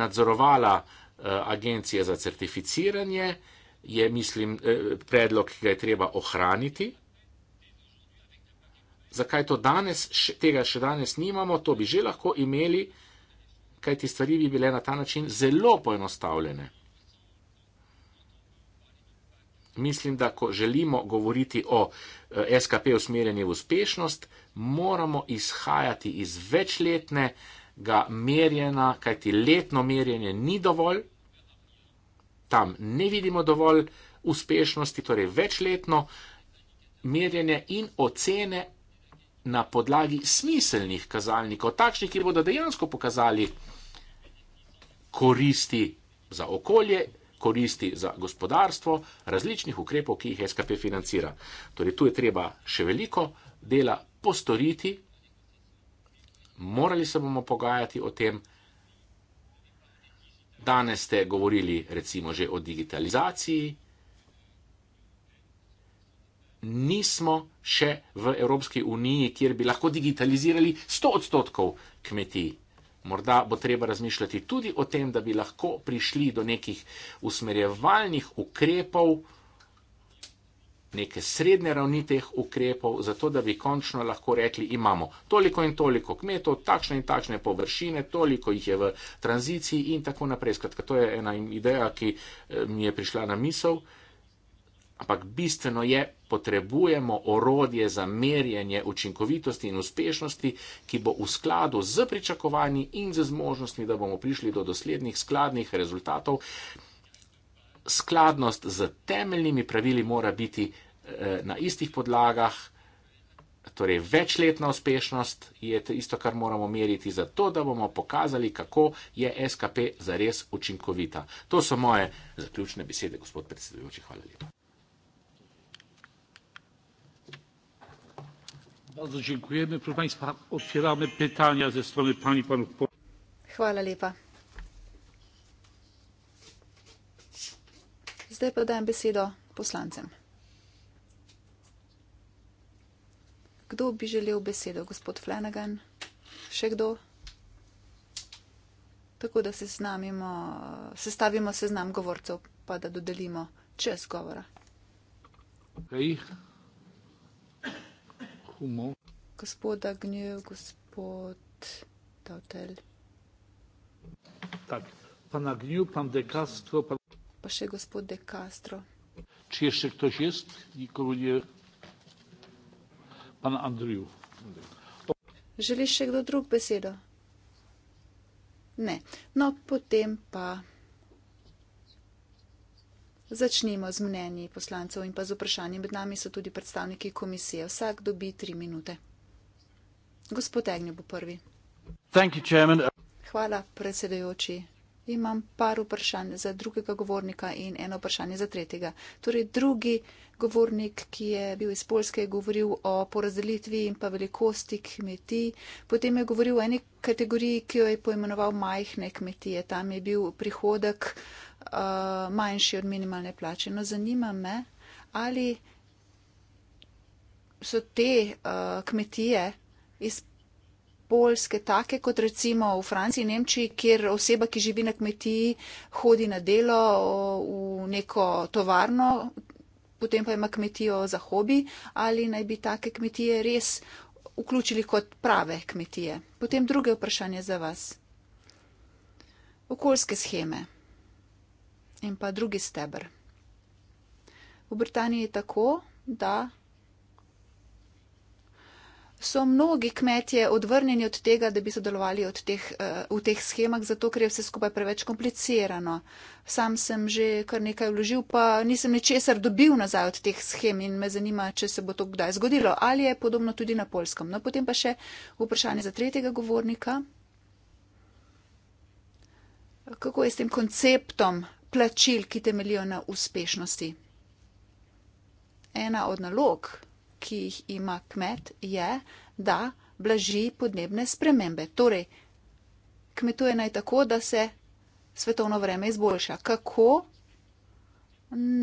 nadzorovala eh, agencije za certificiranje, je mislim, eh, predlog, ki ga je treba ohraniti. Zakaj to danes, tega še danes nimamo, to bi že lahko imeli, kajti stvari bi bile na ta način zelo poenostavljene mislim, da ko želimo govoriti o eh, SKP usmerjeni v uspešnost, moramo izhajati iz večletnega merjena, kajti letno merjenje ni dovolj, tam ne vidimo dovolj uspešnosti, torej večletno merjenje in ocene na podlagi smiselnih kazalnikov, takšnih, ki bodo dejansko pokazali koristi za okolje koristi za gospodarstvo, različnih ukrepov, ki jih SKP financira. Torej, tu je treba še veliko dela postoriti, morali se bomo pogajati o tem. Danes ste govorili recimo že o digitalizaciji. Nismo še v Evropski uniji, kjer bi lahko digitalizirali 100 odstotkov kmetij. Morda bo treba razmišljati tudi o tem, da bi lahko prišli do nekih usmerjevalnih ukrepov, neke srednje ravni teh ukrepov, zato da bi končno lahko rekli, imamo toliko in toliko kmetov, takšne in takšne površine, toliko jih je v tranziciji in tako naprej. Skratka, to je ena ideja, ki eh, mi je prišla na misel ampak bistveno je, potrebujemo orodje za merjenje učinkovitosti in uspešnosti, ki bo v skladu z pričakovanji in z zmožnostmi, da bomo prišli do doslednih skladnih rezultatov. Skladnost z temeljnimi pravili mora biti eh, na istih podlagah, torej večletna uspešnost je tisto, kar moramo meriti, zato da bomo pokazali, kako je SKP zares učinkovita. To so moje zaključne besede, gospod predsedujoči. Hvala lepa. Hvala lepa. Zdaj pa dajem besedo poslancem. Kdo bi želel besedo? Gospod Flanagan? Še kdo? Tako da se znamimo, sestavimo seznam govorcev, pa da dodelimo čez govora. Okay humo. Gospoda gnjev, gospod Tautel. Tak, pa na gnju, pa na dekastro. Pa... pa še gospod dekastro. Če je še kdo jest, nikoli je. Pa na Andriju. Želi še kdo drug besedo? Ne. No, potem pa. Začnimo z mnenji poslancev in pa z vprašanjem. Med nami so tudi predstavniki komisije. Vsak dobi tri minute. Gospod Egnjo bo prvi. Hvala, predsedajoči. Imam par vprašanj za drugega govornika in eno vprašanje za tretjega. Torej, drugi govornik, ki je bil iz Polske, je govoril o porazdelitvi in pa velikosti kmetij. Potem je govoril o eni kategoriji, ki jo je poimenoval majhne kmetije. Tam je bil prihodek uh, uh, manjši od minimalne plače. No, zanima me, ali so te uh, kmetije iz Polske take, kot recimo v Franciji, Nemčiji, kjer oseba, ki živi na kmetiji, hodi na delo v neko tovarno, potem pa ima kmetijo za hobi, ali naj bi take kmetije res vključili kot prave kmetije. Potem druge vprašanje za vas. Okoljske scheme in pa drugi stebr. V Britaniji je tako, da so mnogi kmetje odvrnjeni od tega, da bi sodelovali teh, eh, v teh schemah, zato ker je vse skupaj preveč komplicirano. Sam sem že kar nekaj vložil, pa nisem ničesar dobil nazaj od teh schem in me zanima, če se bo to kdaj zgodilo ali je podobno tudi na polskem. No, potem pa še vprašanje za tretjega govornika. Kako je s tem konceptom plačil, ki temeljijo na uspešnosti. Ena od nalog, ki jih ima kmet, je, da blaži podnebne spremembe. Torej, kmetuje naj tako, da se svetovno vreme izboljša. Kako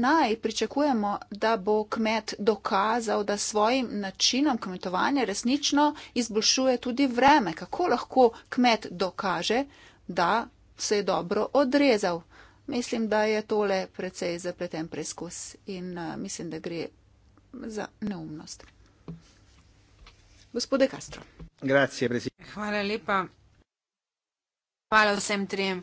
naj pričakujemo, da bo kmet dokazal, da svojim načinom kmetovanja resnično izboljšuje tudi vreme? Kako lahko kmet dokaže, da se je dobro odrezal? Mislim, da je tole precej zapleten preskus in uh, mislim, da gre za neumnost. Gospode Castro. Grazie, Hvala lepa. Hvala vsem trem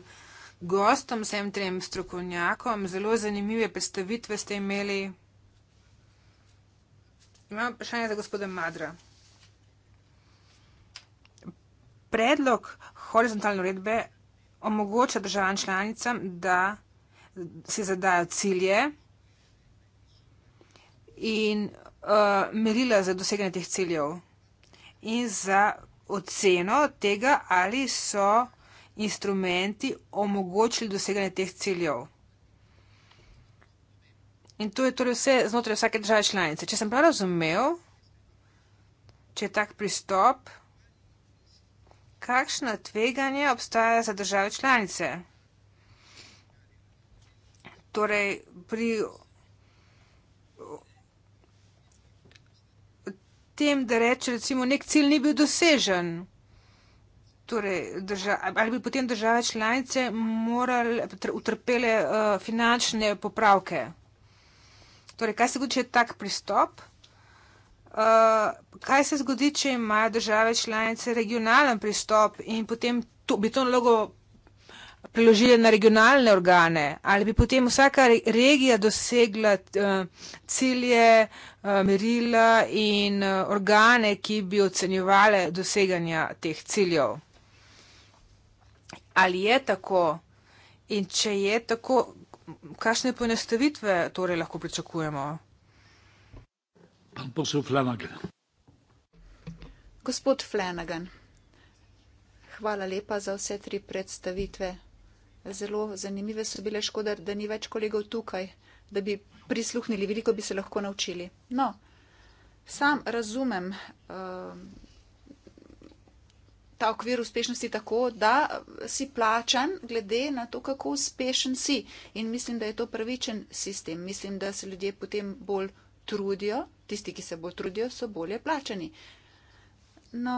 gostom, vsem trem strokovnjakom. Zelo zanimive predstavitve ste imeli. Imam vprašanje za gospoda Madra. Predlog horizontalne uredbe omogoča državam članicam, da si zadajo cilje in uh, merila za doseganje teh ciljev in za oceno tega, ali so instrumenti omogočili doseganje teh ciljev. In to je torej vse znotraj vsake države članice. Če sem prav razumel, če je tak pristop kakšno tveganje obstaja za države članice? Torej, pri tem, da reče, recimo, nek cilj ni bil dosežen, torej, drža, ali bi potem države članice morale utrpele uh, finančne popravke? Torej, kaj se zgodi, če je tak pristop? Eh, kaj se zgodi, če imajo države članice regionalen pristop in potem to, bi to nalogo priložili na regionalne organe, ali bi potem vsaka regija dosegla uh, cilje, uh, merila in uh, organe, ki bi ocenjevale doseganja teh ciljev? Ali je tako? In če je tako, kakšne poenostavitve torej lahko pričakujemo? Gospod Flanagan. Gospod Flanagan, hvala lepa za vse tri predstavitve. Zelo zanimive so bile škoda, da ni več kolegov tukaj, da bi prisluhnili, veliko bi se lahko naučili. No, sam razumem uh, ta okvir uspešnosti tako, da si plačan glede na to, kako uspešen si. In mislim, da je to pravičen sistem. Mislim, da se ljudje potem bolj trudijo, tisti, ki se bolj trudijo, so bolje plačani. No,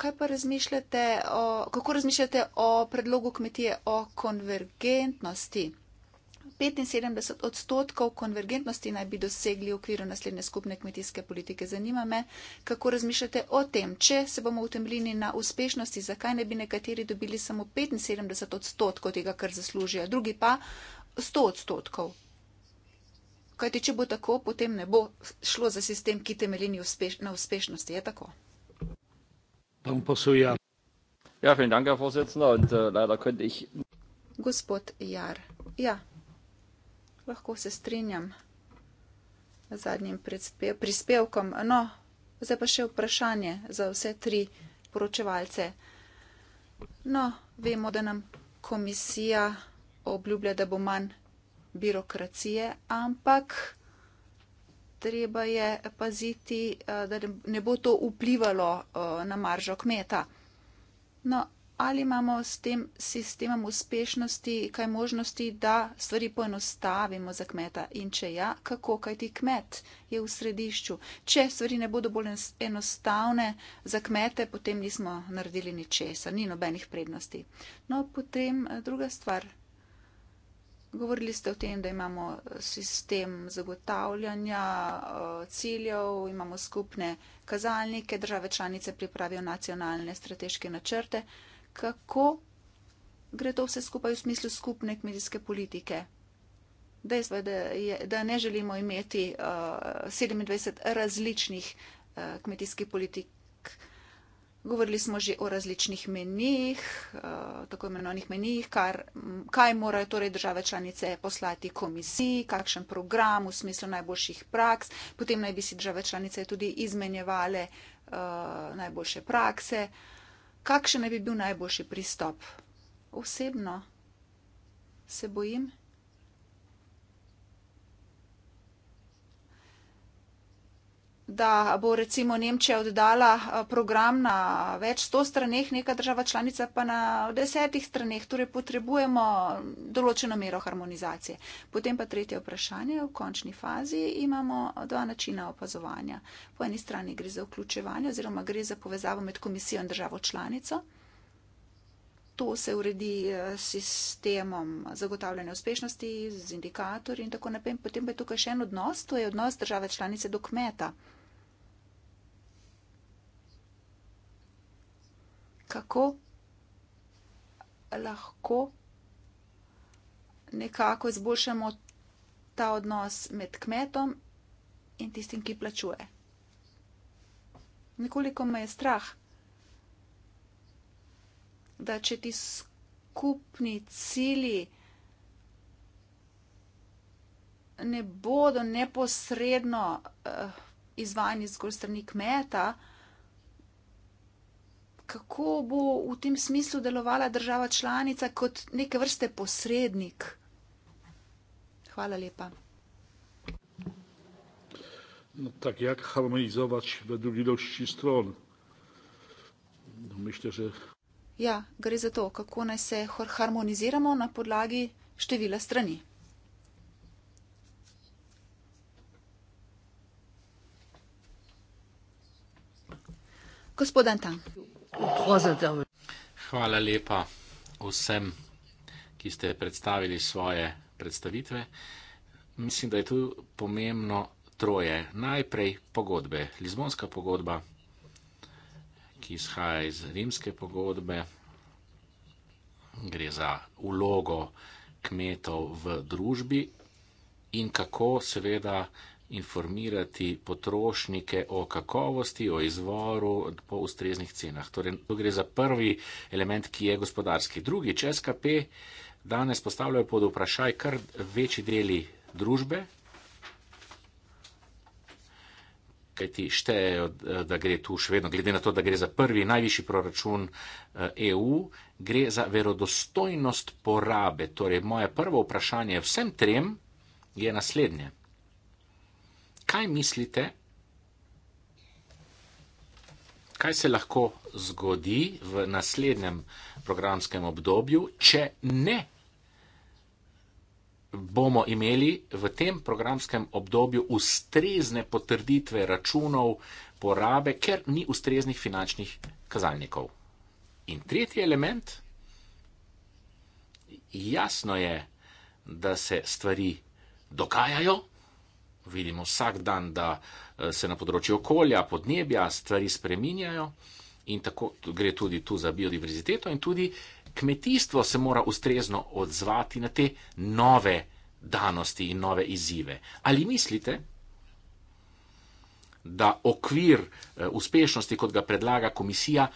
kaj pa razmišljate, o, kako razmišljate o predlogu kmetije o konvergentnosti? 75 odstotkov konvergentnosti naj bi dosegli v okviru naslednje skupne kmetijske politike. Zanima me, kako razmišljate o tem, če se bomo utemljili na uspešnosti, zakaj ne bi nekateri dobili samo 75 odstotkov tega, kar zaslužijo, drugi pa 100 odstotkov. Kajti, če bo tako, potem ne bo šlo za sistem, ki temelji uspeš na uspešnosti. Je tako? Ja, dank, Und, uh, ich... Gospod Jar, ja, lahko se strinjam z zadnjim prispevkom. No, zdaj pa še vprašanje za vse tri poročevalce. No, vemo, da nam komisija obljublja, da bo manj birokracije, ampak treba je paziti, eh, da ne bo to vplivalo eh, na maržo kmeta. No, ali imamo s tem sistemom uspešnosti kaj možnosti, da stvari poenostavimo za kmeta? In če ja, kako, kaj ti kmet je v središču? Če stvari ne bodo bolj enostavne za kmete, potem nismo naredili ničesar, ni nobenih prednosti. No, potem eh, druga stvar. Govorili ste o tem, da imamo eh, sistem zagotavljanja eh, ciljev, imamo skupne kazalnike, države članice pripravijo nacionalne strateške načrte. Kako gre to vse skupaj v smislu skupne kmetijske politike? Dejstvo je, da, je, da ne želimo imeti uh, eh, 27 različnih uh, kmetijskih politik, uh, Govorili smo že o različnih menih, eh, tako imenovanih menih, kar, kaj morajo torej države članice poslati komisiji, kakšen program v smislu najboljših praks. Potem naj bi si države članice tudi izmenjevale uh, najboljše prakse. Kakšen naj bi bil najboljši pristop? Osebno se bojim, da bo recimo Nemčija oddala eh, program na več sto straneh, neka država članica pa na desetih straneh. Torej potrebujemo določeno mero harmonizacije. Potem pa tretje vprašanje. V končni fazi imamo dva načina opazovanja. Po eni strani gre za vključevanje oziroma gre za povezavo med komisijo in državo članico. To se uredi eh, s sistemom zagotavljanja uspešnosti, z indikatorji in tako naprej. Potem pa je tukaj še en odnos, to je odnos države članice do kmeta. kako lahko nekako izboljšamo ta odnos med kmetom in tistim, ki plačuje. Nekoliko me je strah, da če ti skupni cili ne bodo neposredno uh, izvajani zgolj strani kmeta, kako bo v tem smislu delovala država članica kot neke vrste posrednik. Hvala lepa. No, tak jak harmonizovať ve drugi došči stron? No, myšte, že... Ja, gre za to, kako naj se harmoniziramo na podlagi števila strani. Gospod Antan. Hvala lepa vsem, ki ste predstavili svoje predstavitve. Mislim, da je tu pomembno troje. Najprej pogodbe. Lizbonska pogodba, ki izhaja iz rimske pogodbe, gre za ulogo kmetov v družbi in kako seveda informirati potrošnike o kakovosti, o izvoru po ustreznih cenah. Torej, to gre za prvi element, ki je gospodarski. Drugi, ČSKP danes postavljajo pod vprašaj kar večji deli družbe, kajti štejejo, da gre tu še vedno, glede na to, da gre za prvi najvišji proračun EU, eh, e gre za verodostojnost porabe. Torej, moje prvo vprašanje vsem trem je naslednje kaj mislite, kaj se lahko zgodi v naslednjem programskem obdobju, če ne bomo imeli v tem programskem obdobju ustrezne potrditve računov porabe, ker ni ustreznih finančnih kazalnikov. In tretji element, jasno je, da se stvari dogajajo, vidimo vsak dan, da eh, se na področju okolja, podnebja stvari spreminjajo in tako gre tudi tu za biodiverziteto in tudi kmetijstvo se mora ustrezno odzvati na te nove danosti in nove izzive. Ali mislite, da okvir eh, uspešnosti, kot ga predlaga komisija,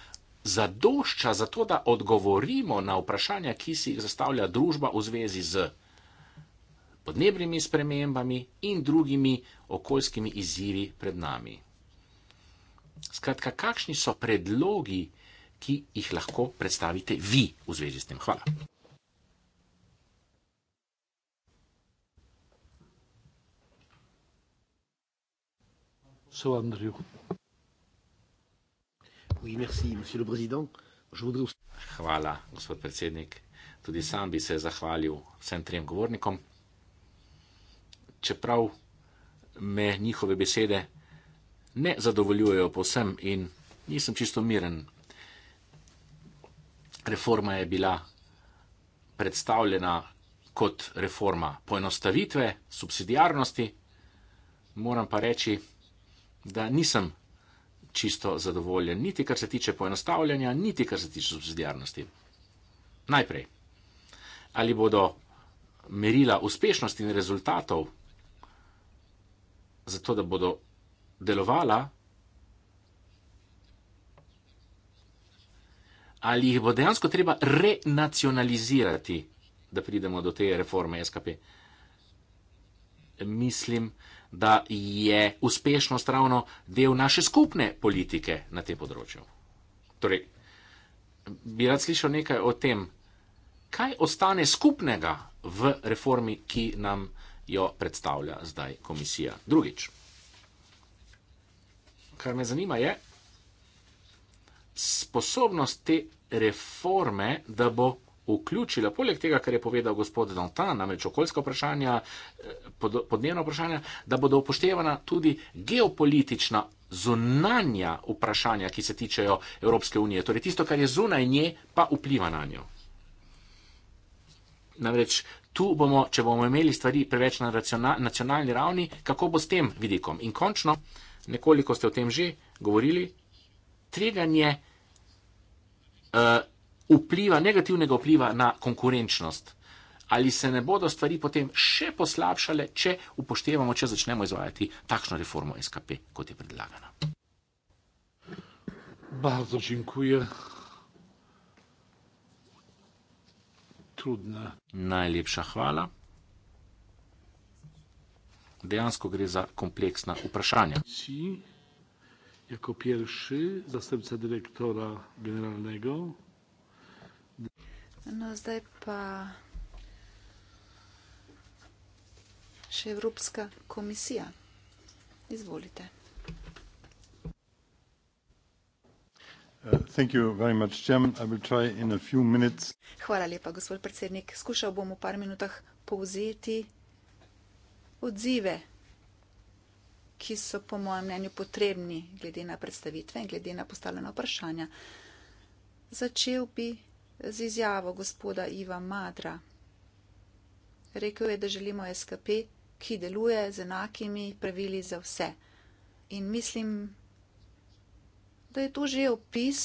zadošča za to, da odgovorimo na vprašanja, ki si jih zastavlja družba v zvezi z podnebnimi spremembami in drugimi okoljskimi izzivi pred nami. Skratka, kakšni so predlogi, ki jih lahko predstavite vi v zvezi s tem? Hvala. Hvala, gospod predsednik. Tudi sam bi se zahvalil vsem trem govornikom čeprav me njihove besede ne zadovoljujejo povsem in nisem čisto miren. Reforma je bila predstavljena kot reforma poenostavitve, subsidijarnosti, moram pa reči, da nisem čisto zadovoljen, niti kar se tiče poenostavljanja, niti kar se tiče subsidijarnosti. Najprej, ali bodo merila uspešnosti in rezultatov zato da bodo delovala, ali jih bo dejansko treba renacionalizirati, da pridemo do te reforme SKP. Mislim, da je uspešnost ravno del naše skupne politike na tem področju. Torej, bi rad slišal nekaj o tem, kaj ostane skupnega v reformi, ki nam jo predstavlja zdaj komisija drugič. Kar me zanima je sposobnost te reforme, da bo vključila, poleg tega, kar je povedal gospod Dantan, namreč okoljska vprašanja, eh, pod, podnebna vprašanja, da bodo upoštevana tudi geopolitična zunanja vprašanja, ki se tičejo Evropske unije, torej tisto, kar je zunaj nje, pa vpliva na njo. Namreč tu bomo, če bomo imeli stvari preveč na nacionalni ravni, kako bo s tem vidikom. In končno, nekoliko ste o tem že govorili, tveganje uh, vpliva, negativnega vpliva na konkurenčnost. Ali se ne bodo stvari potem še poslabšale, če upoštevamo, če začnemo izvajati takšno reformo SKP, kot je predlagana? Bardzo dziękuję. trudna. Najlepša hvala. Dejansko gre za kompleksna vprašanja. Si, jako prvi, zastrbca direktora generalnega. No, zdaj pa še Evropska komisija. Izvolite. Uh, Hvala lepa, gospod predsednik. Skušal bom v par minutah povzeti odzive, ki so po mojem mnenju potrebni glede na predstavitve in glede na postavljena vprašanja. Začel bi z izjavo gospoda Iva Madra. Rekel je, da želimo SKP, ki deluje z enakimi pravili za vse. In mislim, da je to že opis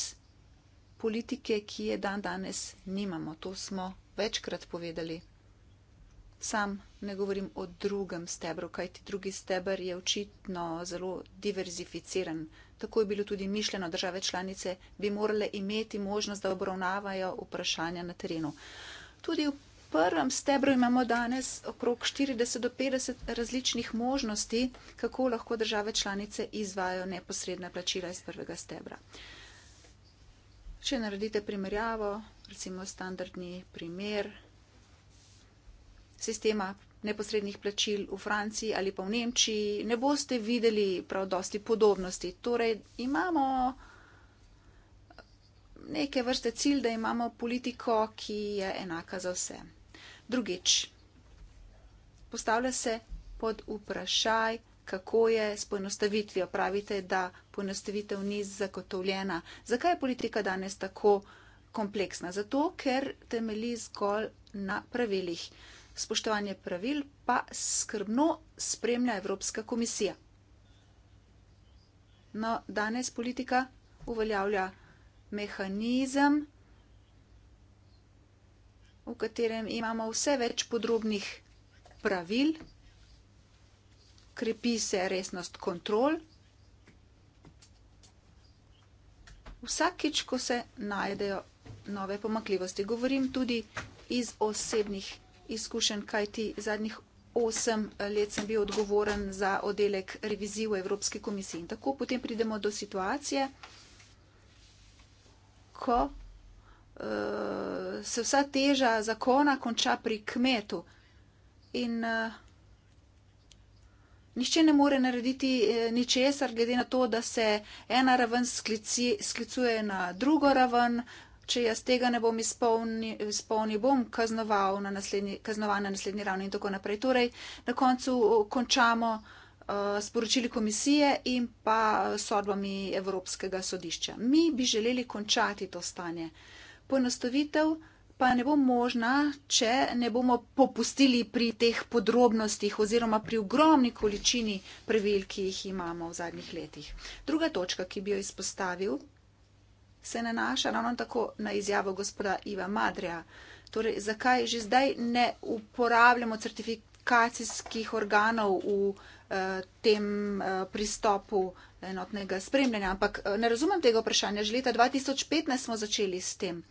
politike, ki je dan danes nimamo. To smo večkrat povedali. Sam ne govorim o drugem stebru, kajti drugi steber je očitno zelo diverzificiran. Tako je bilo tudi mišljeno, države članice bi morale imeti možnost, da obravnavajo vprašanja na terenu. Tudi prvem stebru imamo danes okrog 40 do 50 različnih možnosti, kako lahko države članice izvajo neposredna plačila iz prvega stebra. Če naredite primerjavo, recimo standardni primer sistema neposrednih plačil v Franciji ali pa v Nemčiji, ne boste videli prav dosti podobnosti. Torej, imamo neke vrste cilj, da imamo politiko, ki je enaka za vse drugič. Postavlja se pod vprašaj, kako je s poenostavitvijo. Pravite, da poenostavitev ni zagotovljena. Zakaj je politika danes tako kompleksna? Zato, ker temeli zgolj na pravilih. Spoštovanje pravil pa skrbno spremlja Evropska komisija. No, danes politika uveljavlja mehanizem, v katerem imamo vse več podrobnih pravil, krepi se resnost kontrol. Vsakič, ko se najdejo nove pomakljivosti, govorim tudi iz osebnih izkušenj, kaj ti zadnjih osem let sem bil odgovoren za oddelek revizij v Evropski komisiji. In tako potem pridemo do situacije, ko uh, se vsa teža zakona konča pri kmetu. In uh, eh, nišče ne more narediti eh, ničesar, glede na to, da se ena raven sklici, sklicuje na drugo raven. Če jaz tega ne bom izpolnil, izpolni, bom kaznoval na naslednji, kaznovan na naslednji ravni in tako naprej. Torej, na koncu eh, končamo uh, sporočili komisije in pa sodbami Evropskega sodišča. Mi bi želeli končati to stanje. Uh, poenostavitev pa ne bo možna, če ne bomo popustili pri teh podrobnostih oziroma pri ogromni količini pravil, ki jih imamo v zadnjih letih. Druga točka, ki bi jo izpostavil, se nanaša ravno tako na izjavo gospoda Iva Madreja. Torej, zakaj že zdaj ne uporabljamo certifikat? komunikacijskih organov v eh, tem eh, pristopu enotnega spremljanja. Ampak eh, ne razumem tega vprašanja. Že leta 2015 smo začeli s tem.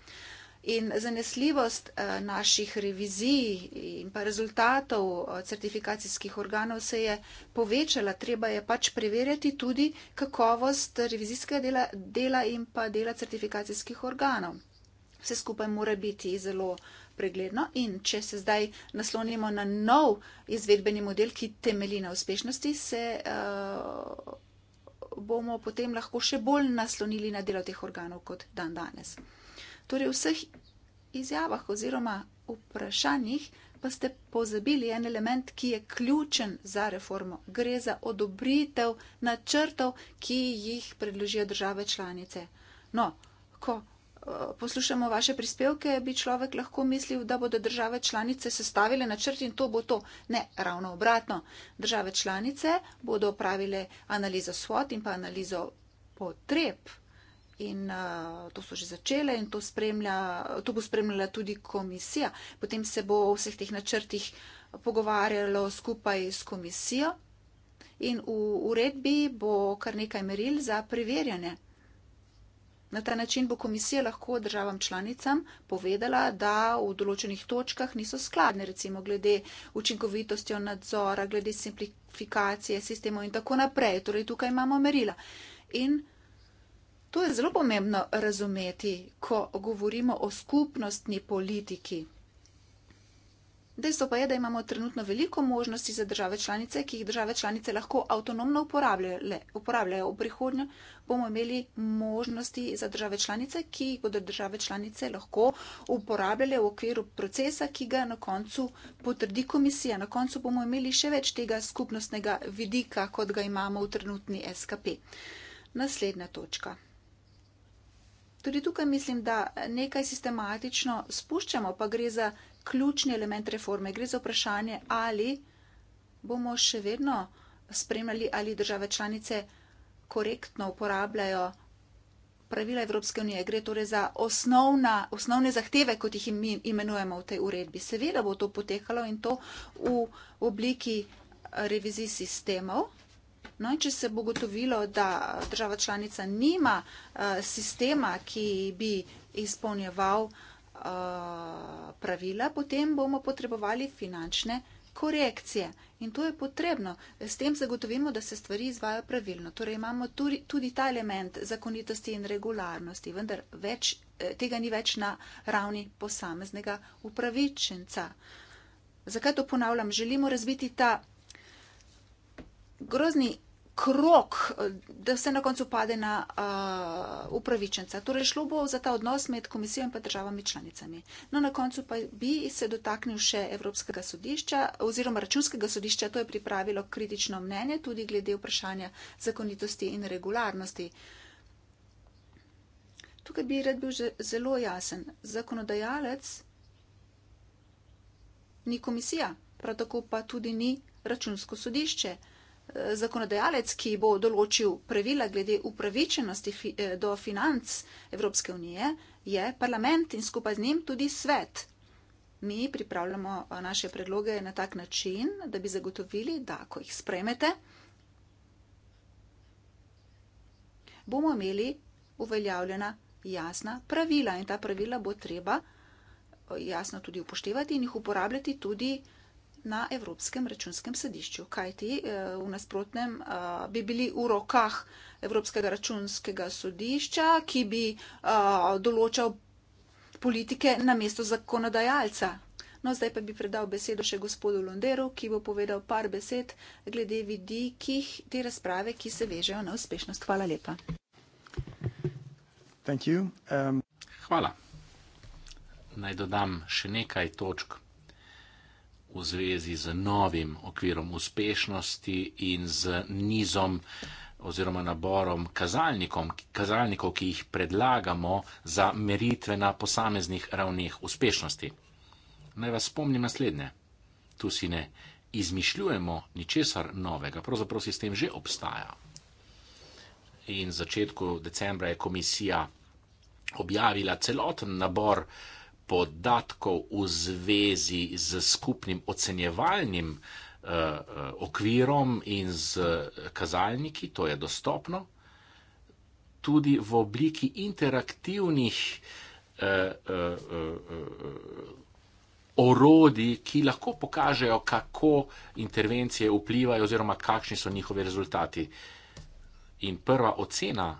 In zanesljivost naših revizij in pa rezultatov certifikacijskih organov se je povečala. Treba je pač preverjati tudi kakovost revizijskega dela, dela in pa dela certifikacijskih organov. Vse skupaj mora biti zelo pregledno in če se zdaj naslonimo na nov izvedbeni model, ki temeli na uspešnosti, se uh, bomo potem lahko še bolj naslonili na delo teh organov kot dan danes. Torej v vseh izjavah oziroma vprašanjih pa ste pozabili en element, ki je ključen za reformo. Gre za odobritev načrtov, ki jih predložijo države članice. No, ko poslušamo vaše prispevke, bi človek lahko mislil, da bodo države članice sestavile načrt in to bo to. Ne, ravno obratno. Države članice bodo opravile analizo SWOT in pa analizo potreb. In uh, to so že začele in to, spremlja, to bo spremljala tudi komisija. Potem se bo o vseh teh načrtih pogovarjalo skupaj s komisijo in v uredbi bo kar nekaj meril za preverjanje. Na ta način bo komisija lahko državam članicam povedala, da v določenih točkah niso skladne, recimo glede učinkovitosti nadzora, glede simplifikacije sistemov in tako naprej. Torej, tukaj imamo merila. In to je zelo pomembno razumeti, ko govorimo o skupnostni politiki. Dejstvo pa je, da imamo trenutno veliko možnosti za države članice, ki jih države članice lahko avtonomno uporabljajo. V prihodnje bomo imeli možnosti za države članice, ki jih bodo države članice lahko uporabljale v okviru procesa, ki ga na koncu potrdi komisija. Na koncu bomo imeli še več tega skupnostnega vidika, kot ga imamo v trenutni SKP. Naslednja točka. Tudi tukaj mislim, da nekaj sistematično spuščamo, pa gre za ključni element reforme. Gre za vprašanje, ali bomo še vedno spremljali, ali države članice korektno uporabljajo pravila Evropske unije. Gre torej za osnovna, osnovne zahteve, kot jih imenujemo v tej uredbi. Seveda bo to potekalo in to v obliki revizij sistemov. No in če se bo gotovilo, da država članica nima uh, sistema, ki bi izpolnjeval uh, Eh, pravila, potem bomo potrebovali finančne korekcije. In to je potrebno. S tem zagotovimo, da se stvari izvajo pravilno. Torej imamo tudi, tudi ta element zakonitosti in regularnosti, vendar več, eh, tega ni več na ravni posameznega upravičenca. Zakaj to ponavljam? Želimo razviti ta grozni krok, da se na koncu pade na uh, upravičenca. Torej, šlo bo za ta odnos med komisijo in pa državami članicami. No, na koncu pa bi se dotaknil še Evropskega sodišča oziroma računskega sodišča. To je pripravilo kritično mnenje tudi glede vprašanja zakonitosti in regularnosti. Tukaj bi rad bil zelo jasen. Zakonodajalec ni komisija, prav tako pa tudi ni računsko sodišče. Eh, zakonodajalec, ki bo določil pravila glede upravičenosti eh, do financ Evropske unije, je parlament in skupaj z njim tudi svet. Mi pripravljamo eh, naše predloge na tak način, da bi zagotovili, da ko jih spremete, bomo imeli uveljavljena jasna pravila in ta pravila bo treba jasno tudi upoštevati in jih uporabljati tudi na Evropskem računskem sodišču, kajti eh, v nasprotnem eh, bi bili v rokah Evropskega računskega sodišča, ki bi eh, določal politike na mesto zakonodajalca. No, zdaj pa bi predal besedo še gospodu Londeru, ki bo povedal par besed glede vidikih te razprave, ki se vežejo na uspešnost. Hvala lepa. Um... Hvala. Naj dodam še nekaj točk v zvezi z novim okvirom uspešnosti in z nizom oziroma naborom kazalnikov, ki jih predlagamo za meritve na posameznih ravneh uspešnosti. Naj vas spomnim naslednje. Tu si ne izmišljujemo ničesar novega, pravzaprav sistem že obstaja. In v začetku decembra je komisija objavila celoten nabor uh, podatkov v zvezi z skupnim ocenjevalnim eh, eh, okvirom in z kazalniki, to je dostopno, tudi v obliki interaktivnih eh, orodi, ki lahko pokažejo, kako intervencije vplivajo oziroma kakšni so njihovi rezultati. In prva ocena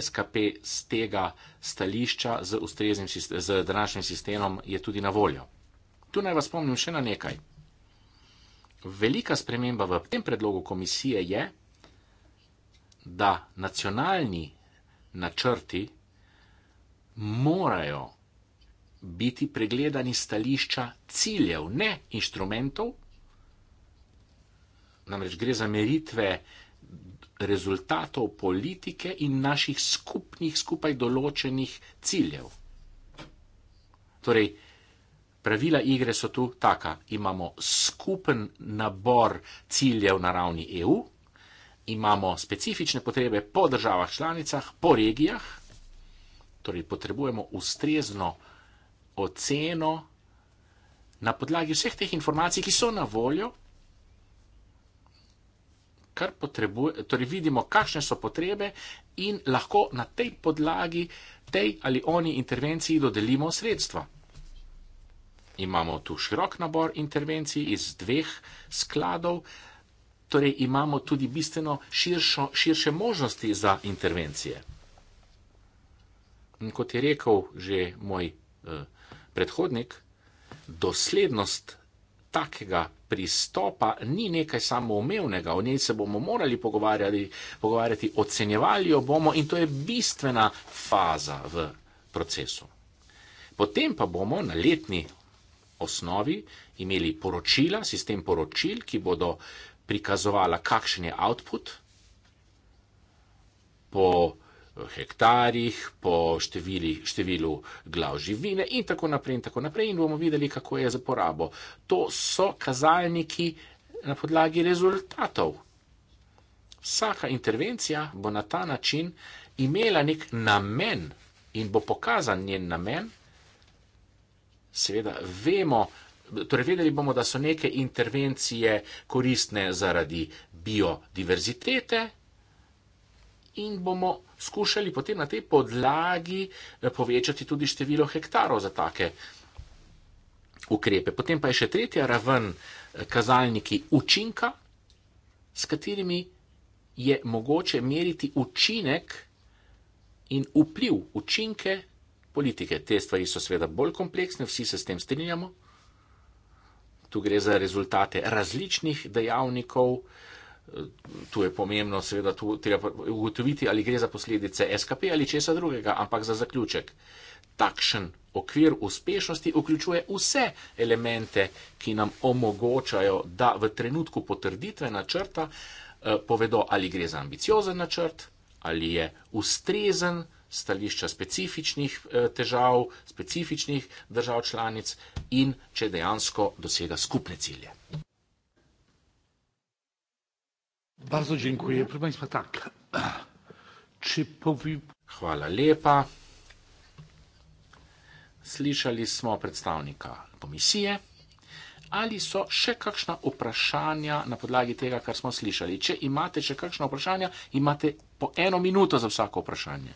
SKP z tega stališča, z, sistem, z današnjim sistemom, je tudi na voljo. Tu naj vas spomnim še na nekaj. Velika sprememba v tem predlogu komisije je, da nacionalni načrti morajo biti pregledani stališča ciljev, ne inštrumentov, namreč gre za meritve eh, rezultatov politike in naših skupnih, skupaj določenih ciljev. Torej, pravila igre so tu taka: imamo skupen nabor ciljev na ravni EU, imamo specifične potrebe po državah članicah, po regijah, torej potrebujemo ustrezno oceno na podlagi vseh teh informacij, ki so na voljo kar potrebuje, torej vidimo, kakšne so potrebe in lahko na tej podlagi, tej ali oni intervenciji dodelimo sredstva. Imamo tu širok nabor intervencij iz dveh skladov, torej imamo tudi bistveno širšo, širše možnosti za intervencije. In kot je rekel že moj eh, predhodnik, doslednost takega pristopa ni nekaj samoumevnega, o njej se bomo morali pogovarjati, pogovarjati, ocenjevali jo bomo in to je bistvena faza v procesu. Potem pa bomo na letni osnovi imeli poročila, sistem poročil, ki bodo prikazovala, kakšen je output po hektarjih, po števili, številu glav živine in tako naprej in tako naprej in bomo videli, kako je za porabo. To so kazalniki na podlagi rezultatov. Vsaka intervencija bo na ta način imela nek namen in bo pokazan njen namen. Seveda vemo, torej vedeli bomo, da so neke intervencije koristne zaradi biodiverzitete, in bomo skušali potem na tej podlagi eh, povečati tudi število hektarov za take ukrepe. Potem pa je še tretja raven eh, kazalniki učinka, s katerimi je mogoče meriti učinek in vpliv učinke politike. Te stvari so seveda bolj kompleksne, vsi se s tem strinjamo. Tu gre za rezultate različnih dejavnikov, tu je pomembno seveda tu treba ugotoviti, ali gre za posledice SKP ali česa drugega, ampak za zaključek. Takšen okvir uspešnosti vključuje vse elemente, ki nam omogočajo, da v trenutku potrditve načrta eh, povedo, ali gre za ambiciozen načrt, ali je ustrezen stališča specifičnih eh, težav, specifičnih držav članic in če dejansko dosega skupne cilje. Bardzo dziękuję. Proszę Państwa, tak. Czy powi... Hvala lepa. Slišali smo predstavnika komisije. Ali so še kakšna vprašanja na podlagi tega, kar smo slišali? Če imate še kakšna vprašanja, imate po eno minuto za vsako vprašanje.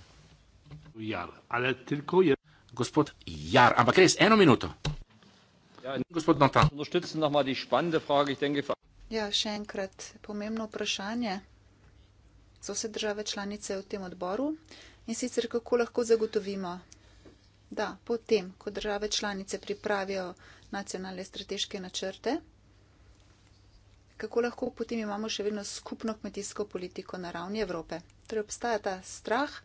Jar, ali toliko je? Gospod Jar, ampak res eno minuto. Ja, gospod Nota. Ja, še enkrat pomembno vprašanje. So vse države članice v tem odboru in sicer kako lahko zagotovimo, da potem, ko države članice pripravijo nacionalne strateške načrte, kako lahko potem imamo še vedno skupno kmetijsko politiko na ravni Evrope. Torej obstaja ta strah,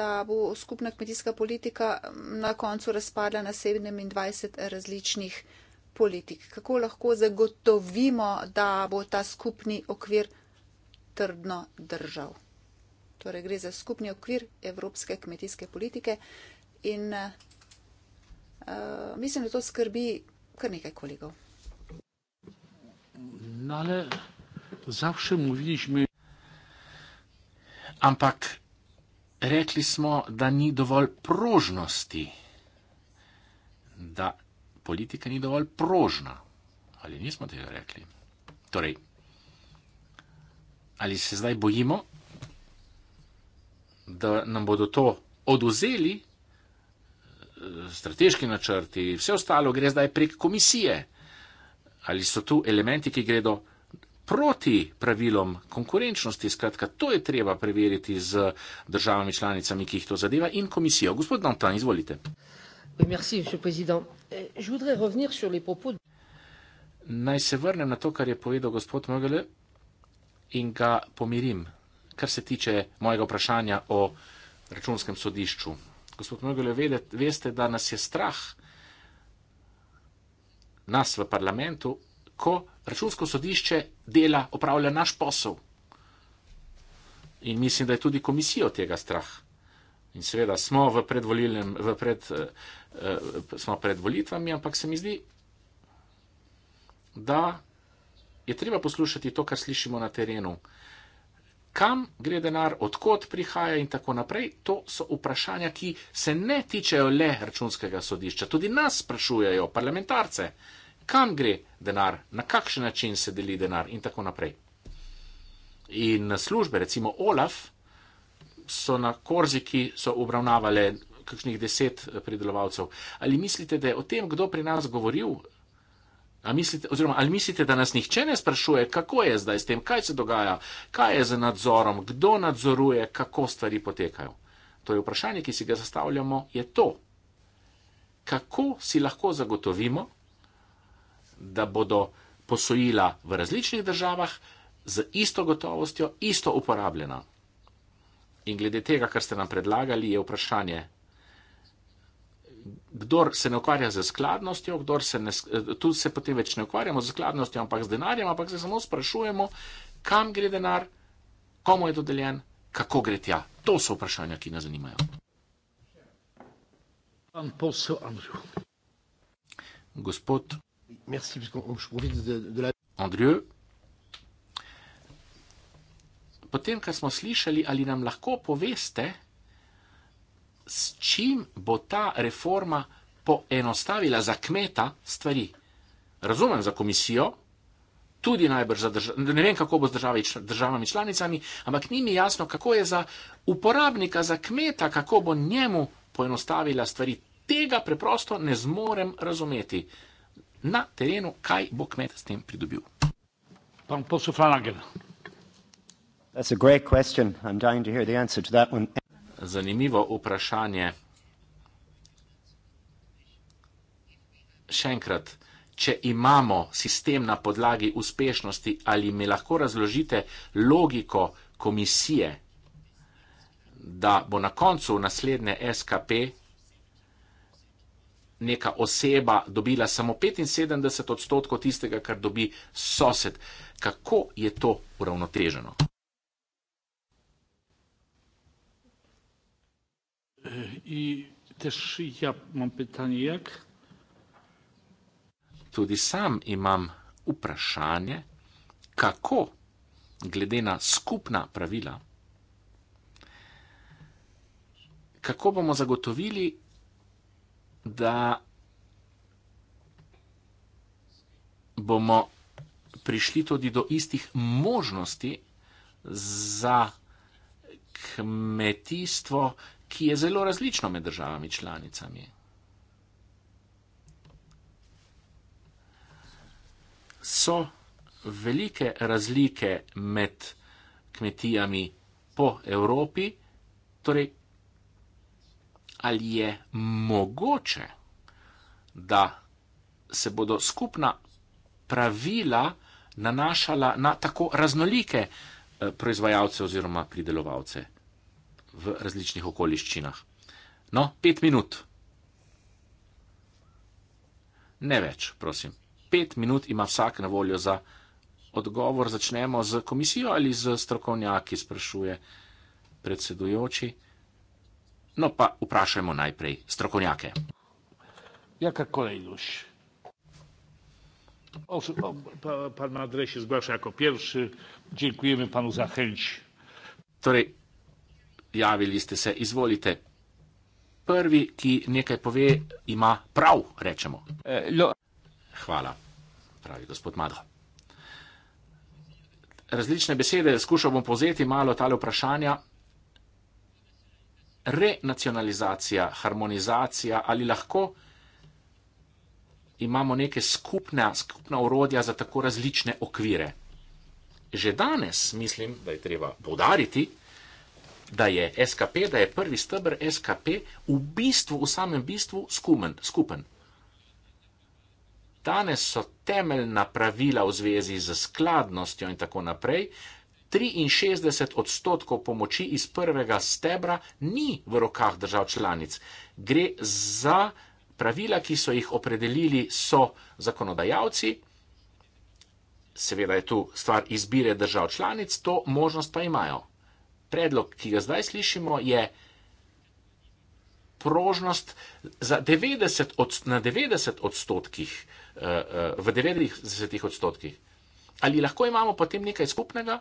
da bo skupna kmetijska politika mm, na koncu razpadla na 27 različnih politik, kako lahko zagotovimo, da bo ta skupni okvir trdno držal. Torej gre za skupni okvir evropske kmetijske politike in uh, mislim, da to skrbi kar nekaj kolegov. Nale, no, zavšem uvidiš mi. Ampak rekli smo, da ni dovolj prožnosti, da politika ni dovolj prožna. Ali nismo tega rekli? Torej, ali se zdaj bojimo, da nam bodo to oduzeli, eh, strateški načrti, vse ostalo gre zdaj prek komisije? Ali so tu elementi, ki gredo proti pravilom konkurenčnosti? Skratka, to je treba preveriti z državami članicami, ki jih to zadeva, in komisijo. Gospod Dantan, izvolite. Merci, euh, Je sur les de... Naj se vrnem na to, kar je povedal gospod Mogele in ga pomirim, kar se tiče mojega vprašanja o računskem sodišču. Gospod Mogele, veste, da nas je strah, nas v parlamentu, ko računsko sodišče dela, opravlja naš posel. In mislim, da je tudi komisijo tega strah. In seveda smo v predvolilnem, v pred, uh, smo pred volitvami, ampak se mi zdi, da je treba poslušati to, kar slišimo na terenu. Kam gre denar, odkot prihaja in tako naprej, to so vprašanja, ki se ne tičejo le računskega sodišča. Tudi nas sprašujejo, parlamentarce, kam gre denar, na kakšen način se deli denar in tako naprej. In službe, recimo Olaf, so na Korziki so obravnavali kakšnih deset eh, pridelovalcev. Ali mislite, da je o tem kdo pri nas govoril? Ali mislite, oziroma, ali mislite, da nas nihče ne sprašuje, kako je zdaj s tem, kaj se dogaja, kaj je z nadzorom, kdo nadzoruje, kako stvari potekajo? To je vprašanje, ki si ga zastavljamo, je to, kako si lahko zagotovimo, da bodo posojila v različnih državah z isto gotovostjo, isto uporabljena. In glede tega, kar ste nam predlagali, je vprašanje, kdor se ne ukvarja z skladnostjo, kdor se ne, tu se potem več ne ukvarjamo z skladnostjo, ampak z denarjem, ampak se samo sprašujemo, kam gre denar, komu je dodeljen, kako gre tja. To so vprašanja, ki nas zanimajo. Gospod Andrej po tem, kar smo slišali, ali nam lahko poveste, s čim bo ta reforma poenostavila za kmeta stvari. Razumem za komisijo, tudi najbrž za državo, ne vem, kako bo z državi, državami članicami, ampak ni mi jasno, kako je za uporabnika, za kmeta, kako bo njemu poenostavila stvari. Tega preprosto ne zmorem razumeti na terenu, kaj bo kmet s tem pridobil. Pan posel Flanagel. Zanimivo vprašanje. Še enkrat, če imamo sistem na podlagi uspešnosti, ali mi lahko razložite logiko komisije, da bo na koncu naslednje SKP neka oseba dobila samo 75 odstotkov tistega, kar dobi sosed. Kako je to uravnoteženo? Eh, I też ja mam pytanie, jak? Tudi sam imam vprašanje, kako glede na skupna pravila, kako bomo zagotovili, da bomo prišli tudi do istih možnosti za kmetijstvo, ki je zelo različno med državami članicami. So velike razlike med kmetijami po Evropi, torej ali je mogoče, da se bodo skupna pravila nanašala na tako raznolike eh, proizvajalce oziroma pridelovalce v različnih okoliščinah. No, pet minut. Ne več, prosim. Pet minut ima vsak na voljo za odgovor. Začnemo z komisijo ali z strokovnjaki, sprašuje predsedujoči. No, pa vprašajmo najprej strokovnjake. Ja, kako je Iluš? Pan Madrej se zgraša kot prvi. Dziękujemy panu za chęć. Torej, javili ste se, izvolite. Prvi, ki nekaj pove, ima prav, rečemo. Hvala, pravi gospod Madho. Različne besede, skušal bom povzeti malo tale vprašanja. Renacionalizacija, harmonizacija ali lahko imamo neke skupne, skupna urodja za tako različne okvire. Že danes mislim, da je treba povdariti, da je SKP, da je prvi stebr SKP v bistvu, v samem bistvu skumen, skupen. Danes so temeljna pravila v zvezi z skladnostjo in tako naprej. 63 odstotkov pomoči iz prvega stebra ni v rokah držav članic. Gre za pravila, ki so jih opredelili so zakonodajalci. Seveda je tu stvar izbire držav članic, to možnost pa imajo predlog, ki ga zdaj slišimo, je prožnost 90 na 90 odstotkih, eh, eh, v 90 odstotkih. Ali lahko imamo potem nekaj skupnega?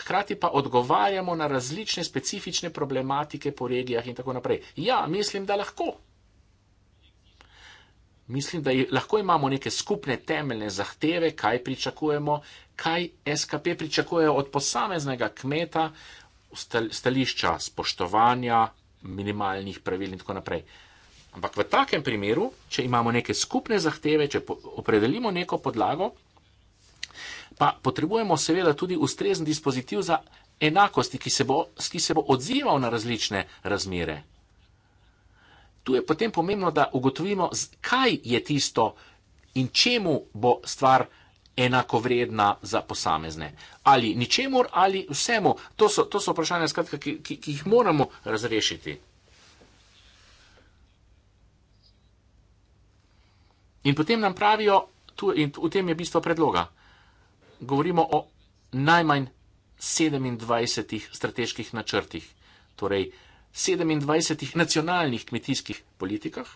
Hkrati pa odgovarjamo na različne specifične problematike po regijah in tako naprej. Ja, mislim, da lahko. Mislim, da lahko imamo neke skupne temeljne zahteve, kaj pričakujemo, kaj SKP pričakuje od posameznega kmeta, stališča spoštovanja, minimalnih pravil in tako naprej. Ampak v takem primeru, če imamo neke skupne zahteve, če opredelimo neko podlago, pa potrebujemo seveda tudi ustrezen dispozitiv za enakosti, ki se bo, ki se bo odzival na različne razmere. Tu je potem pomembno, da ugotovimo, kaj je tisto in čemu bo stvar enakovredna za posamezne. Ali ničemor, ali vsemu. To so, to so vprašanja, skratka, ki, ki, ki jih moramo razrešiti. In potem nam pravijo, tu, in v tem je bistvo predloga, govorimo o najmanj 27 strateških načrtih, torej 27 nacionalnih kmetijskih politikah,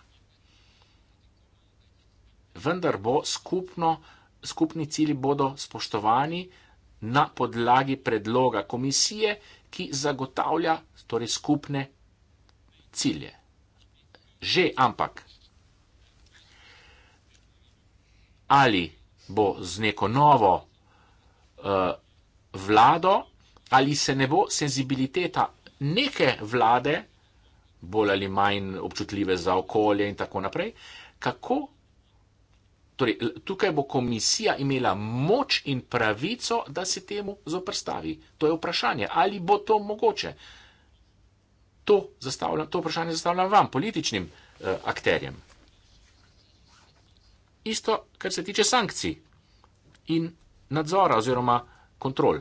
vendar bo skupno skupni cili bodo spoštovani na podlagi predloga komisije, ki zagotavlja torej, skupne cilje. Že ampak ali bo z neko novo uh, vlado, ali se ne bo senzibiliteta neke vlade, bolj ali manj občutljive za okolje in tako naprej, kako Torej, tukaj bo komisija imela moč in pravico, da se temu zoprstavi. To je vprašanje, ali bo to mogoče. To, to vprašanje zastavljam vam, političnim eh, akterjem. Isto, kar se tiče sankcij in nadzora oziroma kontrol.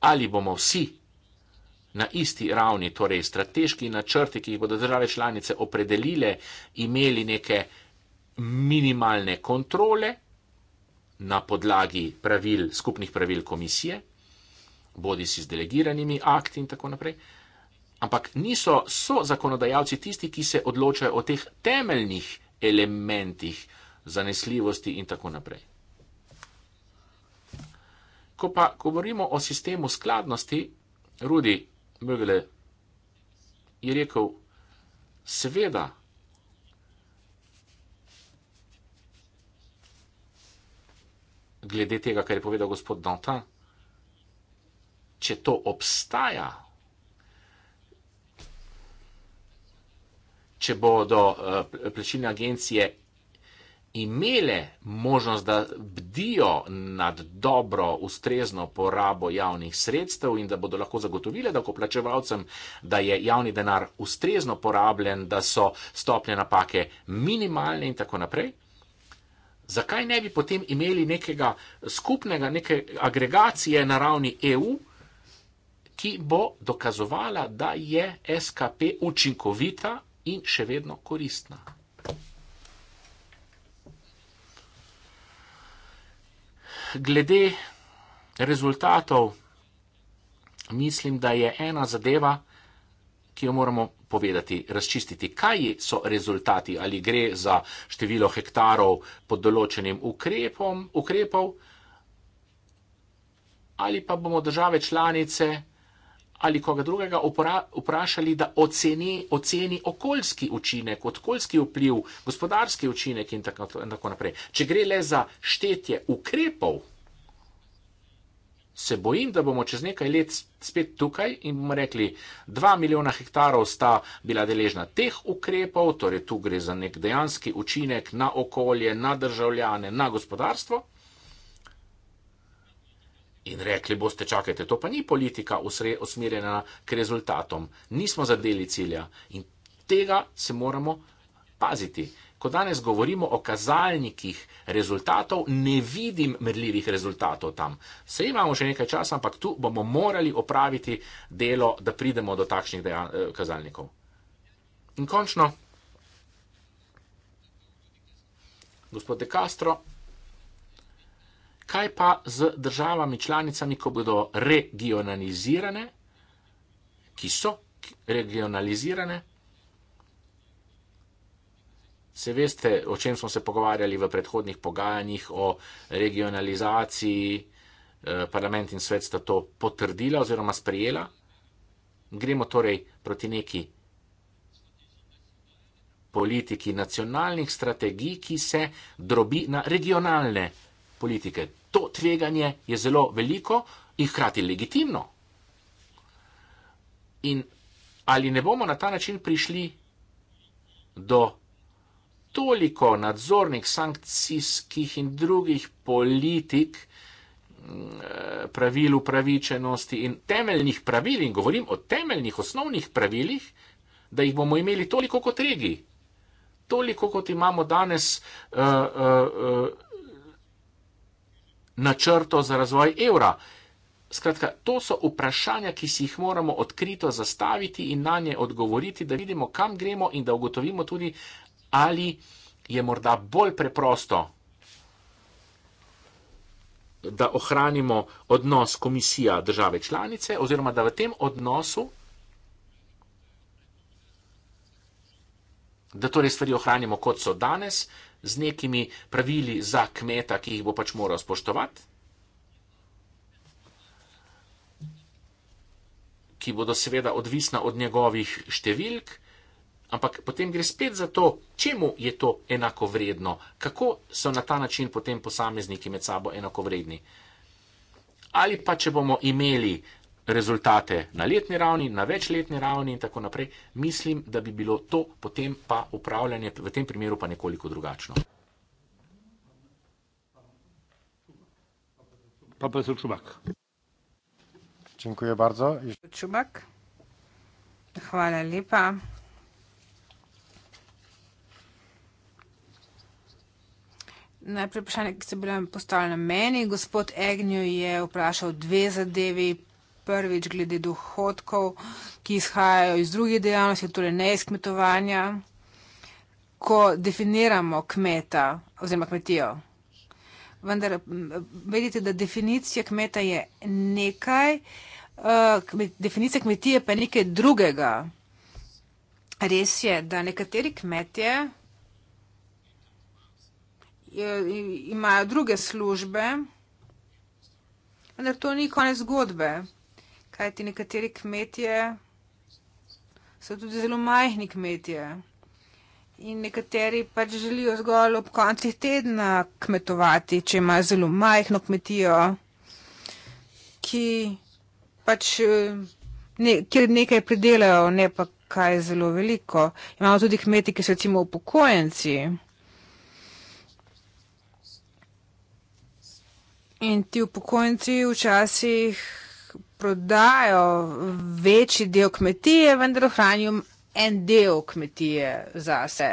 Ali bomo vsi na isti ravni, torej strateški načrti, ki jih bodo države članice opredelile, imeli neke minimalne kontrole na podlagi pravil, skupnih pravil komisije, bodi si z delegiranimi akti in tako naprej. Ampak niso so zakonodajalci tisti, ki se odločajo o teh temeljnih elementih zanesljivosti in tako naprej. Ko pa govorimo o sistemu skladnosti, Rudi Mögle je rekel, seveda, glede tega, kar je povedal gospod Dota, če to obstaja, če bodo eh, plačilne agencije imele možnost, da bdijo nad dobro, ustrezno porabo javnih sredstev in da bodo lahko zagotovile dokoplačevalcem, da je javni denar ustrezno porabljen, da so stopnje napake minimalne in tako naprej. Zakaj ne bi potem imeli nekega skupnega, neke agregacije na ravni EU, ki bo dokazovala, da je SKP učinkovita in še vedno koristna? Glede rezultatov, mislim, da je ena zadeva, ki jo moramo povedati, razčistiti, kaj so rezultati, ali gre za število hektarov pod določenim ukrepom, ukrepov, ali pa bomo države članice ali koga drugega vprašali, da oceni, oceni okoljski učinek, okoljski vpliv, gospodarski učinek in tako, in tako naprej. Če gre le za štetje ukrepov, se bojim, da bomo čez nekaj let spet tukaj in bomo rekli, dva milijona hektarov sta bila deležna teh ukrepov, torej tu gre za nek dejanski učinek na okolje, na državljane, na gospodarstvo. In rekli boste, čakajte, to pa ni politika usre, usmerjena k rezultatom. Nismo zadeli cilja in tega se moramo paziti ko danes govorimo o kazalnikih rezultatov, ne vidim merljivih rezultatov tam. Se imamo še nekaj časa, ampak tu bomo morali opraviti delo, da pridemo do takšnih dejan, eh, kazalnikov. In končno, gospod De Castro, kaj pa z državami članicami, ko bodo regionalizirane, ki so regionalizirane? Se veste, o čem smo se pogovarjali v predhodnih pogajanjih o regionalizaciji, eh, parlament in svet sta to potrdila oziroma sprijela. Gremo torej proti neki politiki nacionalnih strategij, ki se drobi na regionalne politike. To tveganje je zelo veliko in hkrati legitimno. In ali ne bomo na ta način prišli do toliko nadzornih sankcijskih in drugih politik, eh, pravil upravičenosti in temeljnih pravil, in govorim o temeljnih osnovnih pravilih, da jih bomo imeli toliko kot regi, toliko kot imamo danes uh, uh, uh, načrto za razvoj evra. Skratka, to so vprašanja, ki si jih moramo odkrito zastaviti in na nje odgovoriti, da vidimo, kam gremo in da ugotovimo tudi, ali je morda bolj preprosto, da ohranimo odnos komisija države članice, oziroma da v tem odnosu, da torej stvari ohranimo kot so danes, z nekimi pravili za kmeta, ki jih bo pač moral spoštovati. Ki bodo seveda odvisna od njegovih številk, Ampak potem gre spet za to, čemu je to enako vredno, kako so na ta način potem posamezniki med sabo enako vredni. Ali pa, če bomo imeli rezultate na letni ravni, na večletni ravni in tako naprej, mislim, da bi bilo to potem pa upravljanje v tem primeru pa nekoliko drugačno. Pa pa Čumak. Čumak. Hvala lepa. najprej vprašanje, ki ste bile postavljene meni. Gospod Egnjo je vprašal dve zadevi. Prvič, glede dohodkov, ki izhajajo iz drugih dejavnosti, torej ne iz kmetovanja. Ko definiramo kmeta oziroma kmetijo, vendar vedite, da definicija kmeta je nekaj, eh, definicija kmetije pa je nekaj drugega. Res je, da nekateri kmetje, imajo druge službe, vendar to ni konec zgodbe, kaj ti nekateri kmetje so tudi zelo majhni kmetje in nekateri pač želijo zgolj ob koncih tedna kmetovati, če imajo zelo majhno kmetijo, ki pač, eh, ne, kjer nekaj pridelajo, ne pa kaj zelo veliko. Imamo tudi kmeti, ki so recimo upokojenci. In ti upokojenci včasih prodajo večji del kmetije, vendar ohranijo en del kmetije zase.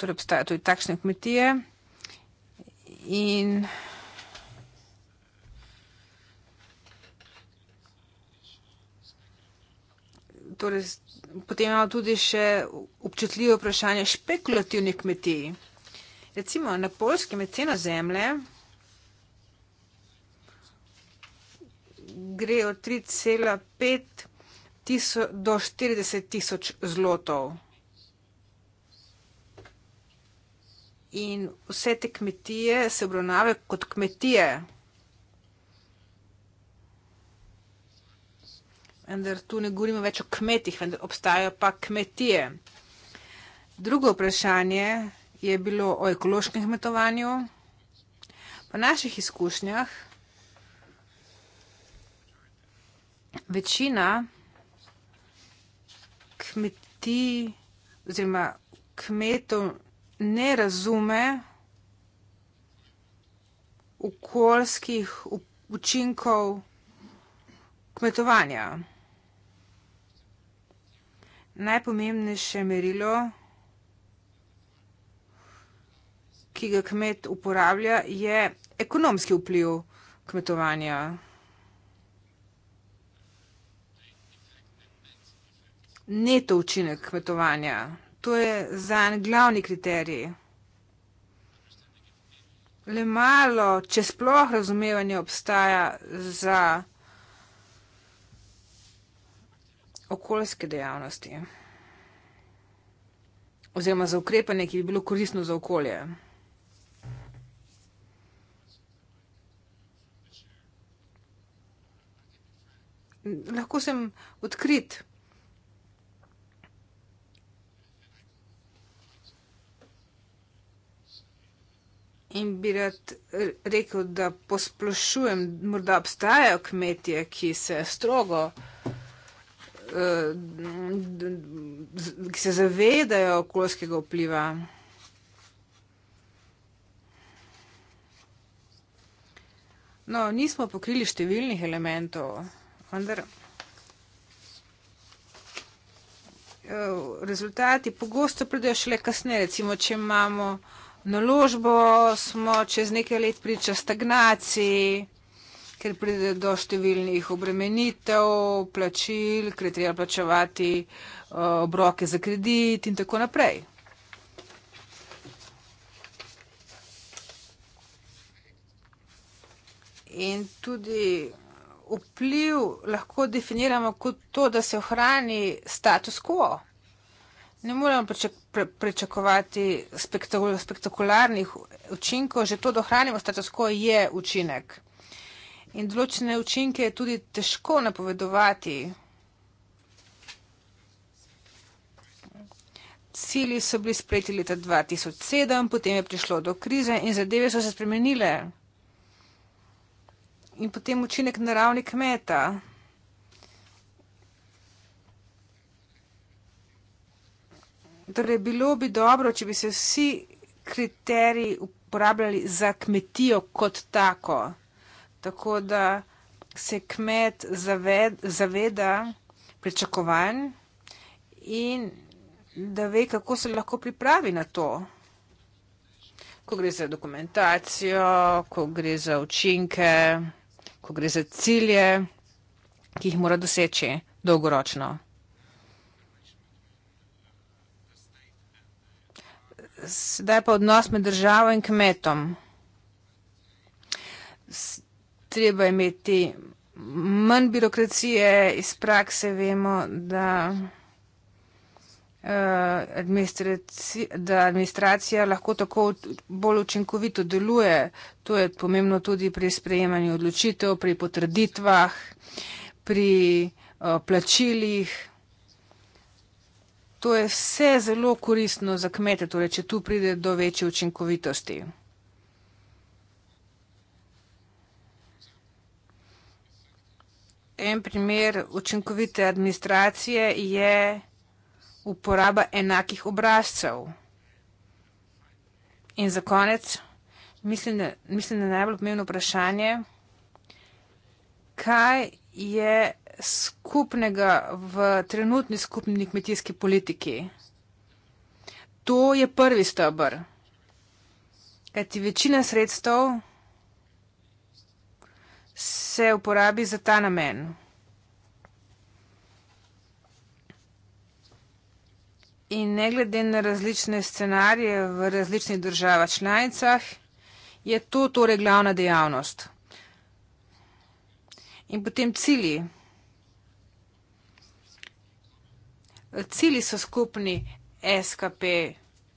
Torej, obstajajo tudi takšne kmetije. In torej, potem imamo tudi še občutljivo vprašanje špekulativnih kmetij recimo na polskem je cena zemlje, gre od 3,5 do 40 tisoč zlotov. In vse te kmetije se obravnave kot kmetije. Vendar tu ne govorimo več o kmetih, vendar obstajajo pa kmetije. Drugo vprašanje je, je bilo o ekološkem kmetovanju. Po naših izkušnjah večina kmetij oziroma kmetov ne razume okoljskih učinkov kmetovanja. Najpomembnejše merilo ki ga kmet uporablja, je ekonomski vpliv kmetovanja. Neto učinek kmetovanja. To je za en glavni kriterij. Le malo, če sploh razumevanje obstaja za okoljske dejavnosti oziroma za ukrepanje, ki bi bilo korisno za okolje. lahko sem odkrit. In bi rad rekel, da posplošujem, morda obstajajo kmetije, ki se strogo, eh, ki se zavedajo okoljskega vpliva. No, nismo pokrili številnih elementov vendar eh, rezultati pogosto pridejo šele kasneje. Recimo, če imamo naložbo, smo čez nekaj let priča stagnaciji, ker pride do številnih obremenitev, plačil, ker je treba plačevati eh, obroke za kredit in tako naprej. In tudi vpliv lahko definiramo kot to, da se ohrani status quo. Ne moremo pričakovati spektakularnih učinkov, že to, da ohranimo status quo, je učinek. In določene učinke je tudi težko napovedovati. Cilji so bili sprejeti leta 2007, potem je prišlo do krize in zadeve so se spremenile in potem učinek na ravni kmeta. Torej, bilo bi dobro, če bi se vsi kriteriji uporabljali za kmetijo kot tako. Tako da se kmet zaved, zaveda pričakovanj in da ve, kako se lahko pripravi na to. Ko gre za dokumentacijo, ko gre za učinke ko gre za cilje, ki jih mora doseči dolgoročno. Sedaj pa odnos med državo in kmetom. Treba imeti manj birokracije, iz prakse vemo, da Eh, da administracija lahko tako bolj učinkovito deluje. To je pomembno tudi pri sprejemanju odločitev, pri potrditvah, pri eh, plačilih. To je vse zelo koristno za kmete, torej če tu pride do večje učinkovitosti. En primer učinkovite administracije je uporaba enakih obrazcev. In za konec, mislim, da, mislim, da je najbolj pomembno vprašanje, kaj je skupnega v trenutni skupni kmetijski politiki. To je prvi stebr. Kaj ti večina sredstev se uporabi za ta namen? in ne glede na različne scenarije v različnih državah članicah, je to torej glavna dejavnost. In potem cilji. Cilji so skupni SKP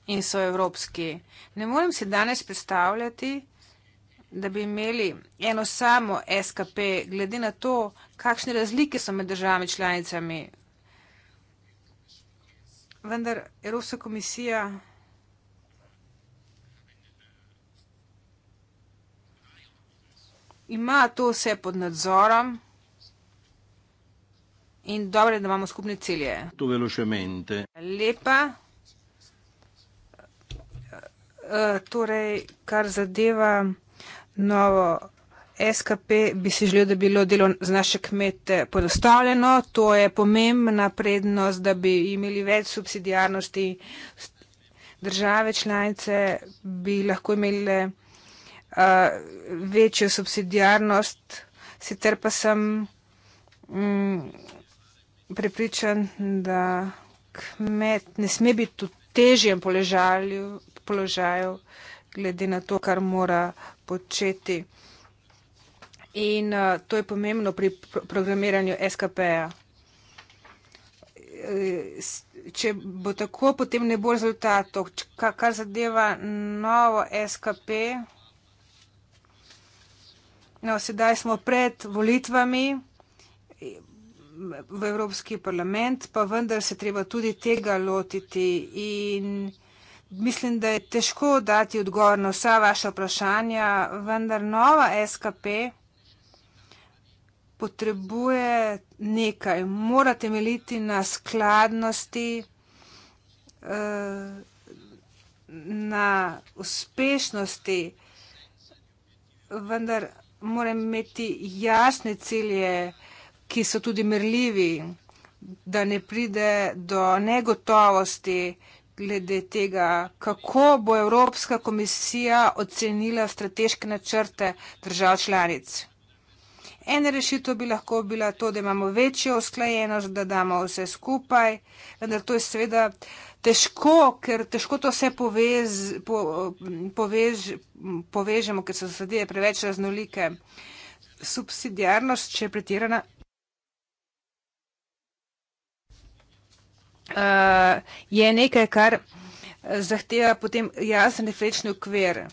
in so evropski. Ne morem si danes predstavljati, da bi imeli eno samo SKP, glede na to, kakšne razlike so med državami članicami vendar Evropska komisija ima to vse pod nadzorom in dobro je, da imamo skupne cilje. To velošemente. Lepa. Uh, torej, kar zadeva novo. SKP bi si želel, da bi bilo delo z naše kmete podostavljeno. To je pomembna prednost, da bi imeli več subsidijarnosti. Države članice bi lahko imele uh, večjo subsidijarnost, sicer pa sem mm, prepričan, da kmet ne sme biti v težjem položaju, položaju glede na to, kar mora početi. In uh, to je pomembno pri pro programiranju SKP-ja. Eh, če bo tako, potem ne bo rezultatov. Kar zadeva novo SKP, no, sedaj smo pred volitvami v Evropski parlament, pa vendar se treba tudi tega lotiti. In mislim, da je težko dati odgovor na vsa vaša vprašanja, vendar nova SKP potrebuje nekaj, mora temeljiti na skladnosti, eh, na uspešnosti, vendar mora imeti jasne cilje, ki so tudi merljivi, da ne pride do negotovosti glede tega, kako bo Evropska komisija ocenila strateške načrte držav članic. Ena rešitev bi lahko bila to, da imamo večjo usklajenost, da damo vse skupaj, vendar to je seveda težko, ker težko to vse povez, po, povež, povežemo, ker so zadeve preveč raznolike. Subsidijarnost, če je pretirana. Uh, je nekaj, kar zahteva potem jasen referenčni okvir.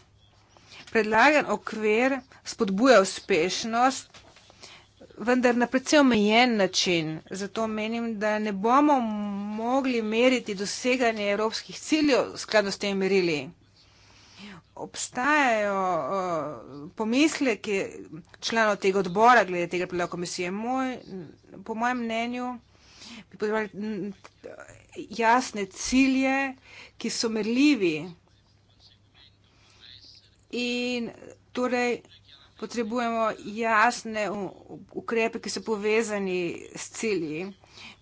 Predlagan okvir spodbuja uspešnost, vendar na predvsej omejen način. Zato menim, da ne bomo mogli meriti doseganje evropskih ciljev skladno s temi merili. Obstajajo uh, eh, pomisleke članov tega odbora glede tega predloga komisije. Moj, po mojem mnenju bi potrebovali jasne cilje, ki so merljivi. In torej potrebujemo jasne ukrepe, ki so povezani s cilji.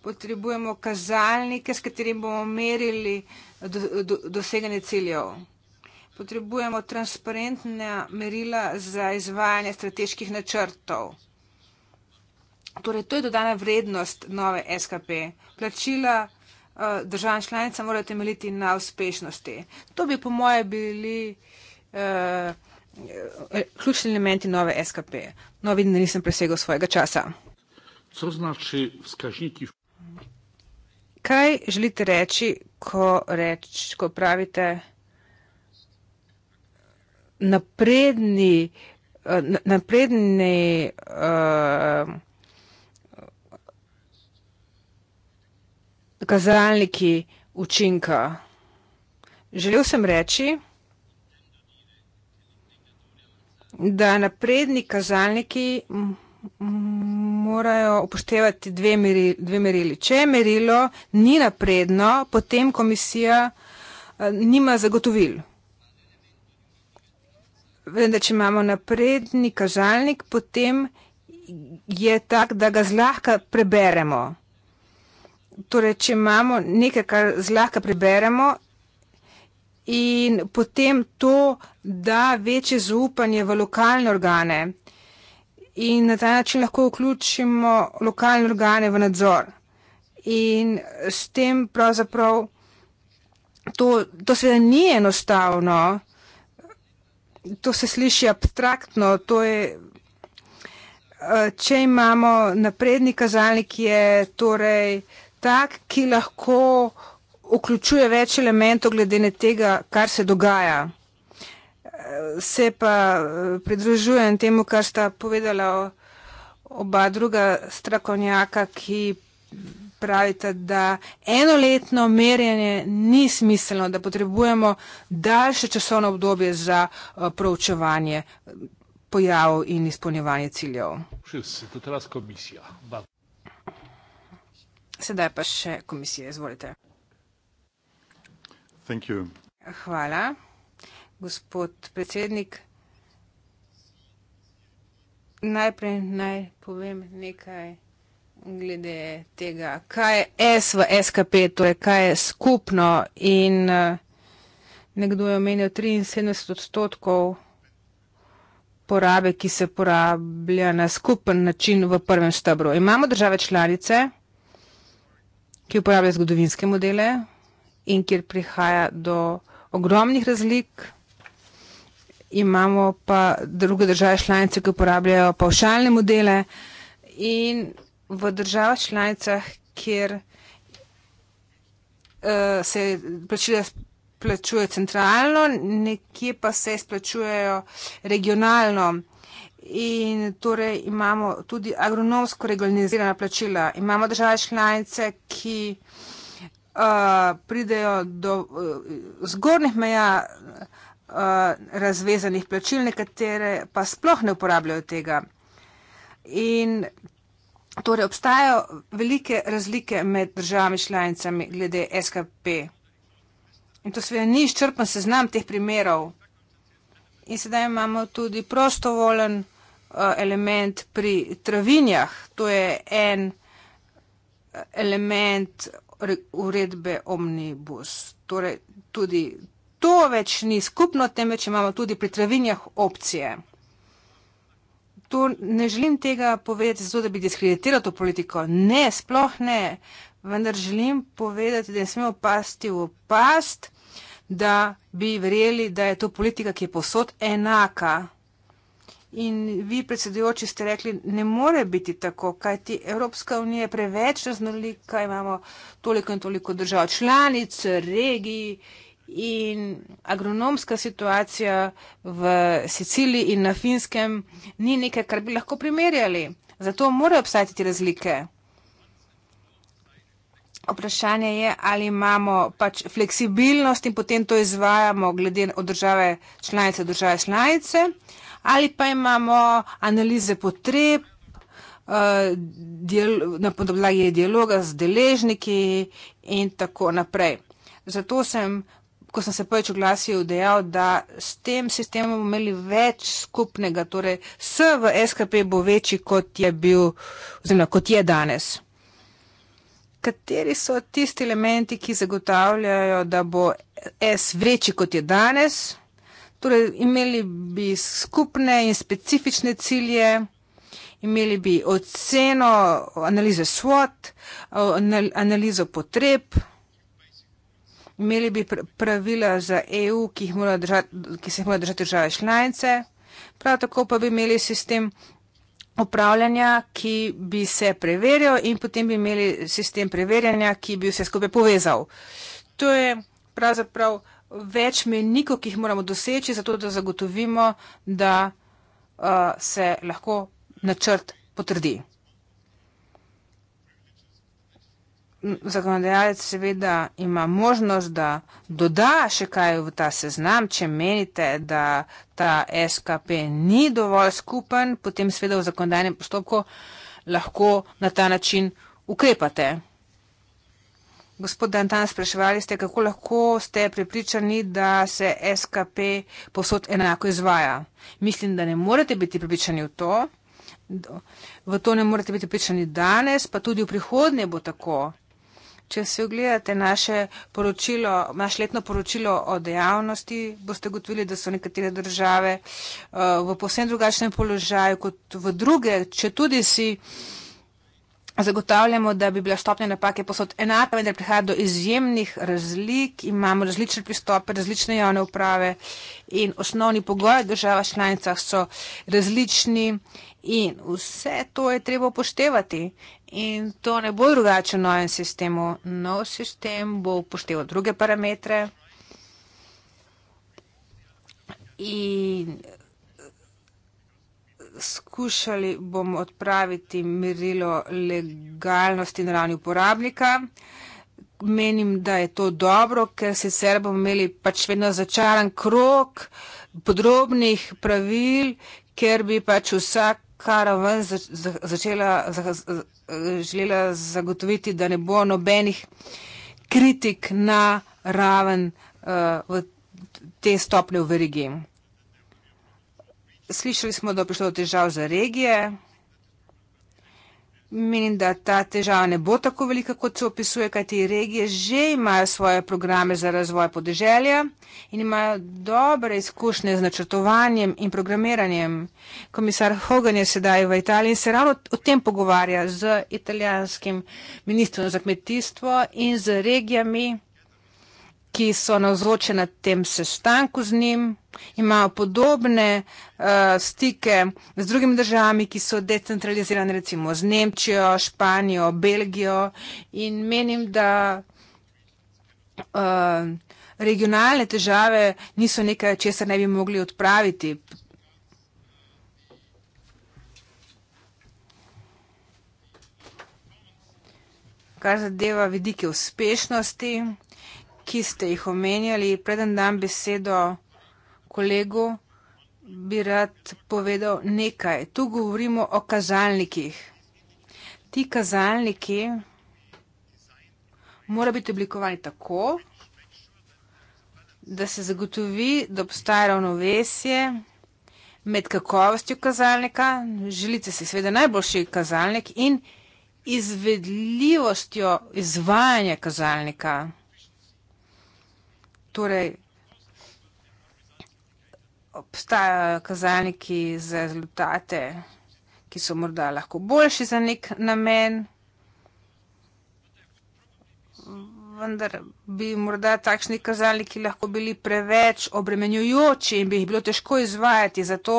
Potrebujemo kazalnike, s katerimi bomo merili doseganje ciljev. Potrebujemo transparentna merila za izvajanje strateških načrtov. Torej, to je dodana vrednost nove SKP. Plačila eh, državam članicam morajo temeljiti na uspešnosti. To bi, po moje, bili. Uh, Eh, ključni elementi nove SKP. No, vidim, da nisem presegel svojega časa. Co znači vzkažniki? Kaj želite reči, ko, reč, ko pravite napredni, eh, napredni uh, kazalniki učinka? Želel sem reči, da napredni kazalniki morajo upoštevati dve, meri, dve merili. Če merilo ni napredno, potem komisija eh, nima zagotovil. Vendar, če imamo napredni kazalnik, potem je tak, da ga zlahka preberemo. Torej, če imamo nekaj, kar zlahka preberemo, in potem to da večje zaupanje v lokalne organe in na ta način lahko vključimo lokalne organe v nadzor. In s tem pravzaprav to, to seveda ni enostavno, to se sliši abstraktno, to je, eh, če imamo napredni kazalnik, je torej tak, ki lahko vključuje več elementov glede na tega, kar se dogaja. Se pa eh, pridružujem temu, kar sta povedala oba druga strakonjaka, ki pravita, da enoletno merjenje ni smiselno, da potrebujemo daljše časovno obdobje za eh, proučevanje eh, pojavov in izpolnjevanje ciljev. Sedaj pa še komisija, izvolite. Thank you. Hvala. Gospod predsednik, najprej naj povem nekaj glede tega, kaj je S v SKP, torej kaj je skupno in eh, nekdo je omenil 73 odstotkov porabe, ki se porablja na skupen način v prvem stabru. Imamo države članice, ki uporabljajo zgodovinske modele, in kjer prihaja do ogromnih razlik. Imamo pa druge države članice, ki uporabljajo pavšalne modele in v državah članicah, kjer uh, se plačila plačuje centralno, nekje pa se splačujejo regionalno. In torej imamo tudi agronomsko regionalizirana plačila. Imamo države članice, ki uh, pridejo do uh, zgornjih meja uh, razvezanih plačil, nekatere pa sploh ne uporabljajo tega. In torej obstajajo velike razlike med državami članicami glede SKP. In to seveda ni izčrpen seznam teh primerov. In sedaj imamo tudi prostovolen e, element pri travinjah. To je en element uredbe omnibus. Torej, tudi to več ni skupno, temveč imamo tudi pri travinjah opcije. To ne želim tega povedati zato, da bi diskreditiral to politiko. Ne, sploh ne. Vendar želim povedati, da ne smemo pasti v past, da bi verjeli, da je to politika, ki je posod enaka. In vi, predsedujoči, ste rekli, ne more biti tako, kajti Evropska unija je preveč raznolika, imamo toliko in toliko držav članic, regij in agronomska situacija v Siciliji in na Finskem ni nekaj, kar bi lahko primerjali. Zato morajo obstajati te razlike. Vprašanje je, ali imamo pač fleksibilnost in potem to izvajamo glede od države članice do države članice ali pa imamo analize potreb eh, na podoblagi dialoga z deležniki in tako naprej. Zato sem, ko sem se prvič oglasil, dejal, da s tem sistemom bomo imeli več skupnega, torej S v SKP bo večji, kot je bil, oziroma kot je danes. Kateri so tisti elementi, ki zagotavljajo, da bo S večji, kot je danes? Torej, imeli bi skupne in specifične cilje, imeli bi oceno, analize SWOT, analizo potreb, imeli bi pravila za EU, ki, jih mora držati, ki se jih mora držati države članice, prav tako pa bi imeli sistem upravljanja, ki bi se preverjal in potem bi imeli sistem preverjanja, ki bi vse skupaj povezal. To je pravzaprav več menikov, ki jih moramo doseči, zato da zagotovimo, da uh, se lahko načrt potrdi. Zakonodajalec seveda ima možnost, da doda še kaj v ta seznam, če menite, da ta SKP ni dovolj skupen, potem seveda v zakonodajnem postopku lahko na ta način ukrepate. Gospod Dantan, spraševali ste, kako lahko ste prepričani, da se SKP posod enako izvaja. Mislim, da ne morete biti prepričani v to, v to ne morete biti prepričani danes, pa tudi v prihodnje bo tako. Če se ogledate naše poročilo, naš letno poročilo o dejavnosti, boste gotovili, da so nekatere države uh, v posebno drugačnem položaju kot v druge, če tudi si. Uh, Zagotavljamo, da bi bila stopnja napake posod enaka, vendar prihaja do izjemnih razlik, imamo različne pristope, različne javne uprave in osnovni pogoji država članicah so različni in vse to je treba upoštevati in to ne bo drugače v novem sistemu. Nov sistem bo upošteval druge parametre in skušali bomo odpraviti merilo legalnosti na ravni uporabnika. Menim, da je to dobro, ker sicer bomo imeli pač vedno začaran krok podrobnih pravil, ker bi pač vsaka raven za, za, začela, za, za, želela zagotoviti, da ne bo nobenih kritik na raven uh, te stopne v verigi. Slišali smo, da je prišlo do težav za regije. Menim, da ta težava ne bo tako velika, kot se opisuje, kajti regije že imajo svoje programe za razvoj podeželja in imajo dobre izkušnje z načrtovanjem in programiranjem. Komisar Hogan je sedaj v Italiji in se ravno o tem pogovarja z italijanskim ministrom za kmetijstvo in z regijami ki so navzoče na tem sestanku z njim, imajo podobne uh, stike z drugimi državami, ki so decentralizirane, recimo z Nemčijo, Španijo, Belgijo in menim, da uh, regionalne težave niso nekaj, česar ne bi mogli odpraviti. Kar zadeva vidike uspešnosti, ki ste jih omenjali. Preden dam besedo kolegu, bi rad povedal nekaj. Tu govorimo o kazalnikih. Ti kazalniki morajo biti oblikovani tako, da se zagotovi, da obstaja ravnovesje med kakovostjo kazalnika, želite si seveda najboljši kazalnik in izvedljivostjo izvajanja kazalnika torej obstajajo kazalniki za rezultate, ki so morda lahko boljši za nek namen, vendar bi morda takšni kazalniki lahko bili preveč obremenjujoči in bi jih bilo težko izvajati. Zato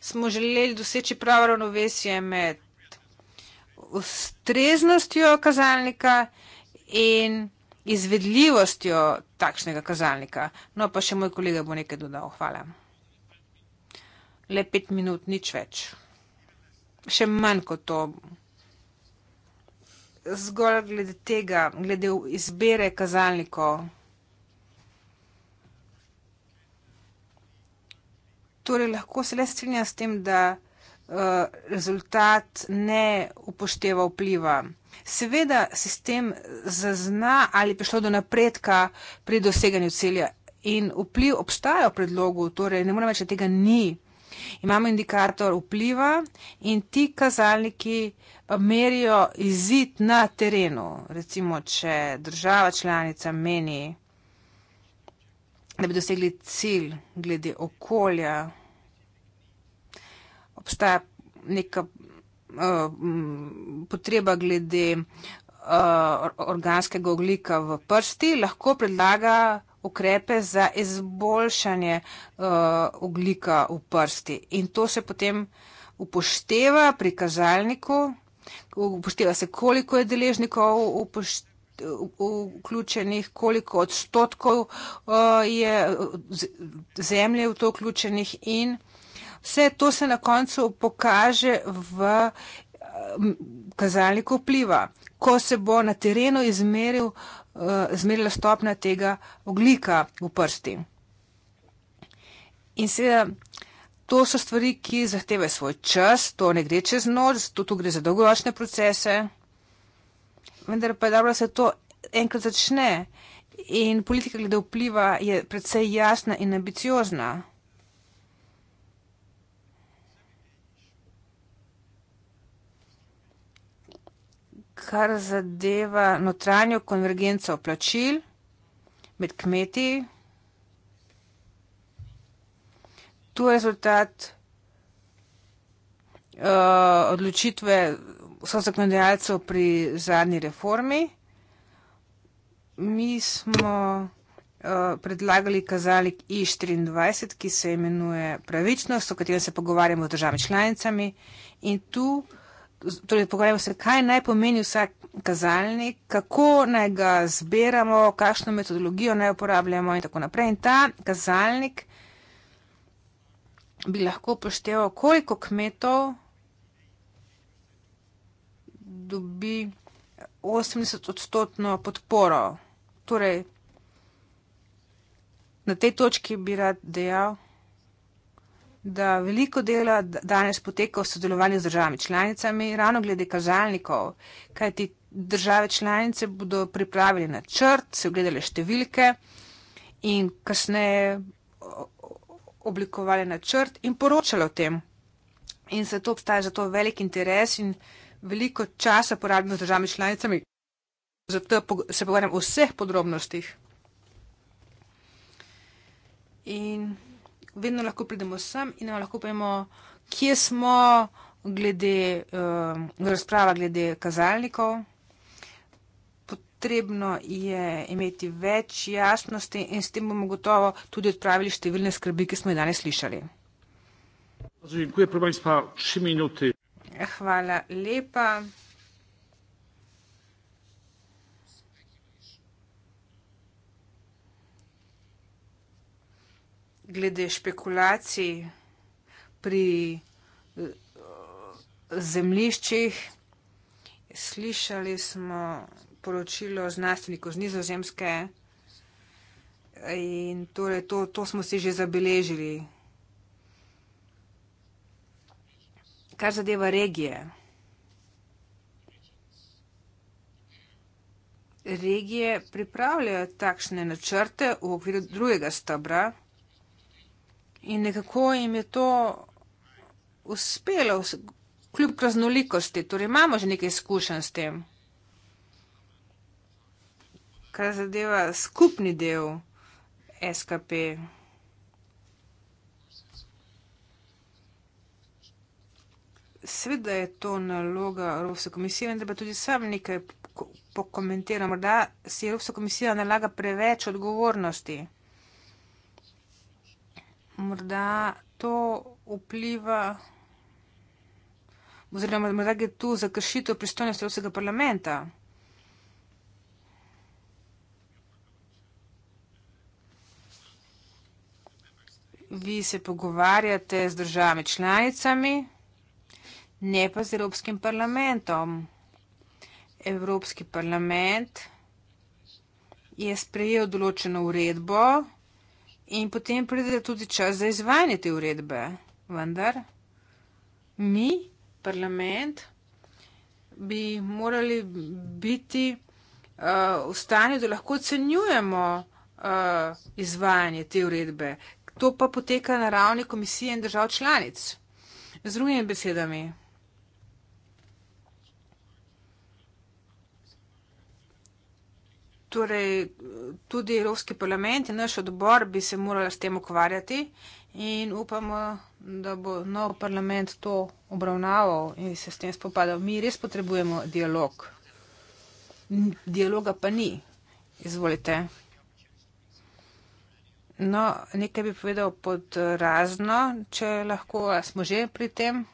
smo želeli doseči pravo ravnovesje med ustreznostjo kazalnika in izvedljivostjo takšnega kazalnika. No, pa še moj kolega bo nekaj dodal. Hvala. Le pet minut, nič več. Še manj kot to. Zgolj glede tega, glede izbere kazalnikov. Torej, lahko se le strinjam s tem, da uh, rezultat ne upošteva vpliva. Seveda sistem zazna, ali je prišlo do napredka pri doseganju celja in vpliv obstaja v predlogu, torej ne moremo reči, da tega ni. Imamo indikator vpliva in ti kazalniki eh, merijo izid na terenu. Recimo, če država članica meni, da bi dosegli cilj glede okolja, obstaja neka Eh, potreba glede eh, organskega oglika v prsti, lahko predlaga ukrepe za izboljšanje eh, oglika v prsti. In to se potem upošteva pri kazalniku, upošteva se, koliko je deležnikov upošteva vključenih, koliko odstotkov je zemlje v to vključenih in Vse to se na koncu pokaže v um, kazalniku vpliva, ko se bo na terenu izmeril, izmerila uh, stopna tega oglika v prsti. In seveda, to so stvari, ki zahtevajo svoj čas, to ne gre čez noč, to tu gre za dolgoročne procese, vendar pa je dobro, da se to enkrat začne. In politika glede vpliva je predvsej jasna in ambiciozna. kar zadeva notranjo konvergenco plačil med kmeti. Tu je rezultat uh, odločitve so zakonodajalcev pri zadnji reformi. Mi smo uh, predlagali kazalik I24, ki se imenuje pravičnost, o katerem se pogovarjamo z državami članicami. In tu torej, pogovarjamo se, kaj naj pomeni vsak kazalnik, kako naj ga zbiramo, kakšno metodologijo naj uporabljamo in tako naprej. In ta kazalnik bi lahko pošteval, koliko kmetov dobi 80 odstotno podporo. Torej, na tej točki bi rad dejal da veliko dela danes poteka v sodelovanju z državami članicami, ravno glede kazalnikov, kajti države članice bodo pripravili načrt, se ogledali številke in kasneje oblikovali načrt in poročali o tem. In zato obstaja za to velik interes in veliko časa porabimo z državami članicami. Zato se pogovarjam o vseh podrobnostih. In vedno lahko pridemo sem in lahko povemo, kje smo glede uh, razprava glede kazalnikov. Potrebno je imeti več jasnosti in s tem bomo gotovo tudi odpravili številne skrbi, ki smo jih danes slišali. Hvala lepa. glede špekulacij pri eh, zemliščih. Slišali smo poročilo znanstvenikov z nizozemske in torej to, to smo si že zabeležili. Kar zadeva regije. Regije pripravljajo takšne načrte v okviru drugega stabra in nekako jim je to uspelo, kljub raznolikosti. Torej, imamo že nekaj izkušenj s tem, kar zadeva skupni del SKP. Sveda je to naloga Evropske komisije, vendar pa tudi sam nekaj pokomentiram. Morda si Evropska komisija nalaga preveč odgovornosti morda to vpliva. Oziroma, da je tu za kršitev pristojnosti Evropskega parlamenta. Vi se pogovarjate z državami članicami, ne pa z Evropskim parlamentom. Evropski parlament je sprejel določeno uredbo. In potem pride tudi čas za izvajanje te uredbe. Vendar mi, parlament, bi morali biti uh, v stanju, da lahko ocenjujemo uh, izvajanje te uredbe. To pa poteka na ravni komisije in držav članic. Z drugimi besedami. torej, tudi Evropski parlament in naš odbor bi se morali s tem ukvarjati in upamo, da bo nov parlament to obravnaval in se s tem spopadal. Mi res potrebujemo dialog. Dialoga pa ni. Izvolite. No, nekaj bi povedal pod razno, če lahko smo že pri tem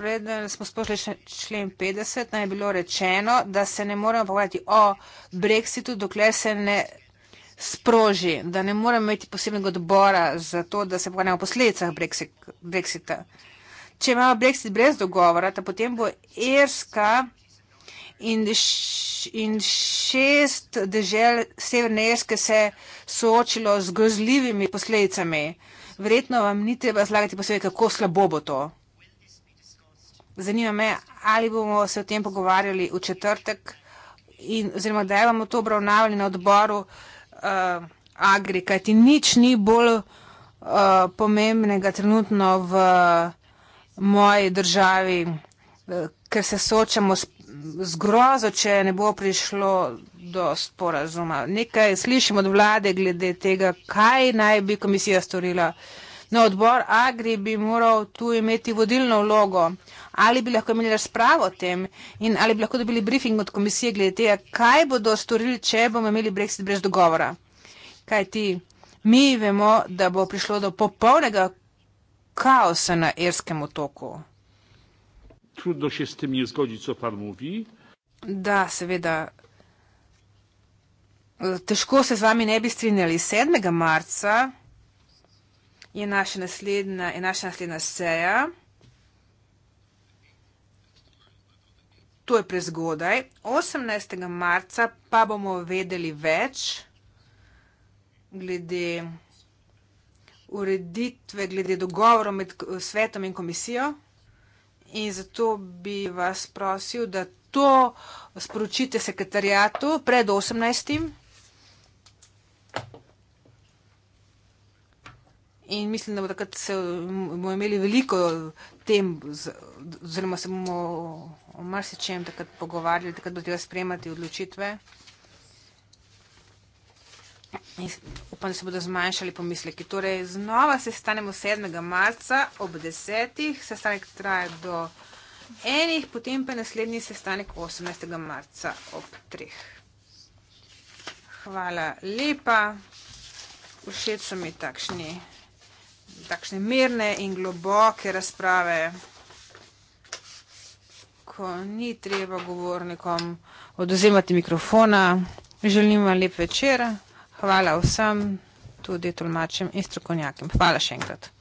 preden smo spošli člen 50, naj bilo rečeno, da se ne moramo pogovarjati o brexitu, dokler se ne sproži, da ne moramo imeti posebnega odbora za to, da se pogovarjamo o posledicah brexita. Če imamo brexit brez dogovora, da potem bo Irska in šest dežel Severne Irske se soočilo z grozljivimi posledicami. Verjetno vam ni treba zlagati posebej, kako slabo bo to zanima me, ali bomo se o tem pogovarjali v četrtek in oziroma, da je vam to obravnavali na odboru uh, Agri, kajti nič ni bolj uh, pomembnega trenutno v moji državi, uh, ker se soočamo s z grozo, če ne bo prišlo do sporazuma. Nekaj slišimo od vlade glede tega, kaj naj bi komisija storila. No, odbor Agri bi moral tu imeti vodilno vlogo. Uh, ali bi lahko imeli razpravo o tem in ali bi lahko dobili briefing od komisije glede tega, kaj bodo storili, če bomo imeli brexit brez dogovora. Kaj ti? Mi vemo, da bo prišlo do popolnega kaosa na Erskem otoku. Trudno se s tem ne zgodi, co pa mluvi. Da, seveda. Težko se z vami ne bi strinjali. 7. marca je naša naslednja, je naša naslednja seja. To je prezgodaj. 18. marca pa bomo vedeli več glede ureditve, glede dogovorov med svetom in komisijo. In zato bi vas prosil, da to sporočite sekretarijatu pred 18. In mislim, da bomo takrat se, bomo imeli veliko tem, oziroma se bomo o marsičem takrat pogovarjali, takrat bo treba sprejemati odločitve. In upam, da se bodo zmanjšali pomisleki. Torej, znova se stanemo 7. marca ob 10. Sestanek traja do enih, potem pa je naslednji sestanek 18. marca ob 3. Hvala lepa. Všeč so mi takšni, takšne mirne in globoke razprave ko ni treba govornikom oduzemati mikrofona. Želim vam lep večer. Hvala vsem, tudi tolmačem in strokovnjakem. Hvala še enkrat.